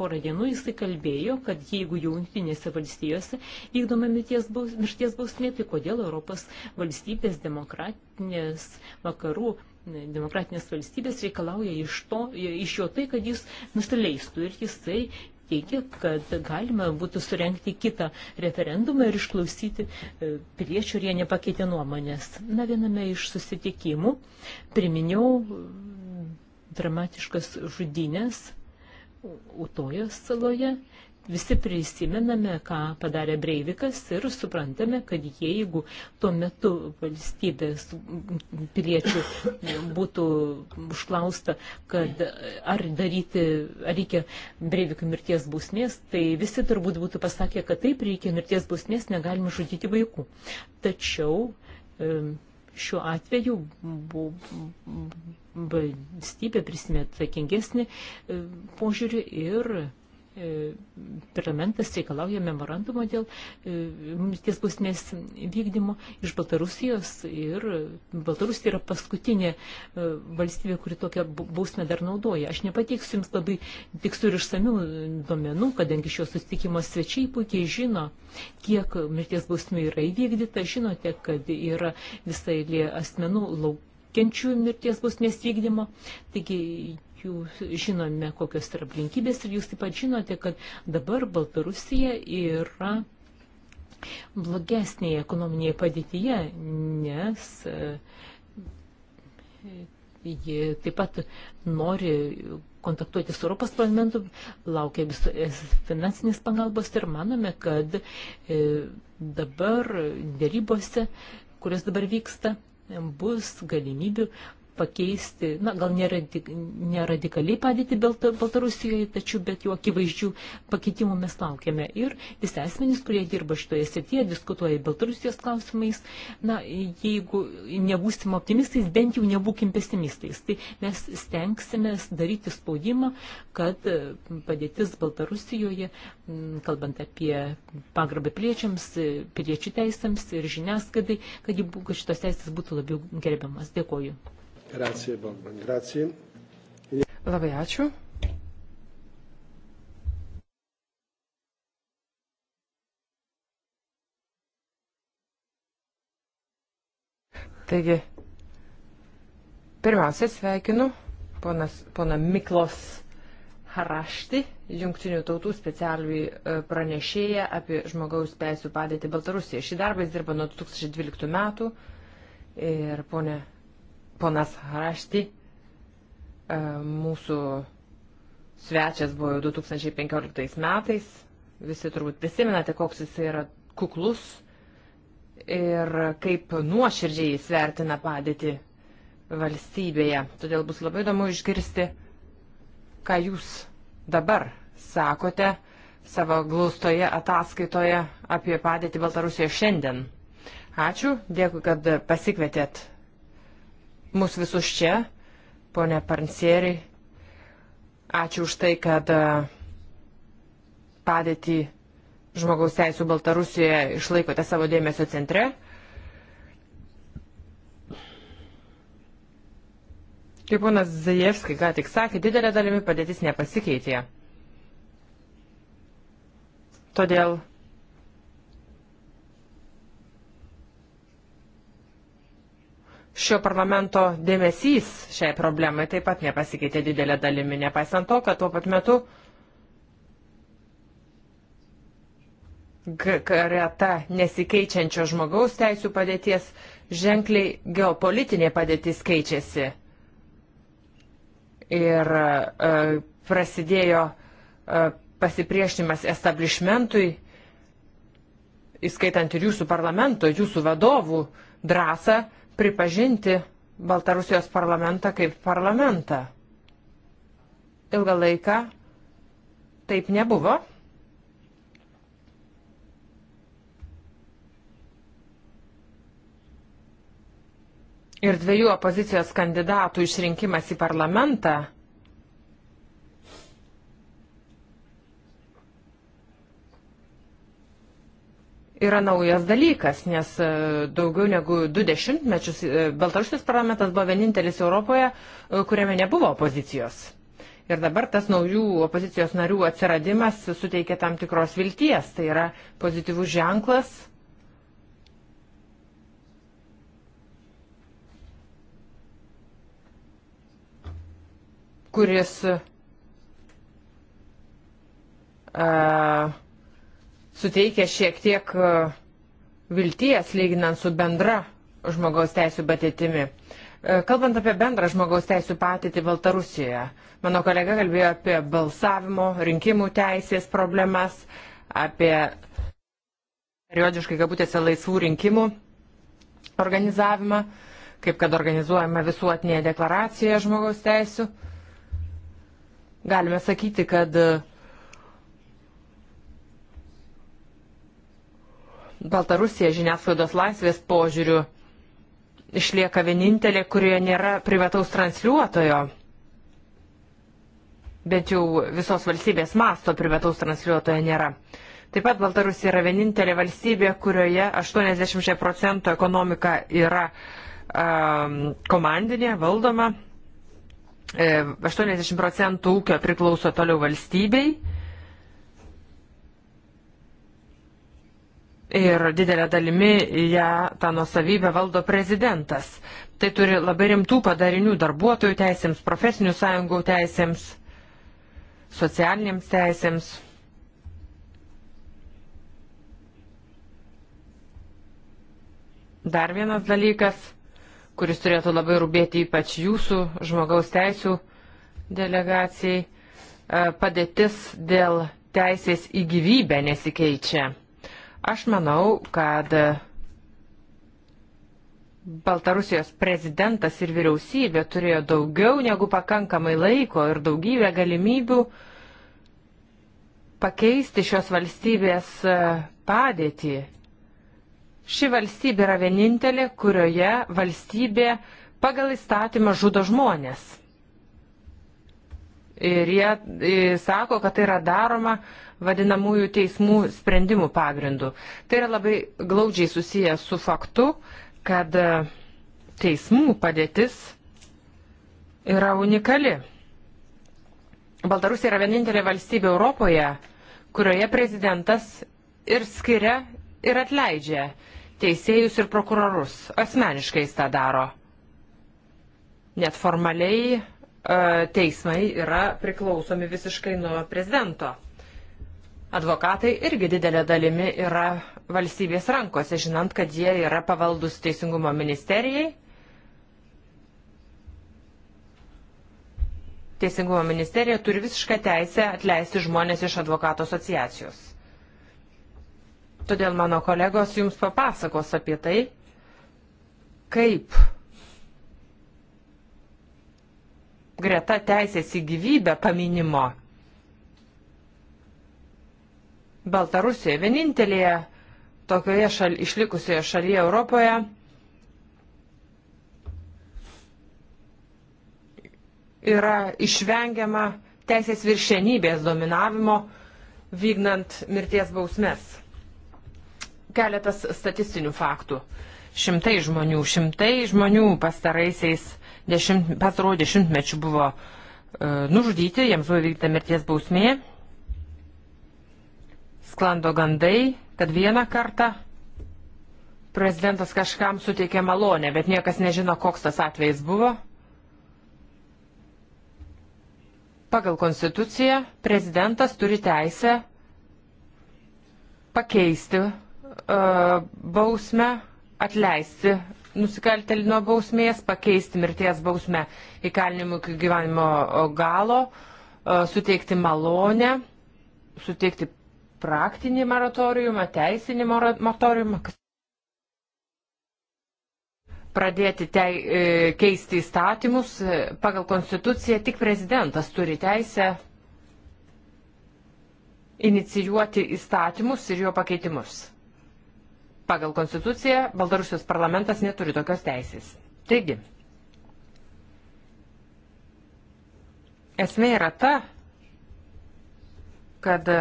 porą dienų jisai kalbėjo, kad jeigu jau jungtinėse valstijose vykdoma mirties bausmė, tai kodėl Europos valstybės demokratinės vakarų demokratinės valstybės reikalauja iš, to, iš jo tai, kad jis nusileistų ir jisai teigia, kad galima būtų surenkti kitą referendumą ir išklausyti e, piliečių, kurie nepakeitė nuomonės. Na, viename iš susitikimų priminiau e, dramatiškas žudynės Utojos saloje visi prisimename, ką padarė Breivikas ir suprantame, kad jeigu tuo metu valstybės piliečių būtų užklausta, kad ar daryti, ar reikia Breivikui mirties bausmės, tai visi turbūt būtų pasakę, kad taip reikia mirties bausmės, negalima žudyti vaikų. Tačiau šiuo atveju valstybė prisimė atsakingesnį požiūrį ir E, parlamentas reikalauja memorandumo dėl e, ties bausmės vykdymo iš Baltarusijos ir Baltarusija yra paskutinė e, valstybė, kuri tokią bausmę dar naudoja. Aš nepateiksiu Jums labai tikslių ir išsamių duomenų, kadangi šio susitikimo svečiai puikiai žino, kiek mirties bausmė yra įvykdyta, žinote, kad yra visai asmenų lauk kenčių mirties bausmės vykdymo. Taigi jų žinome, kokios yra aplinkybės ir jūs taip pat žinote, kad dabar Baltarusija yra blogesnėje ekonominėje padėtyje, nes e, ji taip pat nori kontaktuoti su Europos parlamentu, laukia visos e, finansinės pagalbos ir manome, kad e, dabar dėrybose, kurios dabar vyksta, bus galimybių pakeisti, na gal neradikaliai padėti Baltarusijoje, tačiau bet jų akivaizdžių pakeitimų mes laukiame. Ir visi asmenys, kurie dirba šitoje srityje, diskutuoja Baltarusijos klausimais, na jeigu nebūsim optimistais, bent jau nebūkim pesimistais. Tai mes stengsime daryti spaudimą, kad padėtis Baltarusijoje, kalbant apie pagarbą piliečiams, piliečių teisėms ir žiniasklaidai, kad, kad šitos teisės būtų labiau gerbiamas. Dėkuoju. Grazie, Bogman. Grazie. Labai ačiū. Taigi, pirmiausia sveikinu ponas, pona Miklos Harašti, jungtinių tautų specialiai e, pranešėja apie žmogaus teisų padėtį Baltarusijoje. Šį darbą jis dirba nuo 2012 metų ir ponė Ponas Harašti, e, mūsų svečias buvo jau 2015 metais, visi turbūt prisimenate, koks jis yra kuklus ir kaip nuoširdžiai jis vertina padėtį valstybėje. Todėl bus labai įdomu išgirsti, ką jūs dabar sakote savo glaustoje ataskaitoje apie padėtį Baltarusijoje šiandien. Ačiū, dėkui, kad pasikvietėt mus visus čia, ponė Parnsieri. Ačiū už tai, kad e, padėtį žmogaus teisų Baltarusijoje išlaikote savo dėmesio centre. Kaip ponas Zajevskai ką tik sakė, didelė dalimi padėtis nepasikeitė. Todėl šio parlamento dėmesys šiai problemai taip pat nepasikeitė didelė dalimi, nepaisant to, kad tuo pat metu greta nesikeičiančio žmogaus teisų padėties ženkliai geopolitinė padėtis keičiasi. Ir e, prasidėjo e, pasipriešinimas establishmentui, įskaitant ir jūsų parlamento, jūsų vadovų drąsą pripažinti Baltarusijos parlamentą kaip parlamentą. Ilgą laiką taip nebuvo. Ir dviejų opozicijos kandidatų išrinkimas į parlamentą yra naujas dalykas, nes e, daugiau negu du dešimtmečius e, Baltarusijos parlamentas buvo vienintelis Europoje, e, kuriame nebuvo opozicijos. Ir dabar tas naujų opozicijos narių atsiradimas suteikia tam tikros vilties. Tai yra pozityvus ženklas. kuris uh, suteikia šiek tiek e, vilties lyginant su bendra žmogaus teisų patėtimi. E, kalbant apie bendrą žmogaus teisų patirtį Baltarusijoje, mano kolega kalbėjo apie balsavimo, rinkimų teisės problemas, apie periodiškai kabutėse laisvų rinkimų organizavimą, kaip kad organizuojama visuotinėje deklaracijoje žmogaus teisų. Galime sakyti, kad Baltarusija žiniasklaidos laisvės požiūrių išlieka vienintelė, kurioje nėra privataus transliuotojo. Bent jau visos valstybės masto privataus transliuotojo nėra. Taip pat Baltarusija yra vienintelė valstybė, kurioje 80 procentų ekonomika yra um, komandinė, valdoma. 80 e, procentų ūkio priklauso toliau valstybei ir didelė dalimi ją tą nusavybę valdo prezidentas. Tai turi labai rimtų padarinių darbuotojų teisėms, profesinių sąjungų teisėms, socialinėms teisėms. Dar vienas dalykas, kuris turėtų labai rūpėti ypač jūsų žmogaus teisų delegacijai, e, padėtis dėl teisės į gyvybę nesikeičia. Aš manau, kad Baltarusijos prezidentas ir vyriausybė turėjo daugiau negu pakankamai laiko ir daugybę galimybių pakeisti šios valstybės e, padėtį. Ši valstybė yra vienintelė, kurioje valstybė pagal įstatymą žudo žmonės. Ir jie e, sako, kad tai yra daroma vadinamųjų teismų sprendimų pagrindų. Tai yra labai glaudžiai susijęs su faktu, kad e, teismų padėtis yra unikali. Baltarusija yra vienintelė valstybė Europoje, kurioje prezidentas ir skiria, ir atleidžia teisėjus ir prokurorus. Asmeniškai jis tą daro. Net formaliai E, teismai yra priklausomi visiškai nuo prezidento. Advokatai irgi didelė dalimi yra valstybės rankose, žinant, kad jie yra pavaldus Teisingumo ministerijai. Teisingumo ministerija turi visišką teisę atleisti žmonės iš advokato asociacijos. Todėl mano kolegos jums papasakos apie tai, kaip greta teisės į gyvybę paminimo Baltarusijoje, vienintelėje tokioje šal, išlikusioje šalyje Europoje, yra išvengiama teisės viršenybės dominavimo vykdant mirties bausmes. Keletas statistinių faktų. Šimtai žmonių, šimtai žmonių pastaraisiais dešimt, pastaruoju dešimtmečiu buvo e, nužudyti, jiems buvo vykdyta mirties bausmė. Sklando gandai, kad vieną kartą prezidentas kažkam suteikė malonę, bet niekas nežino, koks tas atvejis buvo. Pagal konstituciją prezidentas turi teisę pakeisti uh, bausmę, atleisti nusikaltelį nuo bausmės, pakeisti mirties bausmę įkalinimu iki gyvenimo galo, e, suteikti malonę, suteikti praktinį moratoriumą, teisinį moratoriumą. Pradėti tei, e, keisti įstatymus e, pagal konstituciją tik prezidentas turi teisę inicijuoti įstatymus ir jo pakeitimus. Pagal konstituciją Baltarusijos parlamentas neturi tokios teisės. Taigi, esmė yra ta, kad e,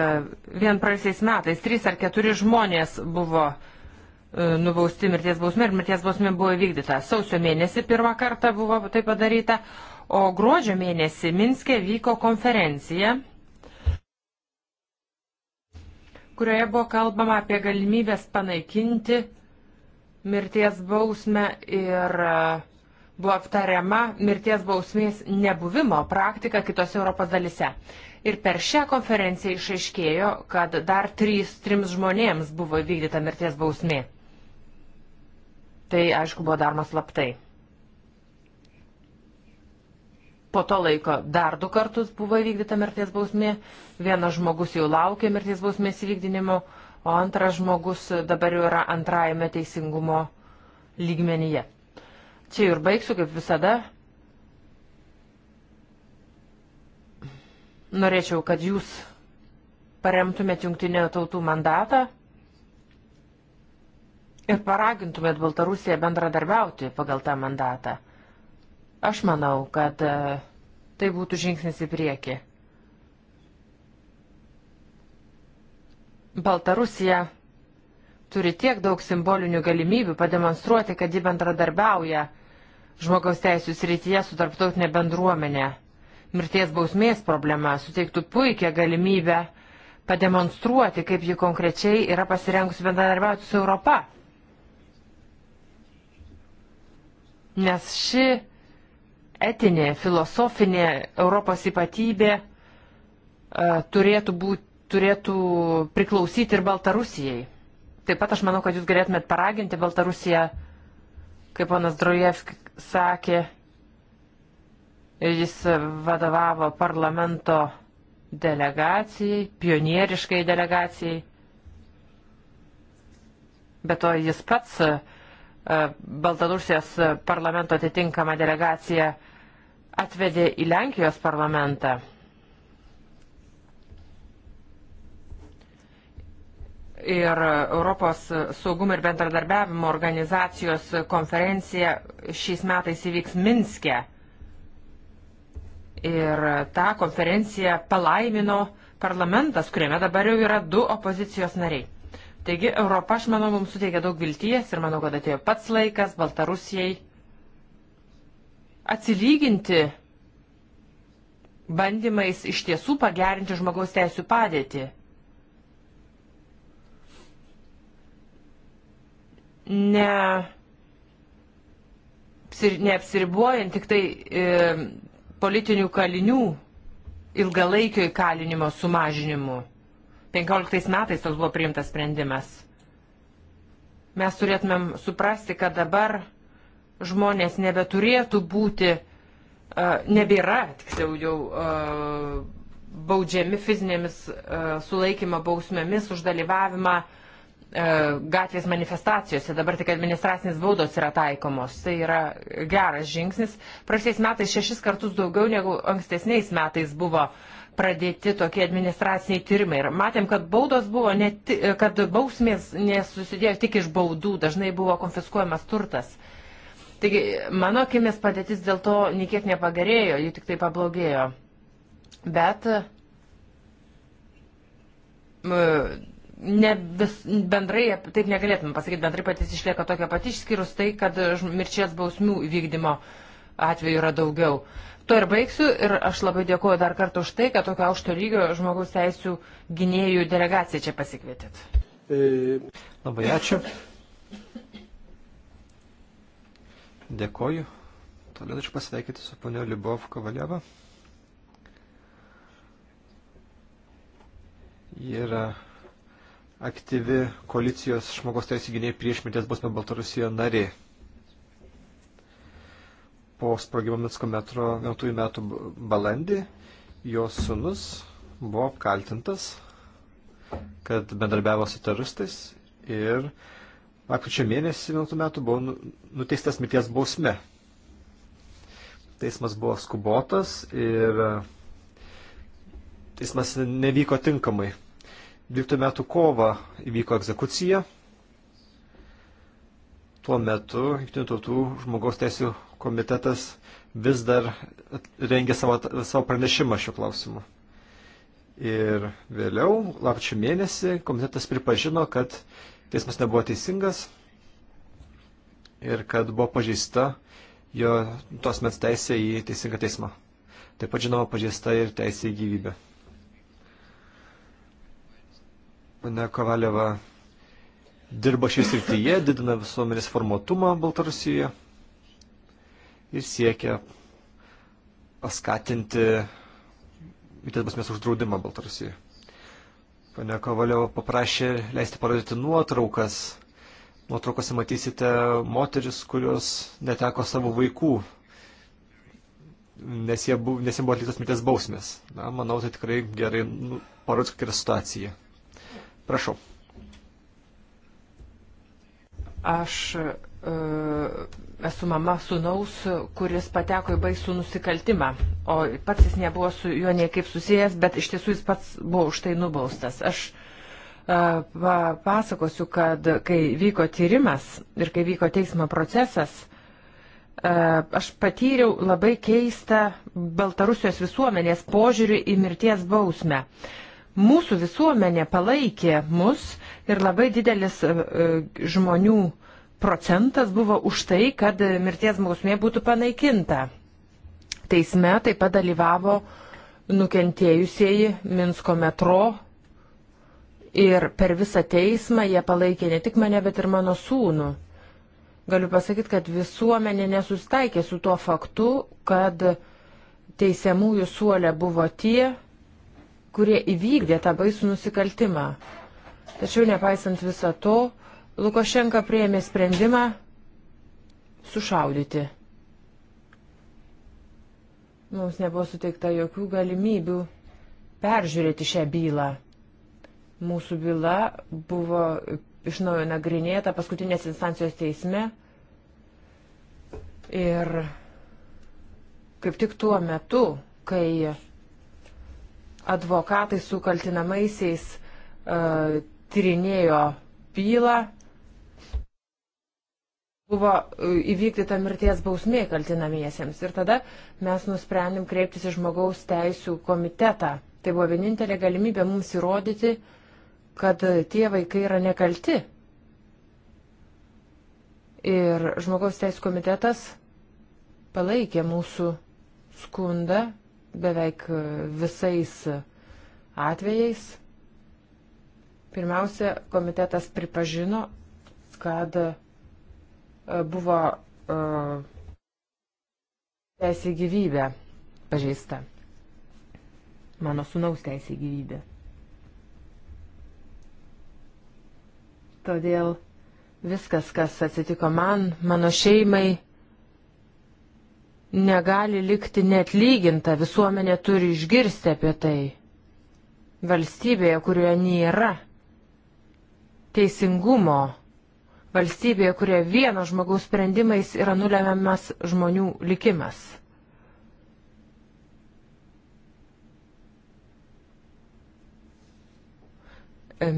vien praeisiais metais trys ar keturi žmonės buvo e, nubausti mirties bausmė ir mirties bausmė buvo įvykdyta. Sausio mėnesį pirmą kartą buvo tai padaryta, o gruodžio mėnesį Minske vyko konferencija kurioje buvo kalbama apie galimybės panaikinti mirties bausmę ir e, buvo aptariama mirties bausmės nebuvimo praktika kitose Europos dalise. Ir per šią konferenciją išaiškėjo, kad dar trys, trims žmonėms buvo įvykdyta mirties bausmė. Tai, aišku, buvo daromas laptai. Po to laiko dar du kartus buvo įvykdyta mirties bausmė, vienas žmogus jau laukė mirties bausmės įvykdinimo, o antras žmogus dabar jau yra antrajame teisingumo lygmenyje. Čia ir baigsiu, kaip visada. Norėčiau, kad jūs paremtumėt jungtinio tautų mandatą ir paragintumėt Baltarusiją bendradarbiauti pagal tą mandatą. Aš manau, kad e, tai būtų žingsnis į priekį. Baltarusija turi tiek daug simbolinių galimybių pademonstruoti, kad ji bendradarbiauja žmogaus teisų srityje su tarptautinė bendruomenė. Mirties bausmės problema suteiktų puikią galimybę pademonstruoti, kaip ji konkrečiai yra pasirengusi bendradarbiauti su Europa. Nes ši etinė, filosofinė Europos ypatybė e, turėtų, būt, turėtų priklausyti ir Baltarusijai. Taip pat aš manau, kad jūs galėtumėt paraginti Baltarusiją, kaip ponas Drojev sakė, jis vadovavo parlamento delegacijai, pionieriškai delegacijai. Be to jis pats e, Baltarusijos parlamento atitinkamą delegaciją uh, atvedė į Lenkijos parlamentą. ir Europos saugumo ir bendradarbiavimo organizacijos konferencija šiais metais įvyks Minske. Ir tą konferenciją palaimino parlamentas, kuriame dabar jau yra du opozicijos nariai. Taigi Europa, aš manau, mums suteikia daug vilties ir manau, kad atėjo pats laikas Baltarusijai atsilyginti bandymais iš tiesų pagerinti žmogaus teisų padėtį. Ne, neapsiribuojant tik tai e, politinių kalinių ilgalaikio įkalinimo sumažinimu. 15 metais toks buvo priimtas sprendimas. Mes turėtumėm suprasti, kad dabar žmonės nebeturėtų būti, nebėra, tiksliau jau, baudžiami fizinėmis sulaikymo bausmėmis už dalyvavimą gatvės manifestacijose. Dabar tik administracinės baudos yra taikomos. Tai yra geras žingsnis. Praėjusiais metais šešis kartus daugiau negu ankstesniais metais buvo pradėti tokie administraciniai tyrimai. Ir matėm, kad baudos buvo, net, kad bausmės nesusidėjo tik iš baudų, dažnai buvo konfiskuojamas turtas. Uh, Taigi, mano akimis padėtis dėl to niekiek nepagerėjo, jų tik tai pablogėjo. Bet ne vis, bendrai, taip negalėtume pasakyti, bendrai patys išlieka tokia pati išskyrus tai, kad mirties bausmių vykdymo atveju yra daugiau. To ir baigsiu ir aš labai dėkuoju dar kartą už tai, kad tokio aukšto lygio žmogaus teisų gynėjų delegaciją čia pasikvietėt. E, labai ačiū. Dėkoju. Toliau aš pasveikyti su ponio Libov Kavalieva. Ji yra aktyvi koalicijos žmogaus teisų gynėjai prieš mirties bausmę Baltarusijoje narė. Po sprogimo Minsko metro 11 metų balandį jos sunus buvo apkaltintas, kad bendarbiavo su teroristais ir Lapkričio mėnesį 11 metų buvo nu, nuteistas mirties bausme. Teismas buvo skubotas ir teismas nevyko tinkamai. 12 metų kovą įvyko egzekucija. Tuo metu Junktinių tautų žmogaus teisų komitetas vis dar rengia savo, savo pranešimą šiuo klausimu. Ir vėliau, lapčio mėnesį, komitetas pripažino, kad teismas nebuvo teisingas ir kad buvo pažeista jo tos mets teisė į teisingą teismą. Taip pat, žinoma, pažeista ir teisė į gyvybę. Pane Kovaleva dirba šis rytyje, didina visuomenės formatumą Baltarusijoje ir siekia paskatinti mirties basmės uždraudimą Baltarusijoje. Pane Kovalio paprašė leisti parodyti nuotraukas. Nuotraukose matysite moteris, kurios neteko savo vaikų, nes jiems buvo, jie buvo atliktas mirties bausmės. Na, manau, tai tikrai gerai nu, parodys, kokia yra situacija. Prašau. Aš E, esu mama sunaus, kuris pateko į baisų nusikaltimą, o pats jis nebuvo su juo niekaip susijęs, bet iš tiesų jis pats buvo už tai nubaustas. Aš e, pasakosiu, kad kai vyko tyrimas ir kai vyko teismo procesas, e, aš patyriau labai keistą Baltarusijos visuomenės požiūrį į mirties bausmę. Mūsų visuomenė palaikė mus ir labai didelis žmonių uh, procentas buvo už tai, kad mirties bausmė būtų panaikinta. Teisme taip pat dalyvavo nukentėjusieji Minsko metro ir per visą teismą jie palaikė ne tik mane, bet ir mano sūnų. Galiu pasakyti, kad visuomenė nesustaikė su tuo faktu, kad teisiamųjų suolė buvo tie, kurie įvykdė tą baisų nusikaltimą. Tačiau nepaisant viso to, Lukašenka prieėmė sprendimą sušaudyti. Mums nebuvo suteikta jokių galimybių peržiūrėti šią bylą. Mūsų byla buvo iš naujo nagrinėta paskutinės instancijos teisme ir kaip tik tuo metu, kai advokatai su kaltinamaisiais uh, tyrinėjo bylą, buvo e, įvykdyta mirties bausmė kaltinamiesiems. Ir tada mes nusprendėm kreiptis į žmogaus teisų komitetą. Tai buvo vienintelė galimybė mums įrodyti, kad tie vaikai yra nekalti. Ir žmogaus teisų komitetas palaikė mūsų skundą beveik visais atvejais. Pirmiausia, komitetas pripažino, kad E, buvo e, teisė į gyvybę pažeista. Mano sunaus teisė į gyvybę. Todėl viskas, kas atsitiko man, mano šeimai, negali likti net lyginta, visuomenė turi išgirsti apie tai. Valstybėje, kurioje nėra teisingumo valstybėje, kurioje vieno žmogaus sprendimais yra nulemiamas žmonių likimas.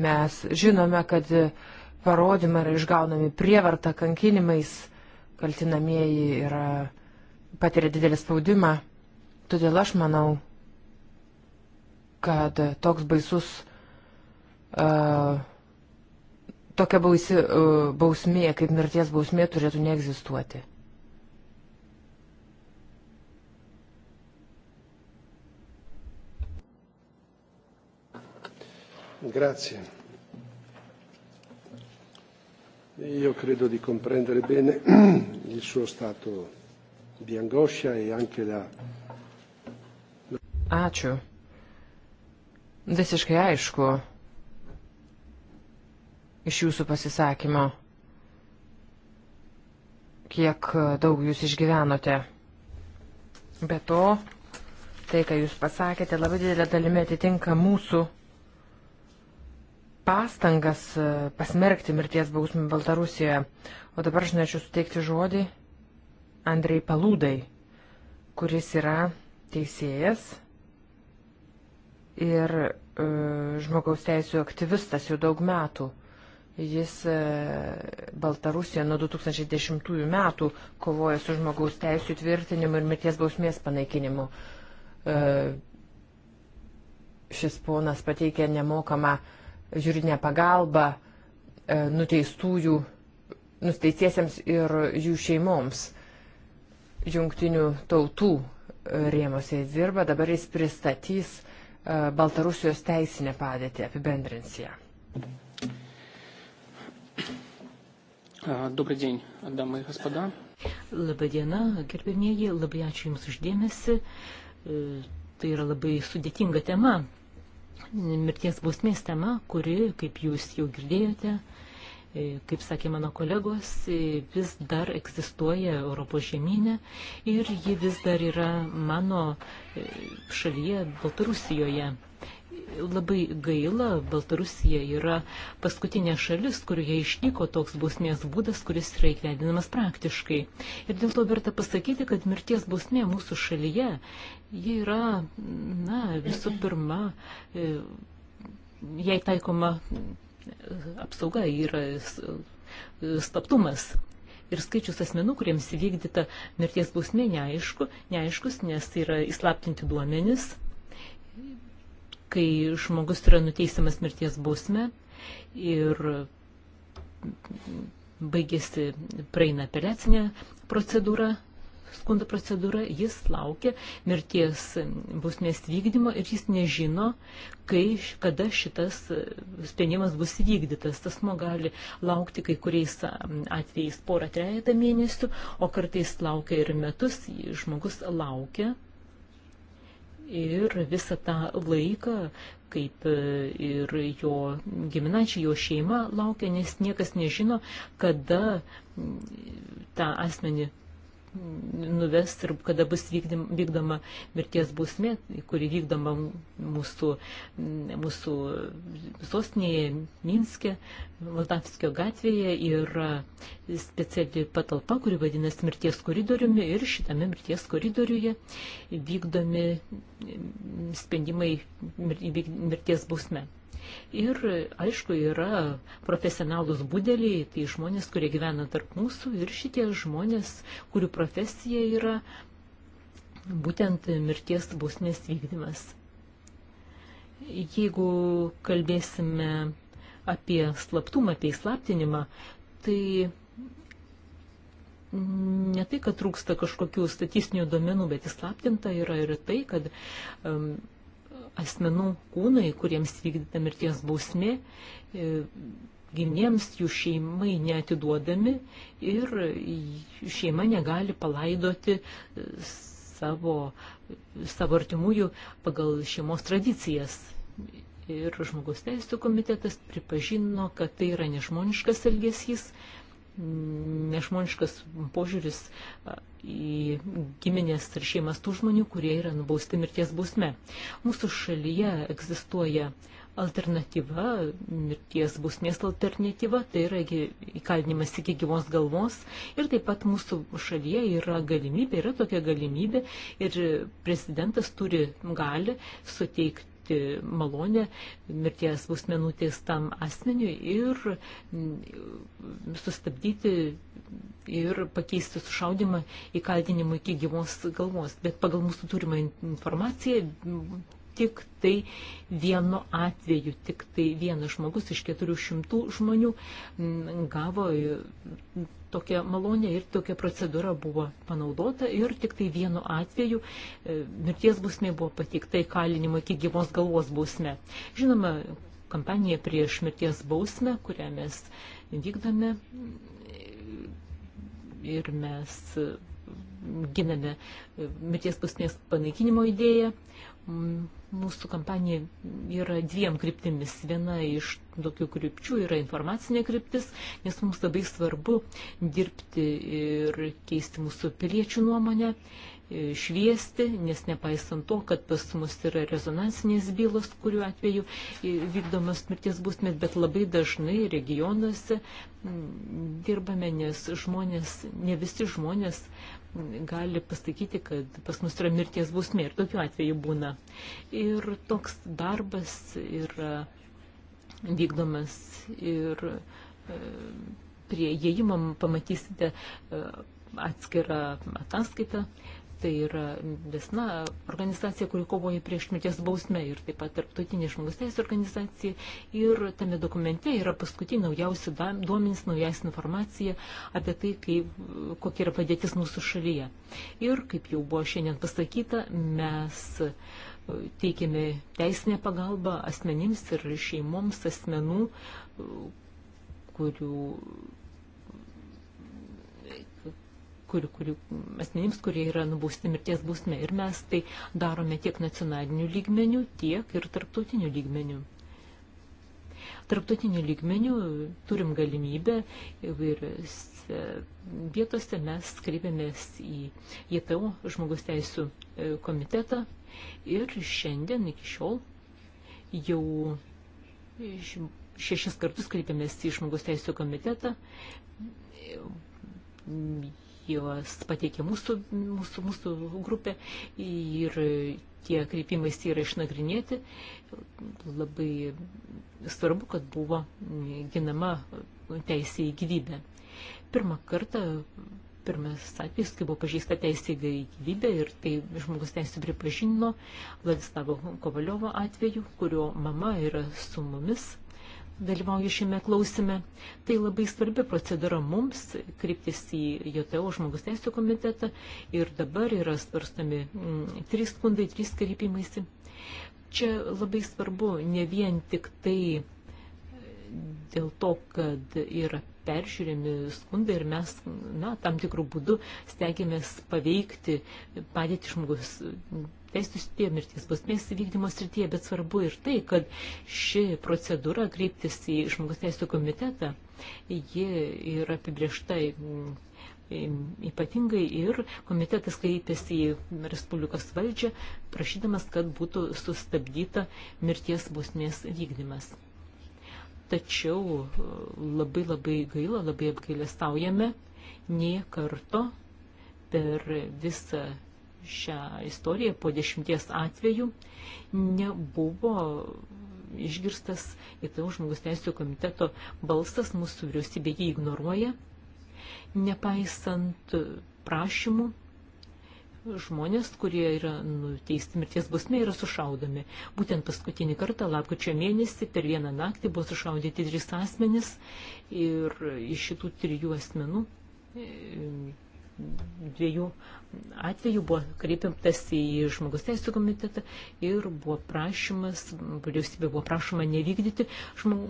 Mes žinome, kad parodymai yra išgaunami prievarta kankinimais, kaltinamieji yra patiria didelį spaudimą. Todėl aš manau, kad toks baisus uh, tokia bausi, uh, bausmė, kaip mirties bausmė, turėtų neegzistuoti. Grazie. Io credo di comprendere bene il suo stato di angoscia e anche la. Ačiū. Visiškai aišku, iš jūsų pasisakymo, kiek daug jūs išgyvenote. Be to, tai, ką jūs pasakėte, labai didelė dalimi atitinka mūsų pastangas e, pasmerkti mirties bausmį Baltarusijoje. O dabar aš norėčiau suteikti žodį Andrei Palūdai, kuris yra teisėjas ir e, žmogaus teisų aktyvistas jau daug metų. Jis e, Baltarusijoje nuo 2010 metų kovoja su žmogaus teisų tvirtinimu ir mirties bausmės panaikinimu. E, šis ponas pateikė nemokamą žiūrinę pagalbą e, nuteistųjų, nusteisiesiems ir jų šeimoms. Jungtinių tautų rėmose jis dirba, dabar jis pristatys Baltarusijos teisinę padėtį, apibendrins ją. Thank you. Добрый день, дамы и господа. Labai diena, gerbėmieji, labai ačiū Jums uždėmesi. Tai yra labai sudėtinga tema, mirties bausmės tema, kuri, kaip Jūs jau girdėjote, e, kaip sakė mano kolegos, e, vis dar egzistuoja Europos žemynė ir ji vis dar yra mano e, šalyje Baltarusijoje labai gaila, Baltarusija yra paskutinė šalis, kurioje išliko toks bausmės būdas, kuris yra įgyvendinamas praktiškai. Ir dėl to verta pasakyti, kad mirties bausmė mūsų šalyje, ji yra, na, visų pirma, e, jai taikoma e, apsauga, yra staptumas e, ir skaičius asmenų, kuriems įvykdyta mirties bausmė neaišku, neaiškus, nes yra įslaptinti duomenys kai žmogus yra nuteistamas mirties bausme ir baigėsi praeina apeliacinė procedūra, skundo procedūra, jis laukia mirties bausmės vykdymo ir jis nežino, kai, kada šitas sprendimas bus įvykdytas. Tas mo gali laukti kai kuriais atvejais porą trejata mėnesių, o kartais laukia ir metus, žmogus laukia ir visą tą laiką, kaip e, ir jo giminaičiai, jo šeima laukia, nes niekas nežino, kada tą asmenį nuves ir kada bus vykdym, vykdoma mirties bausmė, kuri vykdoma mūsų, mūsų sostinėje Minske, Valdavskio gatvėje yra speciali patalpa, kuri vadinasi mirties koridoriumi ir šitame mirties koridoriuje vykdomi sprendimai mirties bausme. Ir, aišku, yra profesionalus būdeliai, tai žmonės, kurie gyvena tarp mūsų ir šitie žmonės, kurių profesija yra būtent mirties bausmės vykdymas. Jeigu kalbėsime apie slaptumą, apie įslaptinimą, tai ne tai, kad trūksta kažkokių statistinių domenų, bet įslaptinta yra ir tai, kad um, asmenų kūnai, kuriems vykdyta mirties bausmė, e, giminėms jų šeimai neatiduodami ir šeima negali palaidoti e, savo, savo artimųjų pagal šeimos tradicijas. Ir žmogus teisų komitetas pripažino, kad tai yra nežmoniškas elgesys, nešmoniškas požiūris į giminės ir šeimas tų žmonių, kurie yra nubausti mirties bausme. Mūsų šalyje egzistuoja alternatyva, mirties bausmės alternatyva, tai yra įkalinimas iki gyvos galvos ir taip pat mūsų šalyje yra galimybė, yra tokia galimybė ir prezidentas turi gali suteikti suteikti malonę mirties bausmenų teistam asmeniui ir mm, sustabdyti ir pakeisti sušaudimą įkaldinimu iki gyvos galvos. Bet pagal mūsų turimą informaciją mm, tik tai vienu atveju, tik tai vienas žmogus iš 400 žmonių mm, gavo tokia malonė ir tokia procedūra buvo panaudota ir tik tai vienu atveju e, mirties bausmė buvo patikta įkalinimo iki gyvos galvos bausmė. Žinoma, kampanija prieš mirties bausmę, kurią mes vykdome e, ir mes giname e, mirties pusnės panaikinimo idėją. Mūsų kampanija yra dviem kryptimis. Viena iš tokių krypčių yra informacinė kryptis, nes mums labai svarbu dirbti ir keisti mūsų piliečių nuomonę e, šviesti, nes nepaisant to, kad pas mus yra rezonansinės bylos, kuriuo atveju e, vykdomas mirties būsmės, bet labai dažnai regionuose dirbame, nes žmonės, ne visi žmonės gali pasakyti, kad pas mus yra mirties bausmė ir tokiu atveju būna. Ir toks darbas yra vykdomas ir e, prie įėjimo pamatysite e, atskirą ataskaitą Tai yra visna organizacija, kuri kovoja prieš mirties bausmę ir taip pat tarptautinė žmogus teisų organizacija. Ir tame dokumente yra paskutiniai naujausi duomenys, naujausia informacija apie tai, kaip, kokia yra padėtis mūsų šalyje. Ir kaip jau buvo šiandien pasakyta, mes e, teikiame teisinę pagalbą asmenims ir šeimoms asmenų, e, kurių kur, kur, asmenims, kurie yra nubausti mirties būsme. Ir mes tai darome tiek nacionaliniu lygmeniu, tiek ir tarptautiniu lygmeniu. Tarptautiniu lygmeniu turim galimybę įvairius e, vietose mes kreipiamės į JPO žmogus teisų e, komitetą ir šiandien iki šiol jau šešis kartus kreipiamės į žmogus teisų komitetą juos pateikė mūsų, mūsų, mūsų grupė ir tie kreipimais yra išnagrinėti. Labai svarbu, kad buvo ginama teisė į gyvybę. Pirmą kartą, pirmas atvejs, kai buvo pažįsta teisė į gyvybę ir tai žmogus teisė pripažino Vladislavo Kovaliovo atveju, kurio mama yra su mumis dalyvauja šiame klausime. Tai labai svarbi procedūra mums, kryptis į JTO žmogus teisų komitetą ir dabar yra svarstami mm, trys skundai, trys kreipimaisi. Čia labai svarbu ne vien tik tai e, dėl to, kad yra peržiūrėmi skundai ir mes, na, tam tikrų būdų stengiamės paveikti padėti žmogus tai susitie mirties bausmės įvykdymo srityje, bet svarbu ir tai, kad ši procedūra kreiptis į žmogus teisų komitetą, ji yra apibriešta mm, ypatingai ir komitetas kreipėsi į Respublikos valdžią, prašydamas, kad būtų sustabdyta mirties bausmės vykdymas. Tačiau labai labai gaila, labai apgailestaujame, nie karto per visą šią istoriją po dešimties atvejų nebuvo išgirstas į tai žmogus teisų komiteto balsas mūsų vyriausybė jį ignoruoja, nepaisant prašymų žmonės, kurie yra nuteisti mirties bausmė, yra sušaudomi. Būtent paskutinį kartą, lapkričio mėnesį, per vieną naktį buvo sušaudyti trys asmenys ir iš šitų trijų asmenų dviejų atvejų buvo kreipimtas į žmogus teisų komitetą ir buvo prašymas, vyriausybė buvo prašoma nevykdyti, žmog,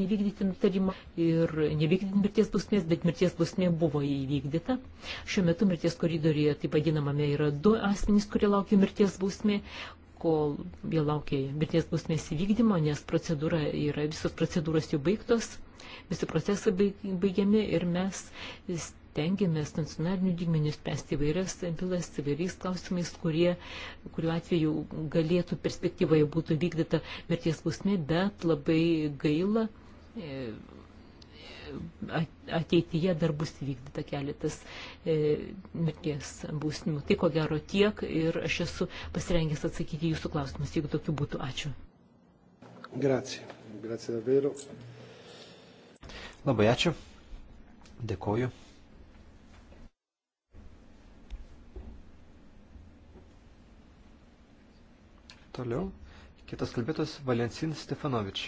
nevykdyti nutarimo ir nevykdyti mirties bausmės, bet mirties bausmė buvo įvykdyta. Šiuo metu mirties koridoriuje, taip vadinamame, yra du asmenys, kurie laukia mirties bausmė kol jie laukia mirties bausmės įvykdymo, nes procedūra yra, visos procedūros jau baigtos, visi procesai baigiami ir mes tengiamės nacionalinių lygmenių spręsti įvairias bylas įvairiais klausimais, kurie, kuriuo atveju galėtų perspektyvoje būtų vykdyta mirties bausmė, bet labai gaila e, ateityje dar bus įvykdyta keletas e, mirties būsnimų. Tai ko gero tiek ir aš esu pasirengęs atsakyti jūsų klausimus, jeigu tokių būtų. Ačiū. Grazie. Grazie davvero. Labai ačiū. Dėkoju. Toliau kitas kalbėtas Valensin Stefanovič,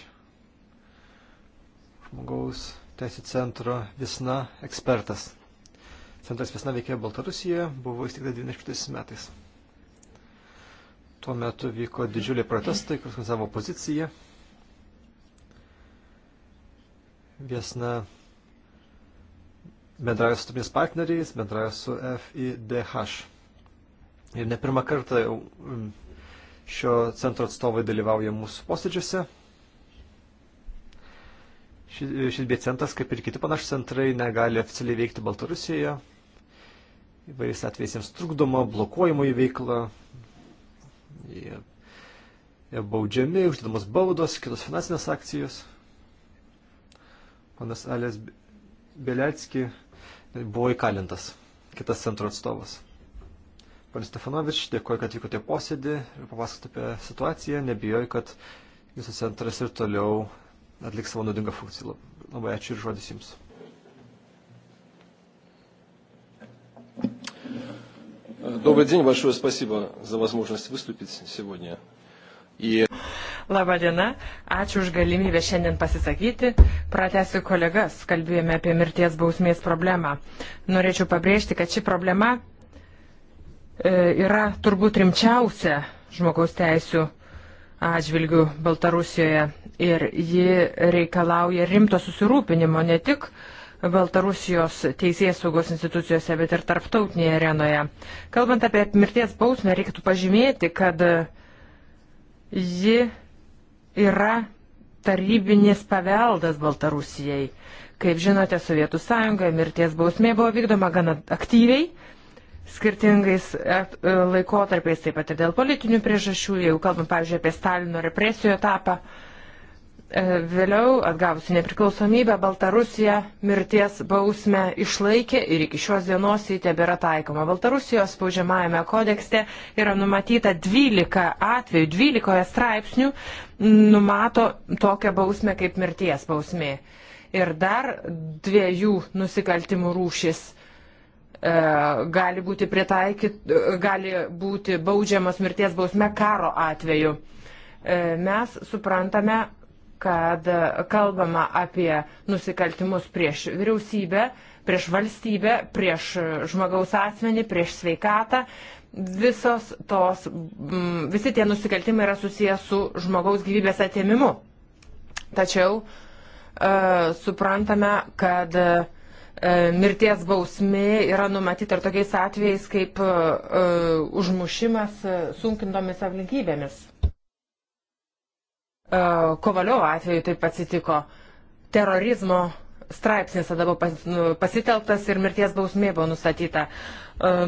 žmogaus teisų centro Visna ekspertas. Centras Visna veikė Baltarusijoje, buvo įsteigta 20 metais. Tuo metu vyko didžiuliai protestai, kur organizavo opoziciją. Viesna bendrauja su tomis partneriais, bendrauja su FIDH. Ir ne pirmą kartą mm, Šio centro atstovai dalyvauja mūsų posėdžiuose. Šis centras, kaip ir kiti panašus centrai, negali oficialiai veikti Baltarusijoje. Įvairiais atvejais jiems trukdoma, blokuojama į veiklą. Jie, jie baudžiami, uždedamos baudos, kitos finansinės akcijos. Panas Alės Beliacki buvo įkalintas, kitas centro atstovas. Pane Stefanovič, dėkuoju, kad atvykote į posėdį ir papasakote apie situaciją. Nebijoju, kad jūsų centras ir toliau atliks savo naudingą funkciją. Labai ačiū ir žodis jums. Добрый день, большое спасибо за возможность выступить сегодня. И... Labą dieną, ačiū už galimybę šiandien pasisakyti. Pratesiu kolegas, kalbėjome apie mirties bausmės problemą. Norėčiau pabrėžti, kad ši problema E, yra turbūt rimčiausia žmogaus teisų atžvilgių Baltarusijoje ir ji reikalauja rimto susirūpinimo ne tik Baltarusijos teisės saugos institucijose, bet ir tarptautinėje arenoje. Kalbant apie mirties bausmę, reikėtų pažymėti, kad ji yra tarybinis paveldas Baltarusijai. Kaip žinote, Sovietų sąjungoje mirties bausmė buvo vykdoma gana aktyviai skirtingais e, e, laikotarpiais, taip pat ir dėl politinių priežasčių, jeigu kalbam, pavyzdžiui, apie Stalino represijų etapą. E, vėliau, atgavusi nepriklausomybę, Baltarusija mirties bausmę išlaikė ir iki šios dienos jį tebėra taikoma. Baltarusijos spaudžiamajame kodekste yra numatyta 12 atvejų, 12 straipsnių numato tokią bausmę kaip mirties bausmė. Ir dar dviejų nusikaltimų rūšis E, gali būti, pritaikyt, e, gali būti baudžiamas mirties bausme karo atveju. E, mes suprantame, kad kalbama apie nusikaltimus prieš vyriausybę, prieš valstybę, prieš žmogaus asmenį, prieš sveikatą. Visos tos, visi tie nusikaltimai yra susijęs su žmogaus gyvybės atėmimu. Tačiau e, suprantame, kad e, E, mirties bausmė yra numatyta ir tokiais atvejais kaip uh, užmušimas sunkintomis aplinkybėmis. Uh, Kovaliovo atveju taip atsitiko. Terorizmo straipsnis tada buvo nu, pasitelktas ir mirties bausmė buvo nustatyta. E,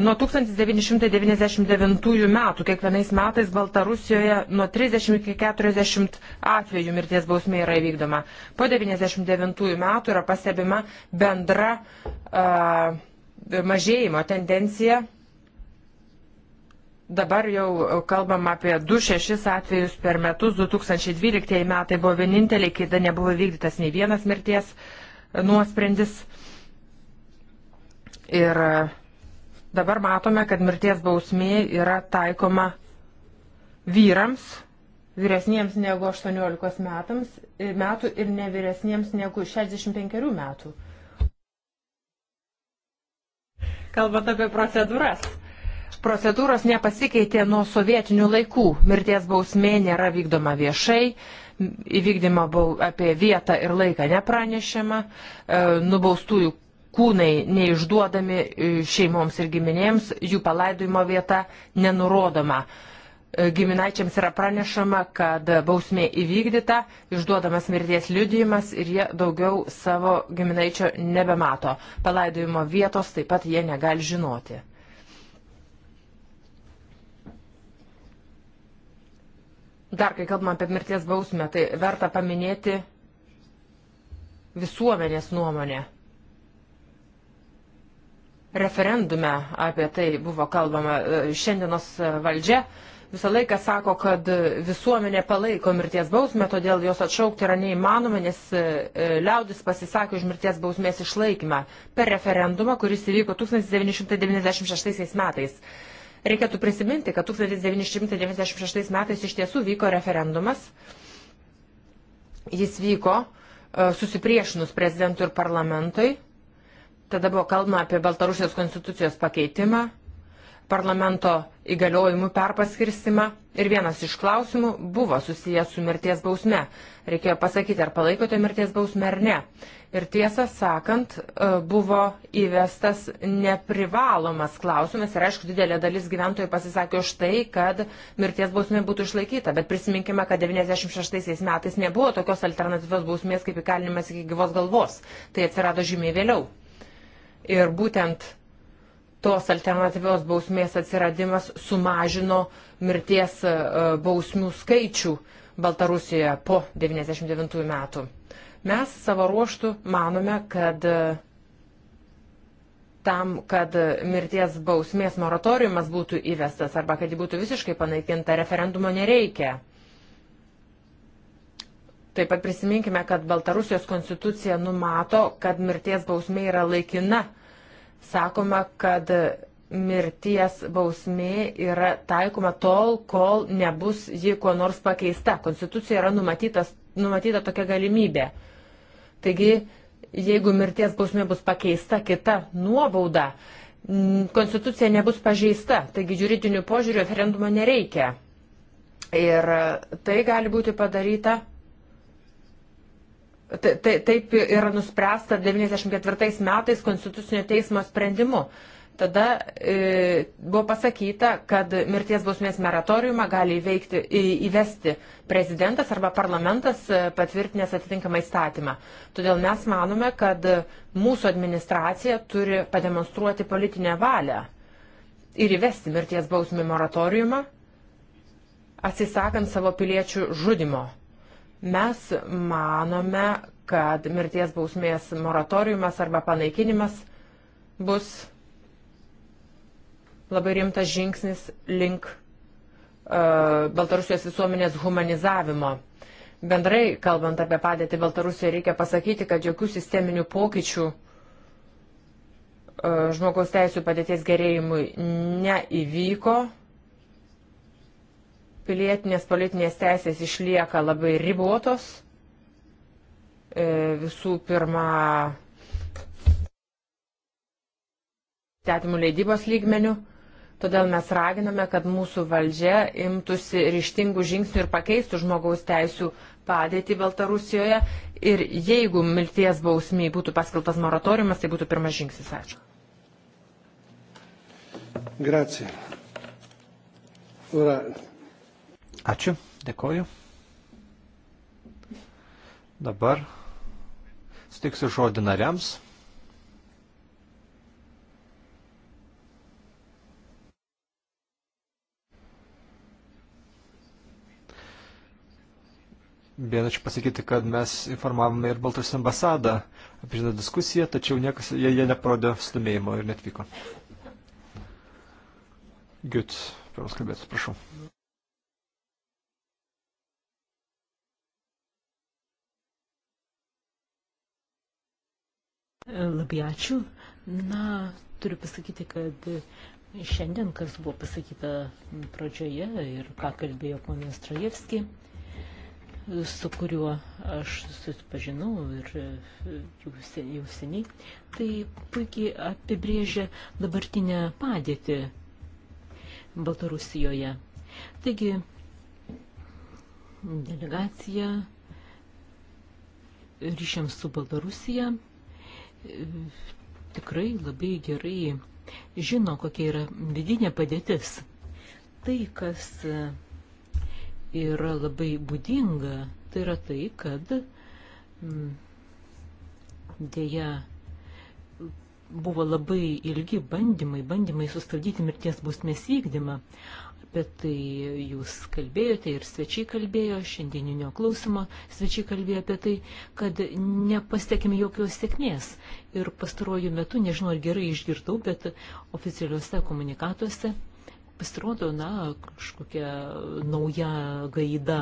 nuo 1999 metų kiekvienais metais Baltarusijoje nuo 30 iki 40 atvejų mirties bausmė yra įvykdoma. Po 1999 metų yra pastebima bendra uh, mažėjimo tendencija. Dabar jau kalbam apie 2-6 atvejus per metus. 2012 metai buvo vieninteliai, kai nebuvo vykdytas nei vienas mirties uh, nuosprendis. Ir dabar matome, kad mirties bausmė yra taikoma vyrams vyresniems negu 18 metams, metų ir ne vyresniems negu 65 metų. Kalbant apie procedūras. Procedūros nepasikeitė nuo sovietinių laikų. Mirties bausmė nėra vykdoma viešai, įvykdymo apie vietą ir laiką nepranešama, e, nubaustųjų kūnai neišduodami e, šeimoms ir giminėms, jų palaidojimo vieta nenurodoma. E, giminaičiams yra pranešama, kad bausmė įvykdyta, išduodamas mirties liudijimas ir jie daugiau savo giminaičio nebemato. Palaidojimo vietos taip pat jie negali žinoti. Dar, kai kalbam apie mirties bausmę, tai verta paminėti visuomenės nuomonę. Referendume apie tai buvo kalbama e, šiandienos e, valdžia. Visą laiką sako, kad visuomenė palaiko mirties bausmę, todėl jos atšaukti yra neįmanoma, nes e, liaudis pasisakė už mirties bausmės išlaikymą per referendumą, kuris įvyko 1996 metais. Reikėtų prisiminti, kad 1996 metais iš tiesų vyko referendumas. Jis vyko e, susipriešinus prezidentui ir parlamentui. Tada buvo kalbama apie Baltarusijos konstitucijos pakeitimą. Mm parlamento įgaliojimų perpaskirstimą ir vienas iš klausimų buvo susijęs su mirties bausme. Reikėjo pasakyti, ar palaikote mirties bausmę ar ne. Ir tiesą sakant, e, buvo įvestas neprivalomas klausimas ir aišku, didelė dalis gyventojų pasisakė už tai, kad mirties bausmė būtų išlaikyta. Bet prisiminkime, kad 96 metais nebuvo tokios alternatyvios bausmės kaip įkalinimas iki gyvos galvos. Tai atsirado žymiai vėliau. Ir būtent tos alternatyvios bausmės atsiradimas sumažino mirties e, bausmių skaičių Baltarusijoje po 1999 metų. Mes savo ruoštų manome, kad e, tam, kad mirties bausmės moratoriumas būtų įvestas arba kad ji būtų visiškai panaikinta, referendumo nereikia. Taip pat prisiminkime, kad Baltarusijos konstitucija numato, kad mirties bausmė yra laikina uh, sakoma, kad mirties bausmė yra taikoma tol, kol nebus ji kuo nors pakeista. Konstitucija yra numatyta tokia galimybė. Taigi, jeigu mirties bausmė bus pakeista kita nuobauda, konstitucija nebus pažeista, taigi juridinių požiūrių referendumo nereikia. Ir tai gali būti padaryta Tai, tai, taip yra nuspręsta 94 metais Konstitucinio teismo sprendimu. Tada e, buvo pasakyta, kad mirties bausmės moratoriumą gali įveikti, į, įvesti prezidentas arba parlamentas e, patvirtinęs atitinkamą įstatymą. Todėl mes manome, kad mūsų administracija turi pademonstruoti politinę valią ir įvesti mirties bausmį moratoriumą, atsisakant savo piliečių žudimo Mes manome, kad mirties bausmės moratoriumas arba panaikinimas bus labai rimtas žingsnis link uh, Baltarusijos visuomenės humanizavimo. Bendrai, kalbant apie padėtį Baltarusijoje, reikia pasakyti, kad jokių sisteminių pokyčių e, žmogaus teisų padėties gerėjimui neįvyko, Pilietinės politinės teisės išlieka labai ribotos. E, visų pirma, statymų leidybos lygmenių. Todėl mes raginame, kad mūsų valdžia imtųsi ryštingų žingsnių ir pakeistų žmogaus teisų padėtį Baltarusijoje. Ir jeigu milties bausmiai būtų paskeltas moratoriumas, tai būtų pirmas žingsnis. Ačiū. Gracija. Ora, Ačiū, dėkoju. Dabar sutiksiu žodį nariams. Beje, norėčiau pasakyti, kad mes informavome ir Baltarusijos ambasadą apie šitą diskusiją, tačiau niekas, jie, jie neparodė stumėjimo ir netvyko. Gut, pirmas kalbėtas, prašau. Labai ačiū. Na, turiu pasakyti, kad šiandien, kas buvo pasakyta pradžioje ir ką kalbėjo ponas Trajevski, su kuriuo aš susipažinau ir jau seniai, tai puikiai apibrėžia dabartinę padėtį Baltarusijoje. Taigi, delegacija ryšiams su Baltarusija tikrai labai gerai žino, kokia yra vidinė padėtis. Tai, kas yra labai būdinga, tai yra tai, kad mm, dėja buvo labai ilgi bandymai, bandymai sustabdyti mirties bausmės vykdymą apie tai jūs kalbėjote ir svečiai kalbėjo, šiandieninio klausimo svečiai kalbėjo apie tai, kad nepasiekime jokios sėkmės. Ir pastaruoju metu, nežinau ar gerai išgirdau, bet oficialiuose komunikatuose pasirodo, na, kažkokia nauja gaida,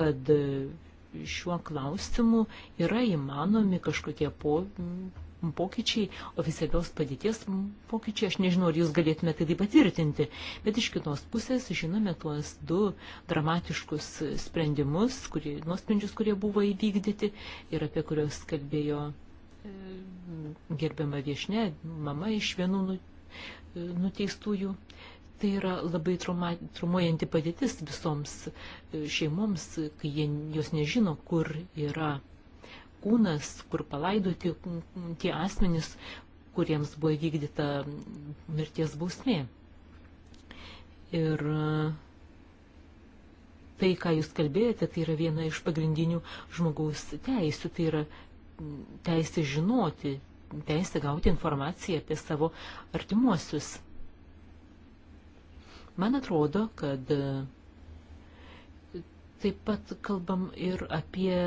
kad šiuo klausimu yra įmanomi kažkokie po, pokyčiai, oficialios padėties pokyčiai, aš nežinau, ar jūs galėtumėte tai patvirtinti, bet iš kitos pusės žinome tuos du dramatiškus sprendimus, kurie, nuosprendžius, kurie buvo įvykdyti ir apie kuriuos kalbėjo e, gerbiama viešne, mama iš vienų nu, e, nuteistųjų. Tai yra labai traumuojanti padėtis visoms e, šeimoms, kai jie, jos nežino, kur yra kūnas, kur palaidoti tie asmenys, kuriems buvo įvykdyta mirties bausmė. Ir e, tai, ką jūs kalbėjote, tai yra viena iš pagrindinių žmogaus teisių, tai yra teisė žinoti, teisė gauti informaciją apie savo artimuosius. Man atrodo, kad e, taip pat kalbam ir apie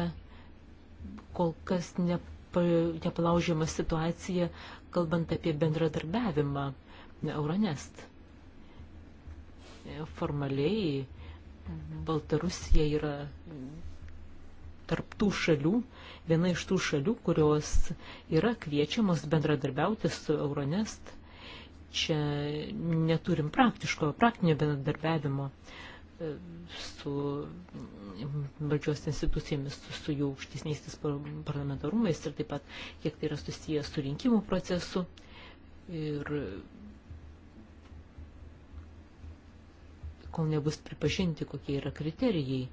kol kas nepalaužiama situacija, kalbant apie bendradarbiavimą Euronest. Formaliai Baltarusija yra tarptų šalių, viena iš tų šalių, kurios yra kviečiamos bendradarbiauti su Euronest. Čia neturim praktiško, praktinio bendradarbiavimo. Uh, E, su valdžios institucijomis, su, su jų aukštesniais parlamentarumais ir taip pat kiek tai yra susijęs su rinkimų procesu. Ir kol nebus pripažinti, kokie yra kriterijai,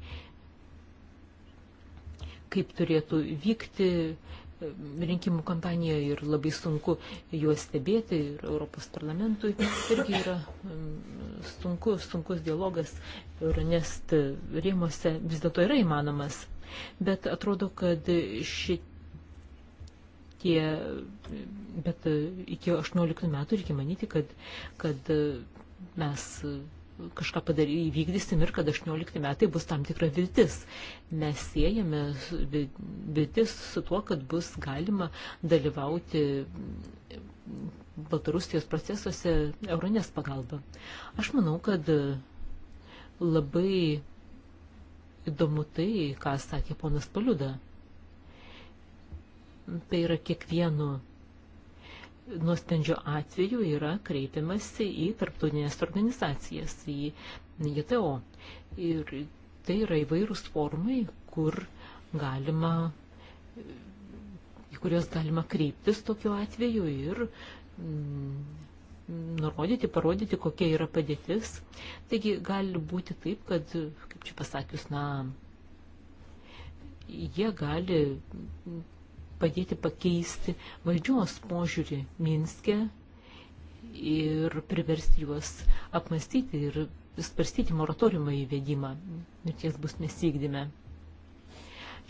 kaip turėtų vykti rinkimų kampanija ir labai sunku juos stebėti ir Europos parlamentui irgi yra mm, sunku, sunkus dialogas ir nes rėmose vis dėlto yra įmanomas. Bet atrodo, kad šitie, bet iki 18 metų reikia manyti, kad, kad mes kažką padary, įvykdysim ir kad 18 metai bus tam tikra viltis. Mes siejame viltis su tuo, kad bus galima dalyvauti Baltarusijos procesuose Euronės pagalba. Aš manau, kad labai įdomu tai, ką sakė ponas Paliuda. Tai yra kiekvieno nuostendžio atveju yra kreipiamasi į tarptautinės organizacijas, į JTO. Ir tai yra įvairūs formai, kur galima, į kurios galima kreiptis tokiu atveju ir mm, nurodyti, parodyti, kokia yra padėtis. Taigi gali būti taip, kad, kaip čia pasakius, na, jie gali padėti pakeisti valdžios požiūrį Minske ir priversti juos apmastyti ir svarstyti moratoriumo įvedimą mirties bus nesigdyme.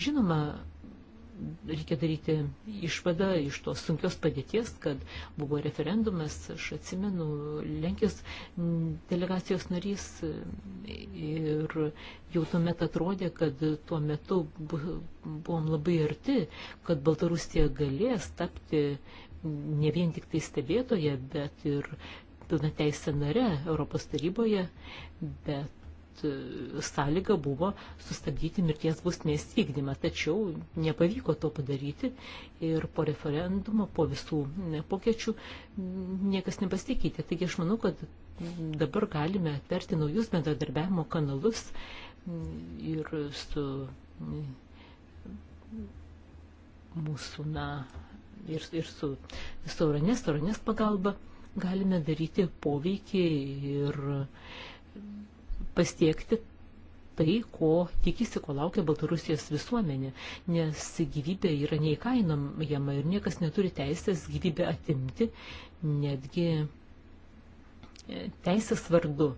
Žinoma, reikia daryti išvadą iš tos sunkios padėties, kad buvo referendumas, aš atsimenu, Lenkijos delegacijos narys ir jau tuomet atrodė, kad tuo metu buvom labai arti, kad Baltarusija galės tapti ne vien tik tai stebėtoje, bet ir pilna teisė nare Europos taryboje, bet E, sąlyga buvo sustabdyti mirties bausmės vykdymą, tačiau nepavyko to padaryti ir po referendumo, po visų pokėčių niekas nepasikeitė. Taigi aš manau, kad dabar galime atverti naujus bendradarbiavimo kanalus ir su mūsų, na, ir, ir su, su Euronės, Euronės pagalba galime daryti poveikį ir pasiekti tai, ko tikisi, ko laukia Baltarusijos visuomenė, nes gyvybė yra neįkainojama ir niekas neturi teisės gyvybę atimti, netgi e, teisės vardu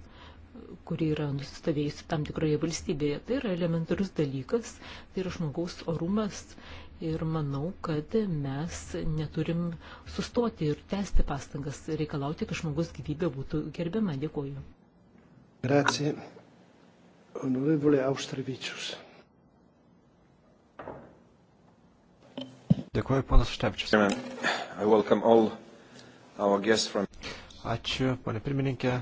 kuri yra nusistovėjusi tam tikroje valstybėje. Tai yra elementarus dalykas, tai yra žmogaus orumas ir manau, kad mes neturim sustoti ir tęsti pastangas reikalauti, kad žmogus gyvybė būtų gerbiama. Dėkuoju. Grazie. Onorevole Auštrevičius. Dėkuoju, ponas Štepčius. Ačiū, ponė pirmininkė.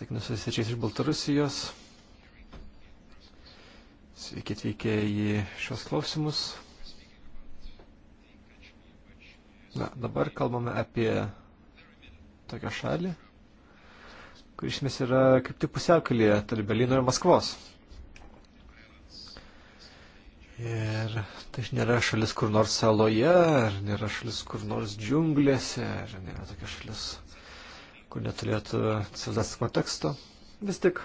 Sveikinu su svečiais iš Baltarusijos. Sveiki atvykę į šios klausimus. Na, dabar kalbame apie tokią šalį, kuris mes yra kaip tik pusiaukelėje tarp Berlyno ir Maskvos. Ir tai nėra šalis kur nors saloje, ar nėra šalis kur nors džiunglėse, ar nėra tokia šalis, kur neturėtų civilizacijos konteksto. Vis tik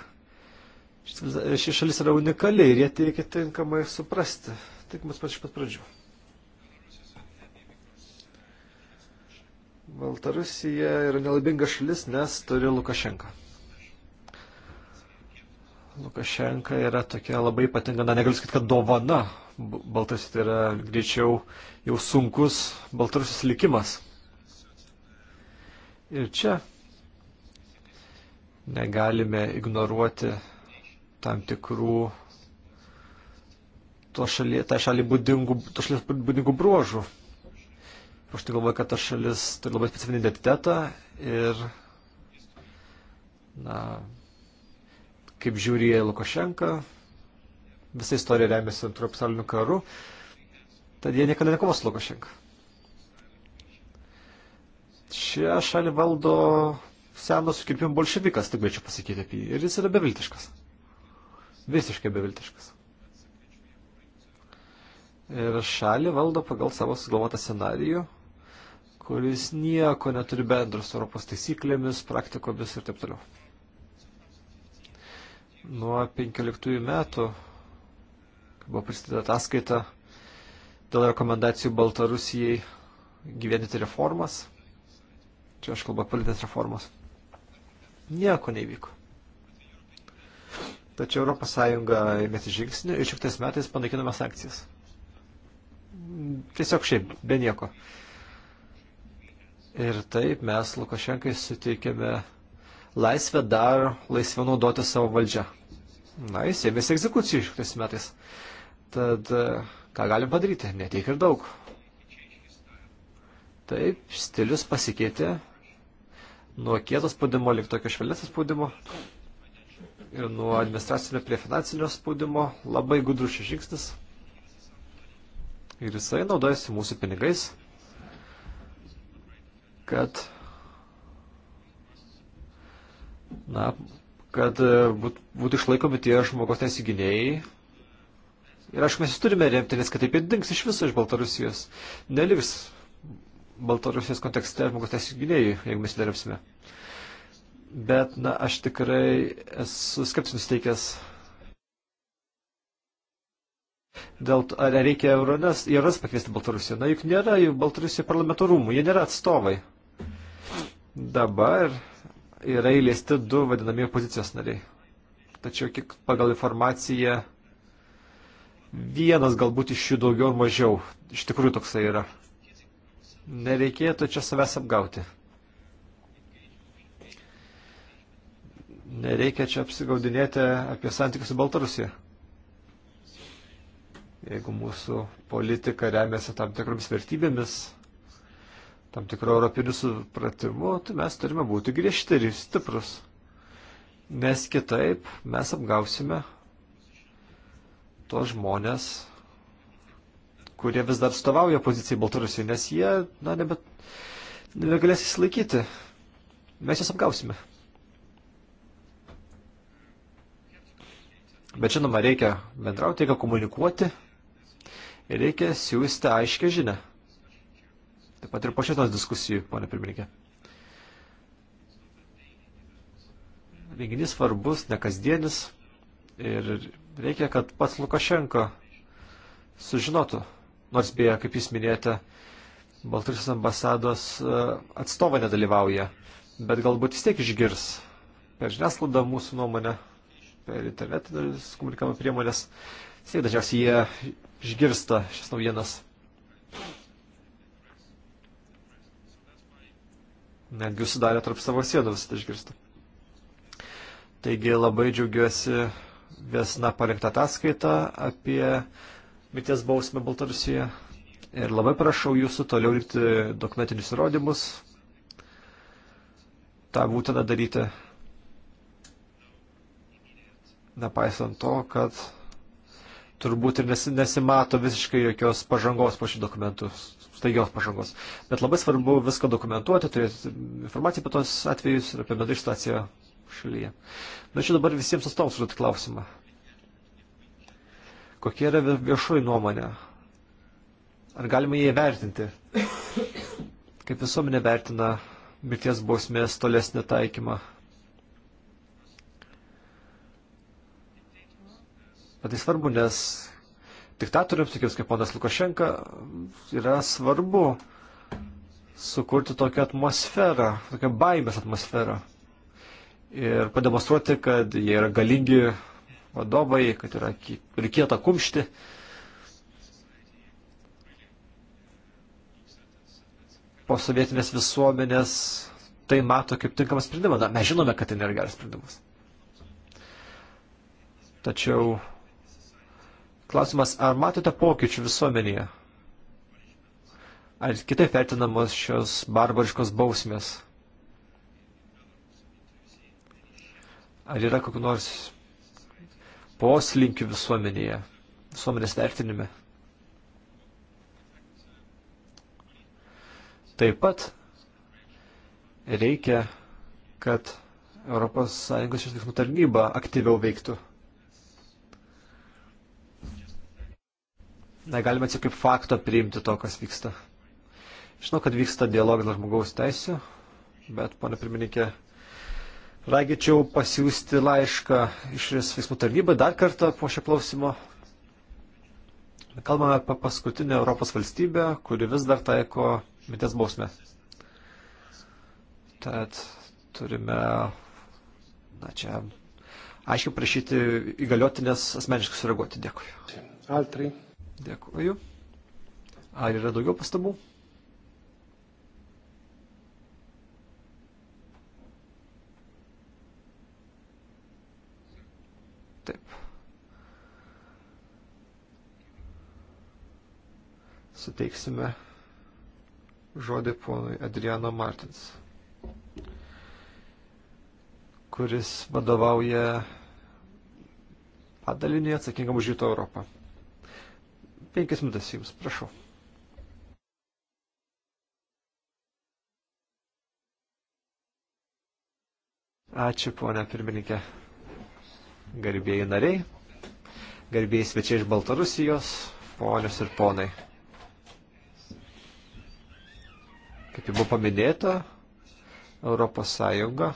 ši šalis yra unikali ir jie teikia tinkamai suprasti. Tik mus pačiu pat pradžių. Baltarusija yra nelabinga šalis, nes turi Lukašenką. Lukašenka yra tokia labai ypatinga, na negaliu sakyti, kad dovana Baltasis, tai yra greičiau jau sunkus Baltasis likimas. Ir čia negalime ignoruoti tam tikrų to šaly, tai šalį būdingų, to šalies būdingų bruožų. Aš tai galvoju, kad ta šalis turi labai specifinį identitetą ir na, kaip žiūri į Lukašenką, visa istorija remiasi antrojo pasauliniu karu, tad jie niekada nekovos Lukašenką. Šią šalį valdo senos sukirpimų bolševikas, taip galėčiau pasakyti apie jį, ir jis yra beviltiškas. Visiškai beviltiškas. Ir šalį valdo pagal savo sugalvotą scenarijų, kuris nieko neturi bendro su Europos taisyklėmis, praktikomis ir taip toliau. Nuo 15 metų, kai buvo pristatyta ataskaita dėl rekomendacijų Baltarusijai gyveninti reformas, čia aš kalbu politinės reformas, nieko nevyko. Tačiau ES ėmėsi žingsnių ir šimtais metais panaikinome sankcijas. Tiesiog šiaip, be nieko. Ir taip mes Lukašenkai suteikėme laisvę dar laisviau naudoti savo valdžią. Na, jis ėmėsi egzekucijų šiais metais. Tad e, ką galim padaryti? Netiek ir daug. Taip, stilius pasikeitė nuo kieto spaudimo link tokio švelnesnio spaudimo ir nuo administracinio prie finansinio spaudimo labai gudrus šis žingsnis. Ir jisai naudojasi mūsų pinigais, kad na, kad e, būtų, būtų išlaikomi tie žmogaus teisų gynėjai. Ir aišku, mes turime remti, nes kitaip jie dings iš viso iš Baltarusijos. Neliks Baltarusijos kontekste žmogaus teisų gynėjų, jeigu mes neremsime. Bet, na, aš tikrai esu skeptiškai nusteikęs. Dėl to, ar reikia Euronės, Euronės pakviesti Baltarusiją? Na, juk nėra jų Baltarusijoje parlamento rūmų, jie nėra atstovai. Dabar yra įleisti du vadinami opozicijos nariai. Tačiau kiek pagal informaciją vienas galbūt iš jų daugiau ar mažiau. Iš tikrųjų toksai yra. Nereikėtų čia savęs apgauti. Nereikia čia apsigaudinėti apie santykius su Baltarusija. Jeigu mūsų politika remiasi tam tikromis vertybėmis, tam tikro europinių supratimu, tai mes turime būti griežti ir stiprus. Nes kitaip mes apgausime tos žmonės, kurie vis dar stovauja pozicijai Baltarusijoje, nes jie, na, nebet, nebegalės įsilaikyti. Mes jas apgausime. Bet žinoma, reikia bendrauti, reikia komunikuoti ir reikia siūsti aiškę žinę. Taip pat ir po šitos diskusijų, ponė pirmininkė. Renginys svarbus, nekasdienis ir reikia, kad pats Lukašenko sužinotų. Nors beje, kaip jūs minėjote, Baltarusijos ambasados e, atstovai nedalyvauja, bet galbūt vis tiek išgirs per žiniasklaidą mūsų nuomonę, per internetinės komunikavimo priemonės. Vis tiek dažniausiai jie išgirsta šias naujienas. netgi sudarė tarp savo sienų visą tai išgirstu. Taigi labai džiaugiuosi Vesna parinktą ataskaitą apie mirties bausmę Baltarusijoje ir labai prašau jūsų toliau likti dokumentinius įrodymus. Ta būtina daryti, nepaisant to, kad turbūt ir nesimato visiškai jokios pažangos po šių dokumentų staigios pažangos. Bet labai svarbu viską dokumentuoti, turėti informaciją apie tos atvejus ir apie bendrą situaciją šalyje. Na, čia dabar visiems atstovams užduoti klausimą. Kokia yra viešoji nuomonė? Ar galima jį vertinti? Kaip visuomenė vertina mirties bausmės tolesnį taikymą? Bet tai svarbu, nes diktatoriams, tokiems kaip ponas Lukašenka, yra svarbu sukurti tokią atmosferą, tokią baimės atmosferą. Ir pademonstruoti, kad jie yra galingi vadovai, kad yra ir kieta kumšti. Po sovietinės visuomenės tai mato kaip tinkamą sprendimą. Na, mes žinome, kad tai nėra geras sprendimas. Tačiau Klausimas, ar matote pokyčių visuomenėje? Ar kitaip vertinamos šios barbariškos bausmės? Ar yra kokiu nors poslinkiu visuomenėje, visuomenės vertinime? Taip pat reikia, kad ES šios veiksmų tarnyba aktyviau veiktų. Negalime tik kaip faktą priimti to, kas vyksta. Žinau, kad vyksta dialogas dėl žmogaus teisų, bet, pana pirmininkė, ragičiau pasiūsti laišką išrės veiksmų tarnybai dar kartą po šio klausimo. Kalbame apie paskutinę Europos valstybę, kuri vis dar taiko mirties bausmę. Tad turime, na čia, aiškiai prašyti įgaliotinės asmeniškai sureaguoti. Dėkui. Altri. Dėkuoju. Ar yra daugiau pastabų? Taip. Suteiksime žodį ponui Adriano Martins, kuris vadovauja padalinį atsakingam už Rytų Europą. Penkias minutės jums, prašau. Ačiū, ponia pirmininkė. Garbėjai nariai, garbėjai svečiai iš Baltarusijos, ponios ir ponai. Kaip jau buvo paminėta, Europos Sąjunga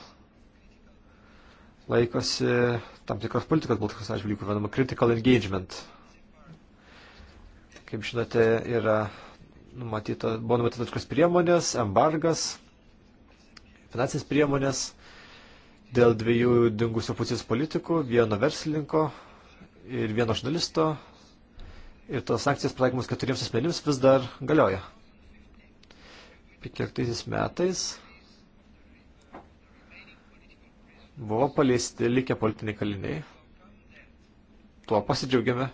laikosi tam tikros politikos Baltarusijos atžvilgių, vadinama critical engagement Kaip žinote, yra numatyta, buvo numatytos kažkokios priemonės, embargas, finansinės priemonės dėl dviejų dingusio pusės politikų, vieno verslininko ir vieno žurnalisto. Ir tos sankcijos pritaikomos keturiems asmenims vis dar galioja. 15 metais buvo paleisti likę politiniai kaliniai. Tuo pasidžiaugiame.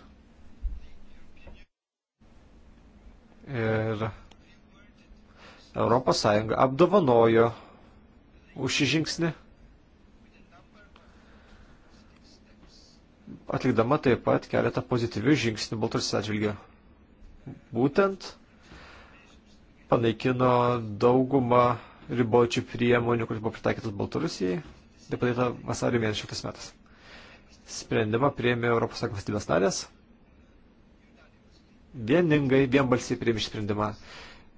Ir ES apdovanojo už šį žingsnį, atlikdama taip pat keletą pozityvių žingsnių Baltarusijos atžvilgiu. Būtent panaikino daugumą ribočių priemonių, kuris buvo pritaikytas Baltarusijai, tai padaryta vasario mėnesį šimtas metas. Sprendimą prieimė ES valstybės narės vieningai, vienbalsiai priimi sprendimą.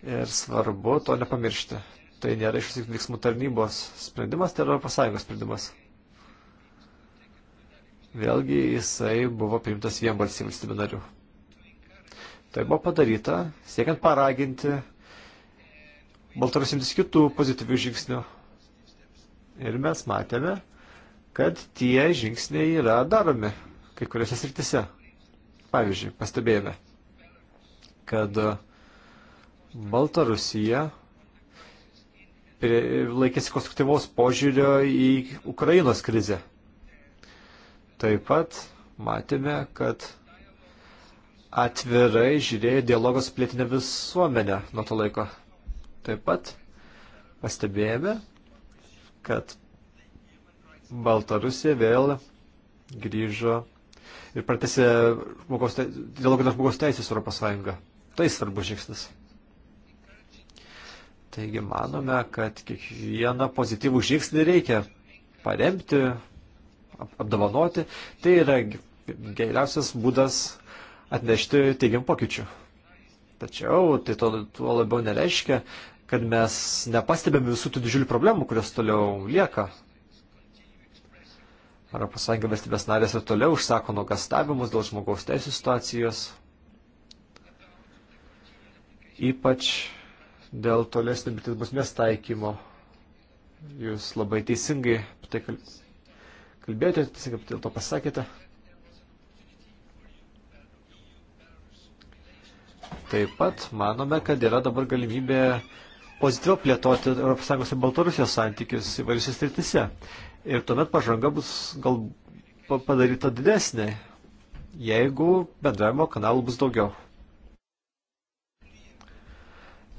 Ir svarbu to nepamiršti. Tai nėra iš veiksmų tarnybos sprendimas, tai yra pasąjungos sprendimas. Vėlgi jisai buvo priimtas vienbalsiai valstybių narių. Tai buvo padaryta, siekiant paraginti Baltarusimtis kitų pozityvių žingsnių. Ir mes matėme, kad tie žingsniai yra daromi kai kuriuose srityse. Pavyzdžiui, pastebėjome, kad Baltarusija laikėsi konstruktyvaus požiūrio į Ukrainos krizę. Taip pat matėme, kad atvirai žiūrėjo dialogas plėtinę visuomenę nuo to laiko. Taip pat pastebėjome, kad Baltarusija vėl grįžo ir pratėsi dialogą tarp žmogaus teisės Europos Sąjungą. Tai svarbus žingsnis. Taigi manome, kad kiekvieną pozityvų žingsnį reikia paremti, apdovanoti. Tai yra geriausias būdas atnešti teigiamų pokyčių. Tačiau tai to, tuo labiau nereiškia, kad mes nepastebėm visų tų didžiulių problemų, kurios toliau lieka. Europos Sąjunga valstybės narės ir toliau užsako nuogastavimus dėl žmogaus teisų situacijos, ypač dėl tolesnio mirties bausmės taikymo. Jūs labai teisingai apie tai kalbėjote, teisingai apie to pasakėte. Taip pat manome, kad yra dabar galimybė pozityviau plėtoti ES ir Baltarusijos santykius įvairiuose sritise. Ir tuomet pažanga bus gal padaryta didesnė, jeigu bendravimo kanalų bus daugiau.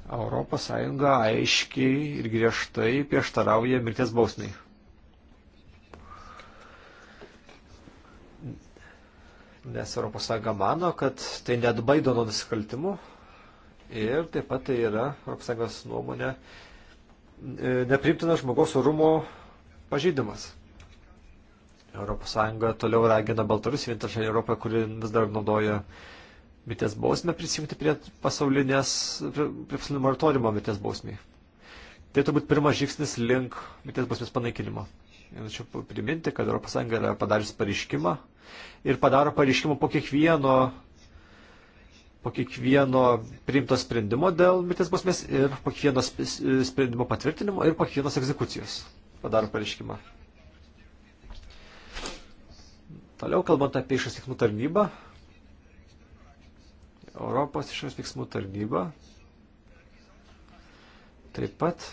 ES aiškiai ir griežtai prieštarauja mirties bausmiai. Nes ES mano, kad tai net baido nuo nusikaltimų ir taip pat tai yra ES nuomonė e, neprimtinas žmogaus orumo pažeidimas. ES toliau ragina Baltarusiją, vienintelę šalį Europoje, kuri vis dar naudoja uh, mirties bausmę prisijungti prie pasaulinės, prie, prie pasaulinio moratoriumo mirties bausmiai. Tai turbūt pirmas žingsnis link mirties bausmės panaikinimo. Norėčiau priminti, kad ES yra padarius pareiškimą ir padaro pareiškimą po kiekvieno, po kiekvieno priimto sprendimo dėl mirties bausmės ir po kiekvieno sprendimo patvirtinimo ir po kiekvienos egzekucijos padaro pareiškimą. Toliau kalbant apie išasiekimų tarnybą, Europos išorės veiksmų tarnyba taip pat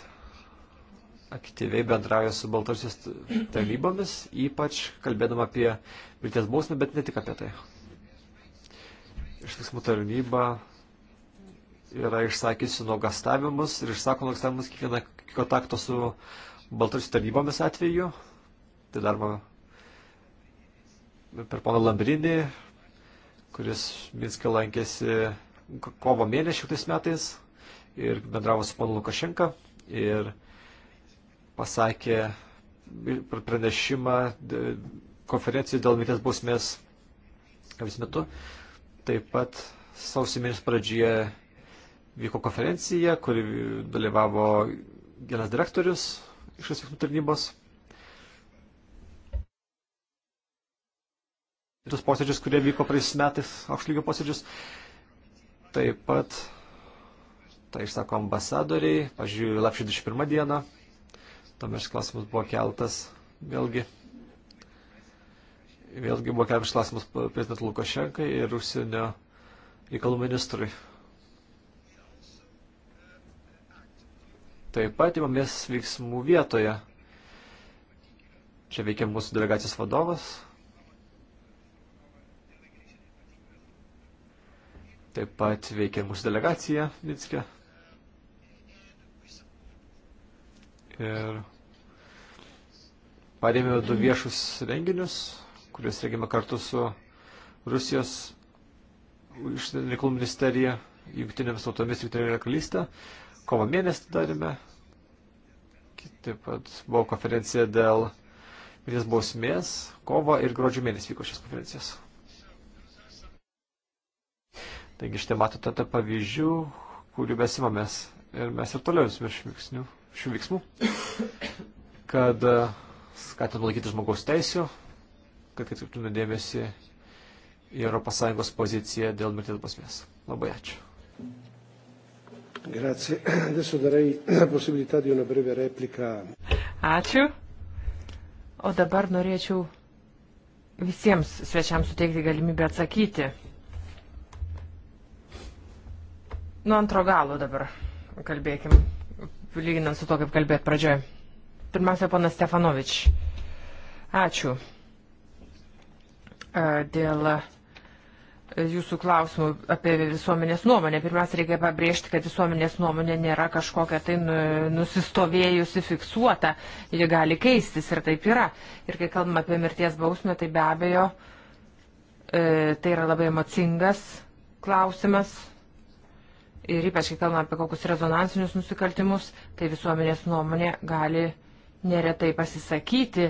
aktyviai bendrauja su Baltarusijos tarybomis, ypač kalbėdama apie mirties bausmę, bet ne tik apie tai. Išveiksmų tarnyba yra išsakysi nuogastavimus ir išsako nuogastavimus kiekvieną kontakto su Baltarusijos tarnybomis atveju. Tai daroma per poną Lambrinį, kuris Minske lankėsi kovo mėnesį tais metais ir bendravo su ponu Lukašenka ir pasakė pranešimą konferencijų dėl mirties bausmės vis metu. Taip pat sausio mėnesio pradžioje vyko konferencija, kuri dalyvavo vienas direktorius iš atsveiktų tarnybos kitus posėdžius, kurie vyko praeis metais, aukšlygio posėdžius. Taip pat, tai išsako ambasadoriai, pažiūrėjau, lapšį 21 dieną, tuomet šis klausimas buvo keltas, vėlgi, vėlgi buvo keltas šis klausimas prezident Lukašenkai ir užsienio reikalų ministrui. Taip pat imamės veiksmų vietoje. Čia veikia mūsų delegacijos vadovas, Taip pat veikia mūsų delegacija Vitske. Ir parėmėme du viešus renginius, kuriuos rengėme kartu su Rusijos užsienio reikalų ministerija, jungtinėmis tautomis, jungtinė karalystė. Kovo mėnesį darėme. Taip pat buvo konferencija dėl vis bausmės. Kovo ir gruodžio mėnesį vyko šios konferencijos. Taigi štai matote tą pavyzdžių, kurių mes imamės. Ir mes ir toliau imsime šių, šių veiksmų, kad e, skatinam laikyti žmogaus teisų, kad atkreiptume dėmesį į ES poziciją dėl mirties basmės. Labai ačiū. Grazie. Adesso darei la possibilità di una breve replica. Ačiū. O dabar norėčiau visiems svečiams suteikti galimybę atsakyti. Nuo antro galo dabar kalbėkim, lyginant su to, kaip kalbėt pradžioje. Pirmiausia, ponas Stefanovič. Ačiū. E, dėl e, jūsų klausimų apie visuomenės nuomonę. Pirmiausia, reikia pabrėžti, kad visuomenės nuomonė nėra kažkokia tai nu, nusistovėjusi, fiksuota. Ji gali keistis ir taip yra. Ir kai kalbame apie mirties bausmę, tai be abejo, e, tai yra labai emocingas klausimas, ir ypač, kai kalbame apie kokius rezonansinius nusikaltimus, tai visuomenės nuomonė gali neretai pasisakyti,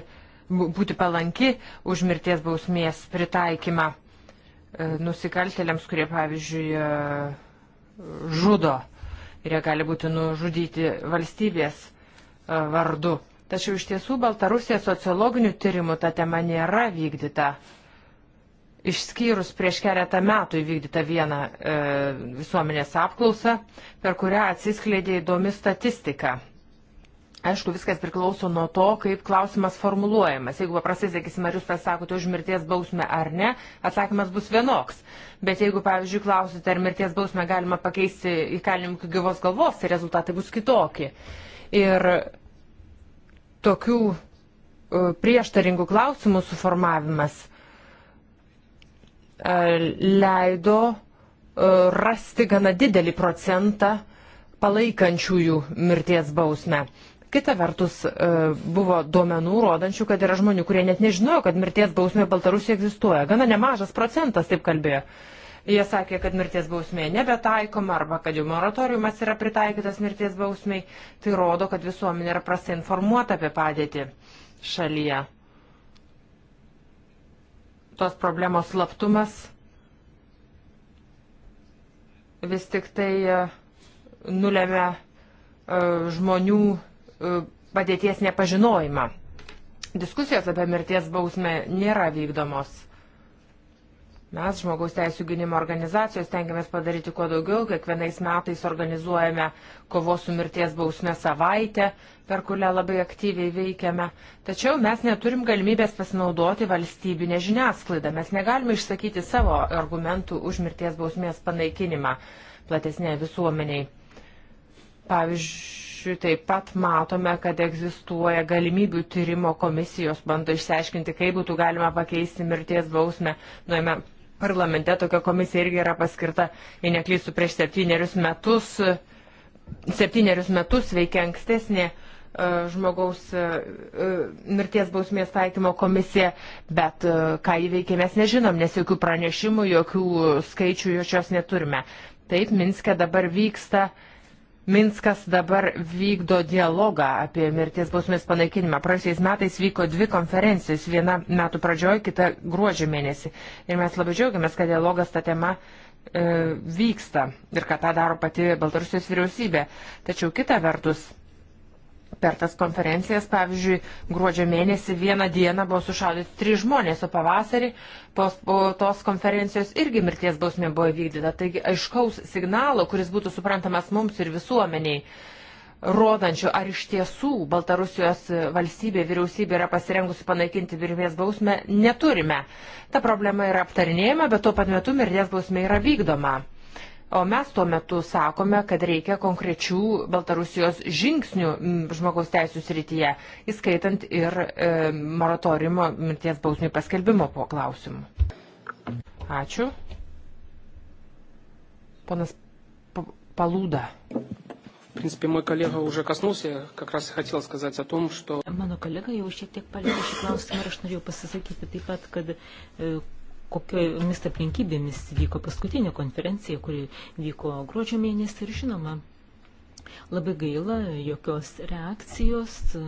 būti palanki už mirties bausmės pritaikymą e, nusikaltėliams, kurie, pavyzdžiui, e, žudo ir jie gali būti nužudyti valstybės e, vardu. Tačiau iš tiesų Baltarusija sociologinių tyrimų ta tema nėra vykdyta išskyrus prieš keletą metų įvykdytą vieną e, visuomenės apklausą, per kurią atsiskleidė įdomi statistika. Aišku, viskas priklauso nuo to, kaip klausimas formuluojamas. Jeigu paprastai, sakysim, ar jūs pasakote už mirties bausmę ar ne, atsakymas bus vienoks. Bet jeigu, pavyzdžiui, klausite, ar mirties bausmę galima pakeisti įkalinimų iki gyvos galvos, tai rezultatai bus kitokie. Ir tokių e, prieštaringų klausimų suformavimas E, leido e, rasti gana didelį procentą palaikančiųjų mirties bausmę. Kita vertus, e, buvo duomenų rodančių, kad yra žmonių, kurie net nežinojo, kad mirties bausmė Baltarusijoje egzistuoja. Gana nemažas procentas taip kalbėjo. Jie sakė, kad mirties bausmė nebetaikoma arba kad jau moratoriumas yra pritaikytas mirties bausmiai. Tai rodo, kad visuomenė yra prastai informuota apie padėtį šalyje tos problemos slaptumas vis tik tai e, nulėmė e, žmonių e, padėties nepažinojimą. Diskusijos apie mirties bausmę nėra vykdomos Mes, žmogaus teisų gynimo organizacijos, tengiamės padaryti kuo daugiau. Kiekvienais metais organizuojame kovos su mirties bausme savaitę, per kurią labai aktyviai veikiame. Tačiau mes neturim galimybės pasinaudoti valstybinę žiniasklaidą. Mes negalime išsakyti savo argumentų už mirties bausmės panaikinimą platesnėje visuomeniai. Pavyzdžiui, taip pat matome, kad egzistuoja galimybių tyrimo komisijos, bando išsiaiškinti, kaip būtų galima pakeisti mirties bausmę nuo parlamente tokia komisija irgi yra paskirta, jei neklystu, prieš septynerius metus, septynerius metus veikia ankstesnė e, žmogaus e, e, mirties bausmės taikymo komisija, bet ką įveikė mes nežinom, nes jokių pranešimų, jokių skaičių jokios neturime. Taip, Minske dabar vyksta uh, Minskas dabar vykdo dialogą apie mirties bausmės panaikinimą. Praėjusiais metais vyko dvi konferencijos, viena metų pradžioj, kita gruodžio mėnesį. Ir mes labai džiaugiamės, kad dialogas tą temą e, vyksta ir kad tą daro pati Baltarusijos vyriausybė. Tačiau kita vertus, per tas konferencijas, pavyzdžiui, gruodžio mėnesį vieną dieną buvo sušaudyti trys žmonės, o pavasarį po, po tos konferencijos irgi mirties bausmė buvo įvykdyta. Taigi aiškaus signalo, kuris būtų suprantamas mums ir visuomeniai, rodančių, ar iš tiesų Baltarusijos valstybė, vyriausybė yra pasirengusi panaikinti mirties bausmę, neturime. Ta problema yra aptarinėjama, bet tuo pat metu mirties bausmė yra vykdoma. O mes tuo metu sakome, kad reikia konkrečių Baltarusijos žingsnių žmogaus teisų srityje, įskaitant ir e, moratoriumo mirties bausmių paskelbimo po klausimų. Ačiū. Ponas Palūda. В принципе, мой коллега уже коснулся, я как раз хотел сказать о том, что... Mano kolega jau šiek tiek palėtė šį klausimą ir aš norėjau pasisakyti taip pat, kad e, kokiomis aplinkybėmis vyko paskutinė konferencija, kuri vyko gruodžio mėnesį ir žinoma, labai gaila jokios reakcijos e,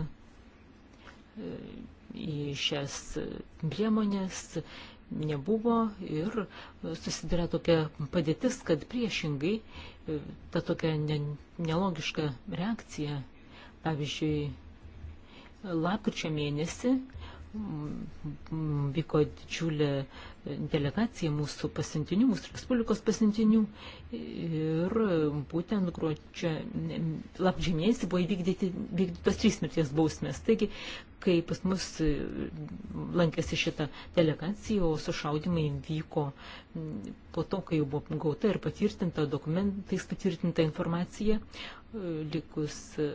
į šias priemonės nebuvo ir susidarė tokia padėtis, kad priešingai e, ta tokia ne, nelogiška reakcija, pavyzdžiui, lapkričio mėnesį vyko didžiulė delegacija mūsų pasintinių, mūsų Respublikos pasintinių ir būtent gruodžio lapkričio mėnesį buvo įvykdyti vykdytos trys mirties bausmės. Taigi, kai pas mus lankėsi šita delegacija, o sušaudimai vyko mm, po to, kai jau buvo gauta ir patvirtinta dokumentais patvirtinta informacija, likus e,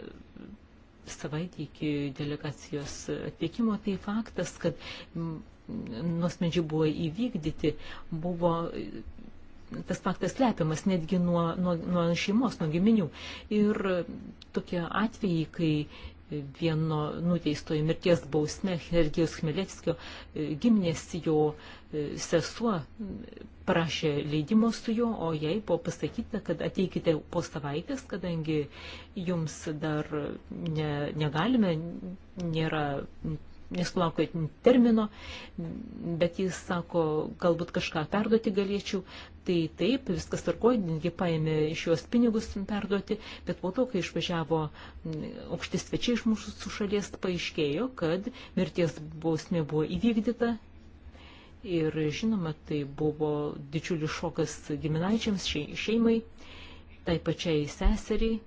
savaitė iki delegacijos atvykimo, tai faktas, kad mm, nuosmendžiai buvo įvykdyti, buvo tas faktas slepiamas netgi nuo, nuo, nuo šeimos, nuo giminių. Ir tokie atvejai, kai vieno nuteistojo mirties bausme Hergijos Khmelevskio e, giminės jo e, sesuo prašė leidimo su juo, o jai buvo pasakyta, kad ateikite po savaitės, kadangi jums dar ne, negalime, nėra jis laukia termino, bet jis sako, galbūt kažką perduoti galėčiau, tai taip, viskas tarkoja, netgi paėmė iš juos pinigus perduoti, bet po to, kai išvažiavo aukšti svečiai iš mūsų šalies, paaiškėjo, kad mirties bausmė buvo įvykdyta. Ir žinoma, tai buvo didžiulis šokas giminaičiams, šeimai, tai pačiai seseriai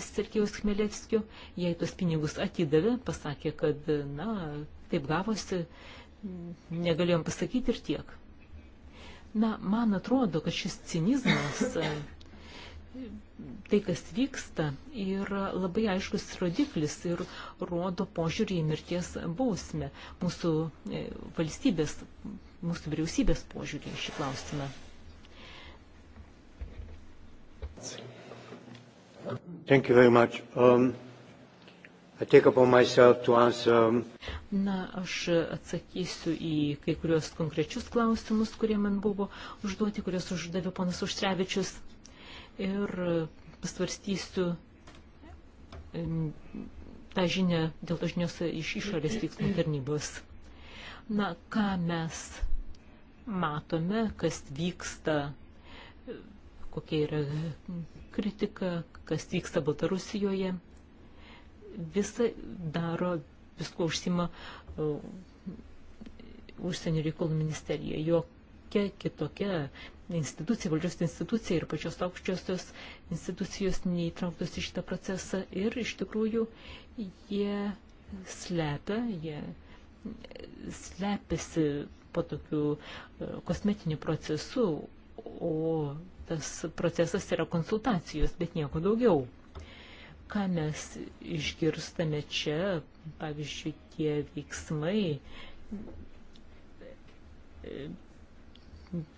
Sergejus Khmelevskiu, jai tuos pinigus atidavė, pasakė, kad, na, taip gavosi, negalėjom pasakyti ir tiek. Na, man atrodo, kad šis cinizmas, tai kas vyksta, yra labai aiškus rodiklis ir rodo požiūrį į mirties bausmę mūsų e, valstybės, mūsų vyriausybės požiūrį į šį klausimą. Thank you. Thank you very much. Um, I take upon myself to answer. Um, Na, aš atsakysiu į kai kurios konkrečius klausimus, kurie man buvo užduoti, kuriuos uždavė ponas Užtrevičius. Ir uh, pasvarstysiu um, tą žinią dėl to žinios iš išorės veiksmų tarnybos. Na, ką mes matome, kas vyksta, kokie yra kritika, kas vyksta Baltarusijoje, visą daro, visko užsima e, užsienio reikalų ministerija. Jokia kitokia institucija, valdžios institucija ir pačios aukščiosios institucijos neįtrauktos į šitą procesą ir iš tikrųjų jie slepia, jie slepiasi po tokiu e, kosmetiniu procesu, o tas procesas yra konsultacijos, bet nieko daugiau. Ką mes išgirstame čia, pavyzdžiui, tie veiksmai,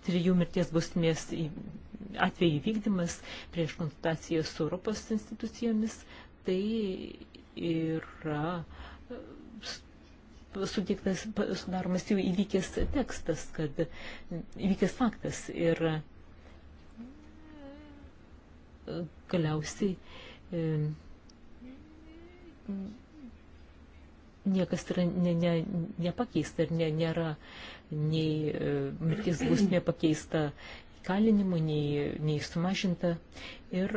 trijų mirties bausmės atvejų vykdymas prieš konsultaciją su Europos institucijomis, tai yra sutiktas, sudaromas jau įvykęs tekstas, kad įvykęs faktas ir yra galiausiai e, niekas yra ne, ne, nepakeista ir ne, nėra nei e, mirties bausmė pakeista įkalinimu, nei, nei sumažinta. Ir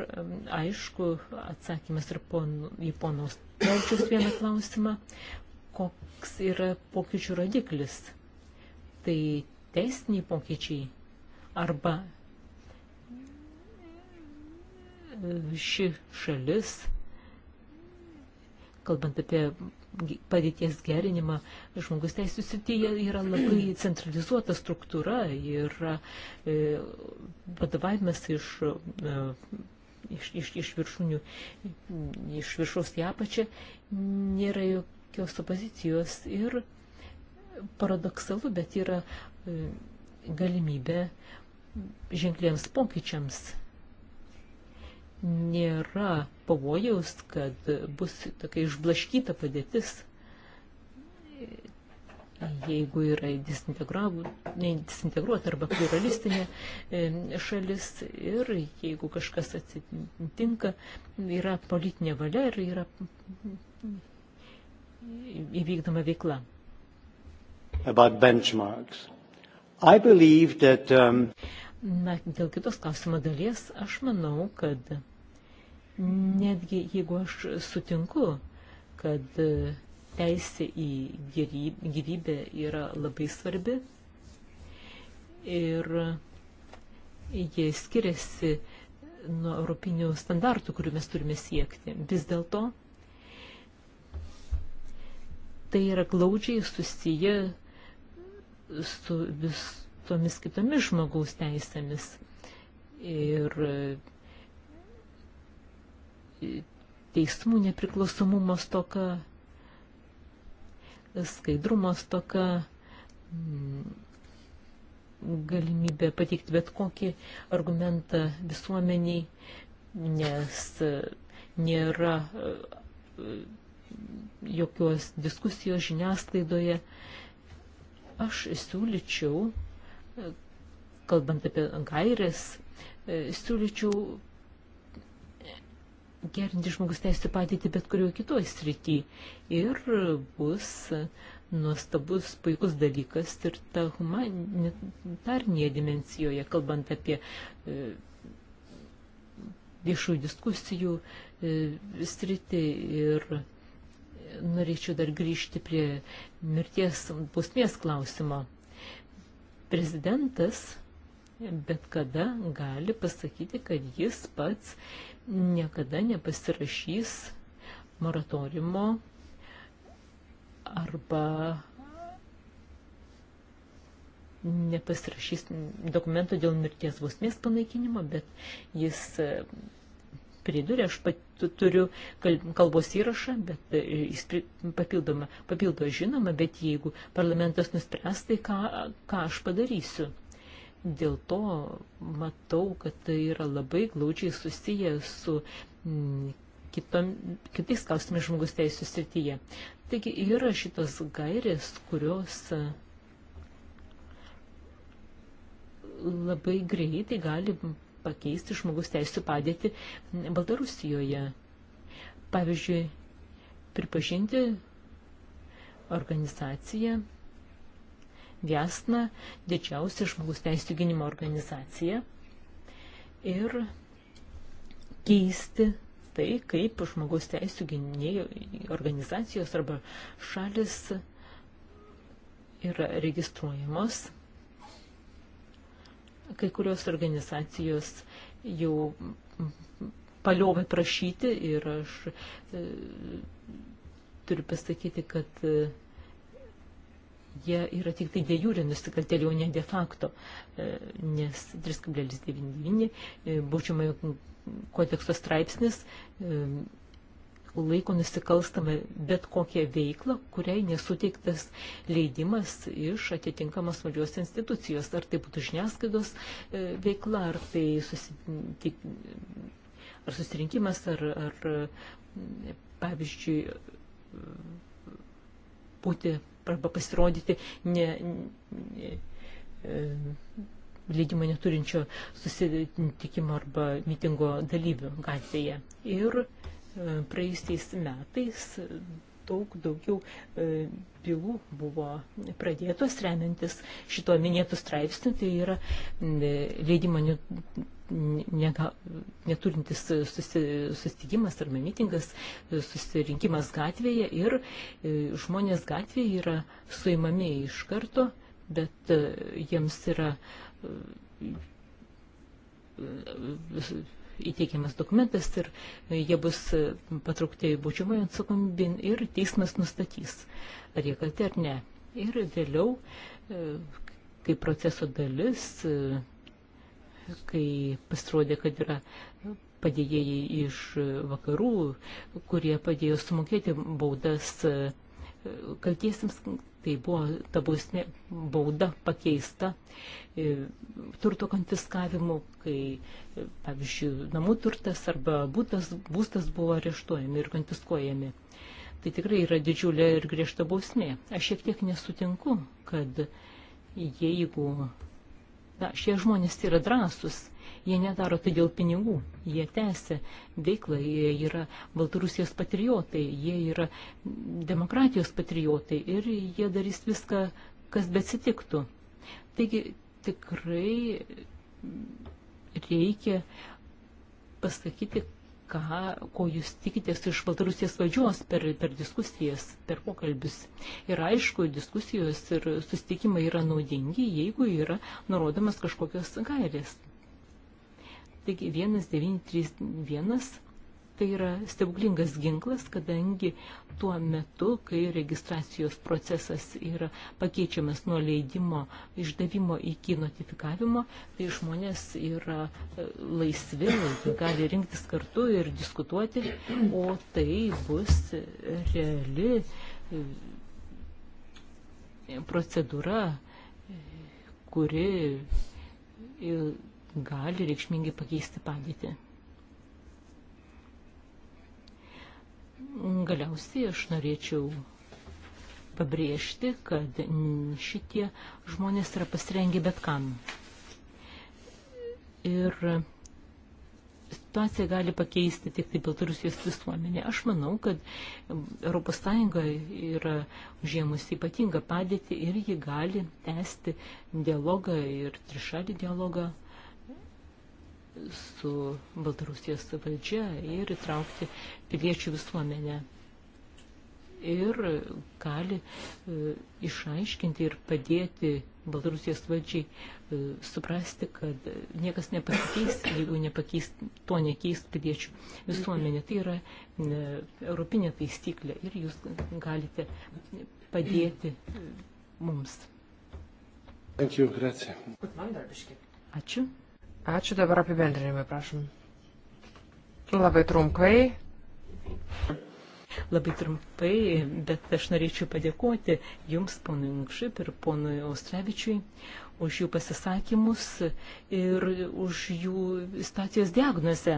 aišku, atsakymas ir pon, į ponos Pelčius vieną klausimą, koks yra pokyčių rodiklis. Tai teisiniai pokyčiai arba ši šalis, kalbant apie padėties gerinimą, žmogus teisų sityje yra labai centralizuota struktūra ir e, vadovavimas iš e, iš, iš, iš viršūnių, iš viršaus į apačią, nėra jokios opozicijos ir paradoksalu, bet yra e, galimybė ženkliems pokyčiams nėra pavojaus, kad bus tokia išblaškyta padėtis, jeigu yra disintegruota arba pluralistinė e, šalis ir jeigu kažkas atsitinka, yra politinė valia ir yra įvykdoma veikla. About benchmarks. I believe that um... Na, dėl kitos klausimo dalies aš manau, kad Netgi jeigu aš sutinku, kad teisė į gyvybę yra labai svarbi ir jie skiriasi nuo europinių standartų, kurių mes turime siekti. Vis dėlto tai yra glaudžiai susiję su visomis kitomis žmogaus teisėmis. Ir teismų nepriklausomumo stoka, skaidrumo stoka, mm, galimybė pateikti bet kokį argumentą visuomeniai, nes e, nėra e, jokios diskusijos žiniasklaidoje. Aš siūlyčiau, e, kalbant apie gairės, siūlyčiau gerinti žmogus teisų padėti bet kurioje kitoje srityje. Ir bus nuostabus, puikus dalykas ir ta humanitarnėje dimencijoje, kalbant apie e, viešų diskusijų e, sritį ir norėčiau dar grįžti prie mirties pusmės klausimo. Prezidentas bet kada gali pasakyti, kad jis pats niekada nepasirašys moratoriumo arba nepasirašys dokumento dėl mirties bausmės panaikinimo, bet jis e, pridūrė, aš pat, turiu kalbos įrašą, bet e, jis papildoma, papildo žinoma, bet jeigu parlamentas nuspręs, tai ką, ką aš padarysiu dėl to matau, kad tai yra labai glaučiai susiję su mm, kitom, kitais klausimais žmogus teisų srityje. Taigi yra šitos gairės, kurios e, labai greitai gali pakeisti žmogus teisų padėti Baltarusijoje. Pavyzdžiui, pripažinti organizaciją Jasna, didžiausia žmogus teisų gynimo organizacija. Ir keisti tai, kaip žmogus teisų gynėjų organizacijos arba šalis yra registruojamos. Kai kurios organizacijos jau paliovė prašyti ir aš e, turiu pasakyti, kad e, jie yra tik tai dėjūrė nusikaltėliai, o ne de facto, e, nes 3,99 e, būčiamojo kodekso straipsnis e, laiko nusikalstama bet kokią veiklą, kuriai nesuteiktas leidimas iš atitinkamos valdžios institucijos. Ar tai būtų žiniasklaidos veikla, ar tai susitik, ar susirinkimas, ar, ar pavyzdžiui būti arba pasirodyti ne, ne, e, leidimo neturinčio susitikimo arba mitingo dalyvių gatvėje. Ir e, praėjusiais metais daug daugiau e, bylų buvo pradėtos remiantis šito minėtų straipsnių, tai yra leidimo nega, neturintis susi, susitikimas arba mitingas, susirinkimas gatvėje ir e, žmonės gatvėje yra suimami iš karto, bet e, jiems yra e, įteikiamas dokumentas ir jie bus patraukti būčiamojo atsakomybin ir teismas nustatys, ar jie kalti ar ne. Ir vėliau, kaip proceso dalis, kai pasirodė, kad yra padėjėjai iš vakarų, kurie padėjo sumokėti baudas kaltiesiams, tai buvo ta bausmė bauda pakeista e, turto konfiskavimu, kai, e, pavyzdžiui, namų turtas arba būtas, būstas buvo areštuojami ir konfiskuojami. Tai tikrai yra didžiulė ir griežta bausmė. Aš šiek tiek nesutinku, kad jeigu Na, šie žmonės yra drąsus, jie nedaro tai dėl pinigų, jie tęsia veiklą, jie yra Baltarusijos patriotai, jie yra demokratijos patriotai ir jie darys viską, kas betsitiktų. Taigi tikrai reikia pasakyti, ką, ko jūs tikitės iš Baltarusijos valdžios per, per diskusijas, per pokalbius. Ir aišku, diskusijos ir susitikimai yra naudingi, jeigu yra nurodomas kažkokios gairės. Taigi 1931 Tai yra stebuklingas ginklas, kadangi tuo metu, kai registracijos procesas yra pakeičiamas nuo leidimo išdavimo iki notifikavimo, tai žmonės yra e, laisvi, gali rinktis kartu ir diskutuoti, o tai bus reali e, procedūra, e, kuri gali reikšmingai pakeisti padėtį. Galiausiai aš norėčiau pabrėžti, kad šitie žmonės yra pasirengę bet kam. Ir situacija gali pakeisti tik tai Baltarusijos visuomenė. Aš manau, kad ES yra užėmusi ypatingą padėtį ir ji gali tęsti dialogą ir trišalį dialogą su Baltarusijos valdžia ir įtraukti piliečių visuomenę. Ir gali e, išaiškinti ir padėti Baltarusijos valdžiai e, suprasti, kad niekas nepasikeis, jeigu nepakeis, to nekeis piliečių visuomenė. Tai yra e, europinė taisyklė ir jūs galite padėti mums. Ačiū, gracija. Ačiū. Ačiū dabar apibendrinimai, prašom. Labai trumpai. Labai trumpai, bet aš norėčiau padėkoti Jums, ponui Inkšip ir ponui Austrevičiui, už jų pasisakymus ir už jų situacijos diagnozę.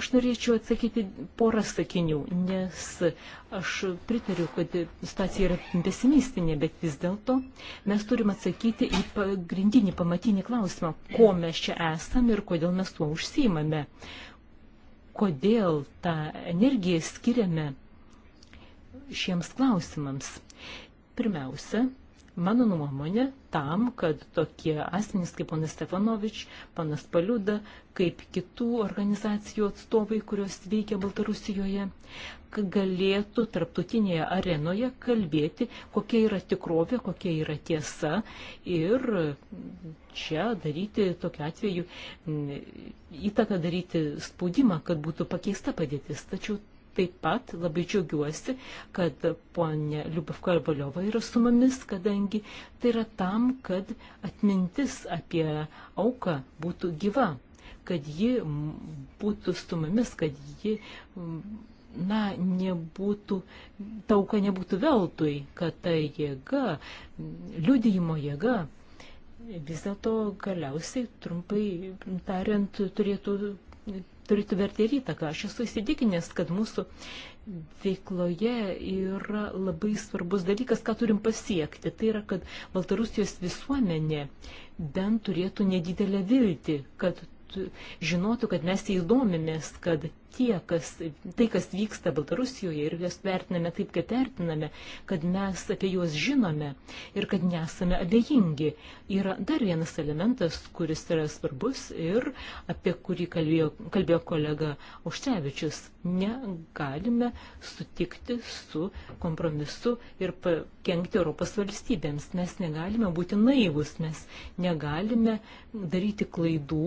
Aš norėčiau atsakyti porą sakinių, nes aš pritariu, kad situacija yra pesimistinė, bet vis dėlto mes turim atsakyti į pagrindinį pamatinį klausimą, ko mes čia esam ir kodėl mes tuo užsiimame, kodėl tą energiją skiriame šiems klausimams. Pirmiausia, Mano nuomonė, tam, kad tokie asmenys kaip ponas Stefanovič, ponas Paliuda, kaip kitų organizacijų atstovai, kurios veikia Baltarusijoje, galėtų tarptautinėje arenoje kalbėti, kokia yra tikrovė, kokia yra tiesa ir čia daryti tokiu atveju įtaką, daryti spaudimą, kad būtų pakeista padėtis. Tačiau Taip pat labai džiaugiuosi, kad ponė Liubavka Valiova yra su mumis, kadangi tai yra tam, kad atmintis apie auką būtų gyva, kad ji būtų su mumis, kad ji na, nebūtų, tauka nebūtų veltui, kad ta jėga, liudijimo jėga, vis dėlto galiausiai, trumpai tariant, turėtų turėtų vertę ir įtaką. Aš esu įsitikinęs, kad mūsų veikloje yra labai svarbus dalykas, ką turim pasiekti. Tai yra, kad Baltarusijos visuomenė bent turėtų nedidelę viltį, kad žinotų, kad mes jais domimės, kad tie, kas, tai, kas vyksta Baltarusijoje ir juos vertiname taip, kaip vertiname, kad mes apie juos žinome ir kad nesame abejingi. Yra dar vienas elementas, kuris yra svarbus ir apie kurį kalbėjo, kalbėjo kolega Auštrevičius. Negalime sutikti su kompromisu ir pakengti Europos valstybėms. Mes negalime būti naivus, mes negalime daryti klaidų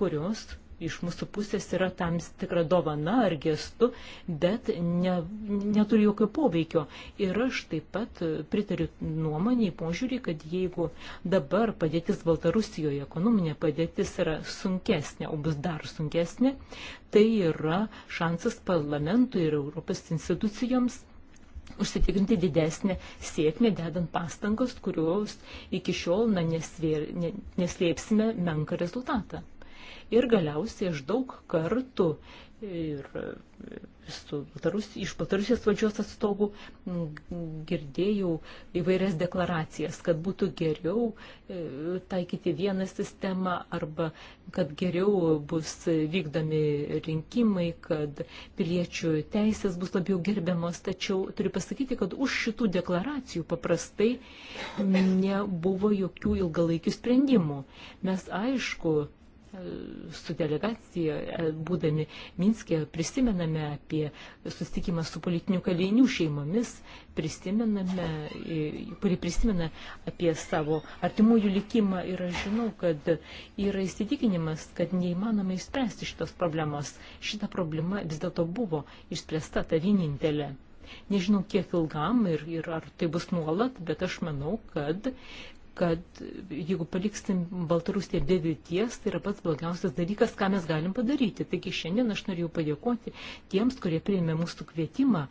kurios iš mūsų pusės yra tam tikra dovana ar gestu, bet ne, neturi jokio poveikio. Ir aš taip pat pritariu nuomonį, požiūrį, kad jeigu dabar padėtis Baltarusijoje, ekonominė padėtis yra sunkesnė, o bus dar sunkesnė, tai yra šansas parlamentui ir Europos institucijoms užsitikrinti didesnę sėkmę, dedant pastangas, kurios iki šiol na, nesvėr, ne, neslėpsime menką rezultatą ir galiausiai aš daug kartų ir su, iš Baltarusijos valdžios atstovų girdėjau įvairias deklaracijas, kad būtų geriau e, taikyti vieną sistemą arba kad geriau bus vykdomi rinkimai, kad piliečių teisės bus labiau gerbiamos. Tačiau turiu pasakyti, kad už šitų deklaracijų paprastai nebuvo jokių ilgalaikių sprendimų. Mes aišku, su delegacija, e, būdami Minskė, prisimename apie susitikimą su politinių kalinių šeimomis, prisimename, e, kurie prisimena apie savo artimųjų likimą ir aš žinau, kad yra įsitikinimas, kad neįmanoma išspręsti šitos problemos. Šita problema vis dėlto buvo išspręsta ta vienintelė. Nežinau, kiek ilgam ir, ir ar tai bus nuolat, bet aš manau, kad kad jeigu paliksim Baltarusiją be vilties, tai yra pats blogiausias dalykas, ką mes galim padaryti. Taigi šiandien aš norėjau padėkoti tiems, kurie priėmė mūsų kvietimą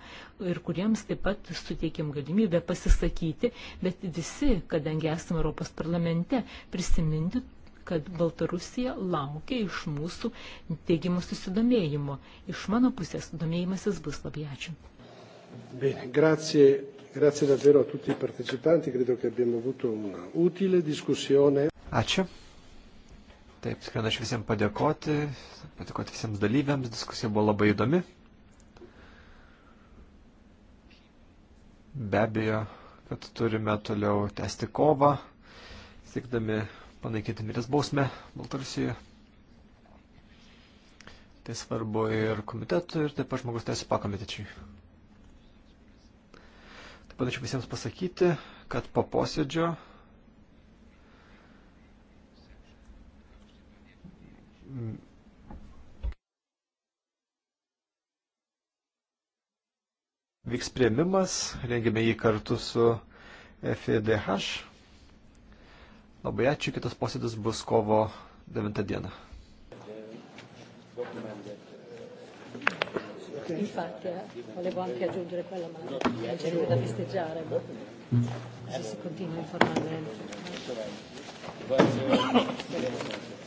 ir kuriems taip pat suteikėm galimybę pasisakyti, bet visi, kadangi esame Europos parlamente, prisiminti kad Baltarusija laukia iš mūsų teigiamų susidomėjimo. Iš mano pusės domėjimasis bus labai ačiū. Bene, grazie Grazie davvero a tutti i partecipanti, credo che abbiamo avuto una utile discussione. Ačiū. Taip, tikrai aš visiems padėkoti, padėkoti visiems dalyviams, diskusija buvo labai įdomi. Be abejo, kad turime toliau tęsti kovą, siekdami panaikinti mirės bausmę Baltarusijoje. Tai svarbu ir komitetui, ir taip pat žmogus teisų pakomitečiai. Panašiu visiems pasakyti, kad po posėdžio vyks prieimimas, rengiame jį kartu su FIDH. Labai ačiū, kitas posėdis bus kovo 9 dieną. Eh. Infatti, eh, volevo anche aggiungere quello, ma non c'è niente da festeggiare, ma così si continua a informare.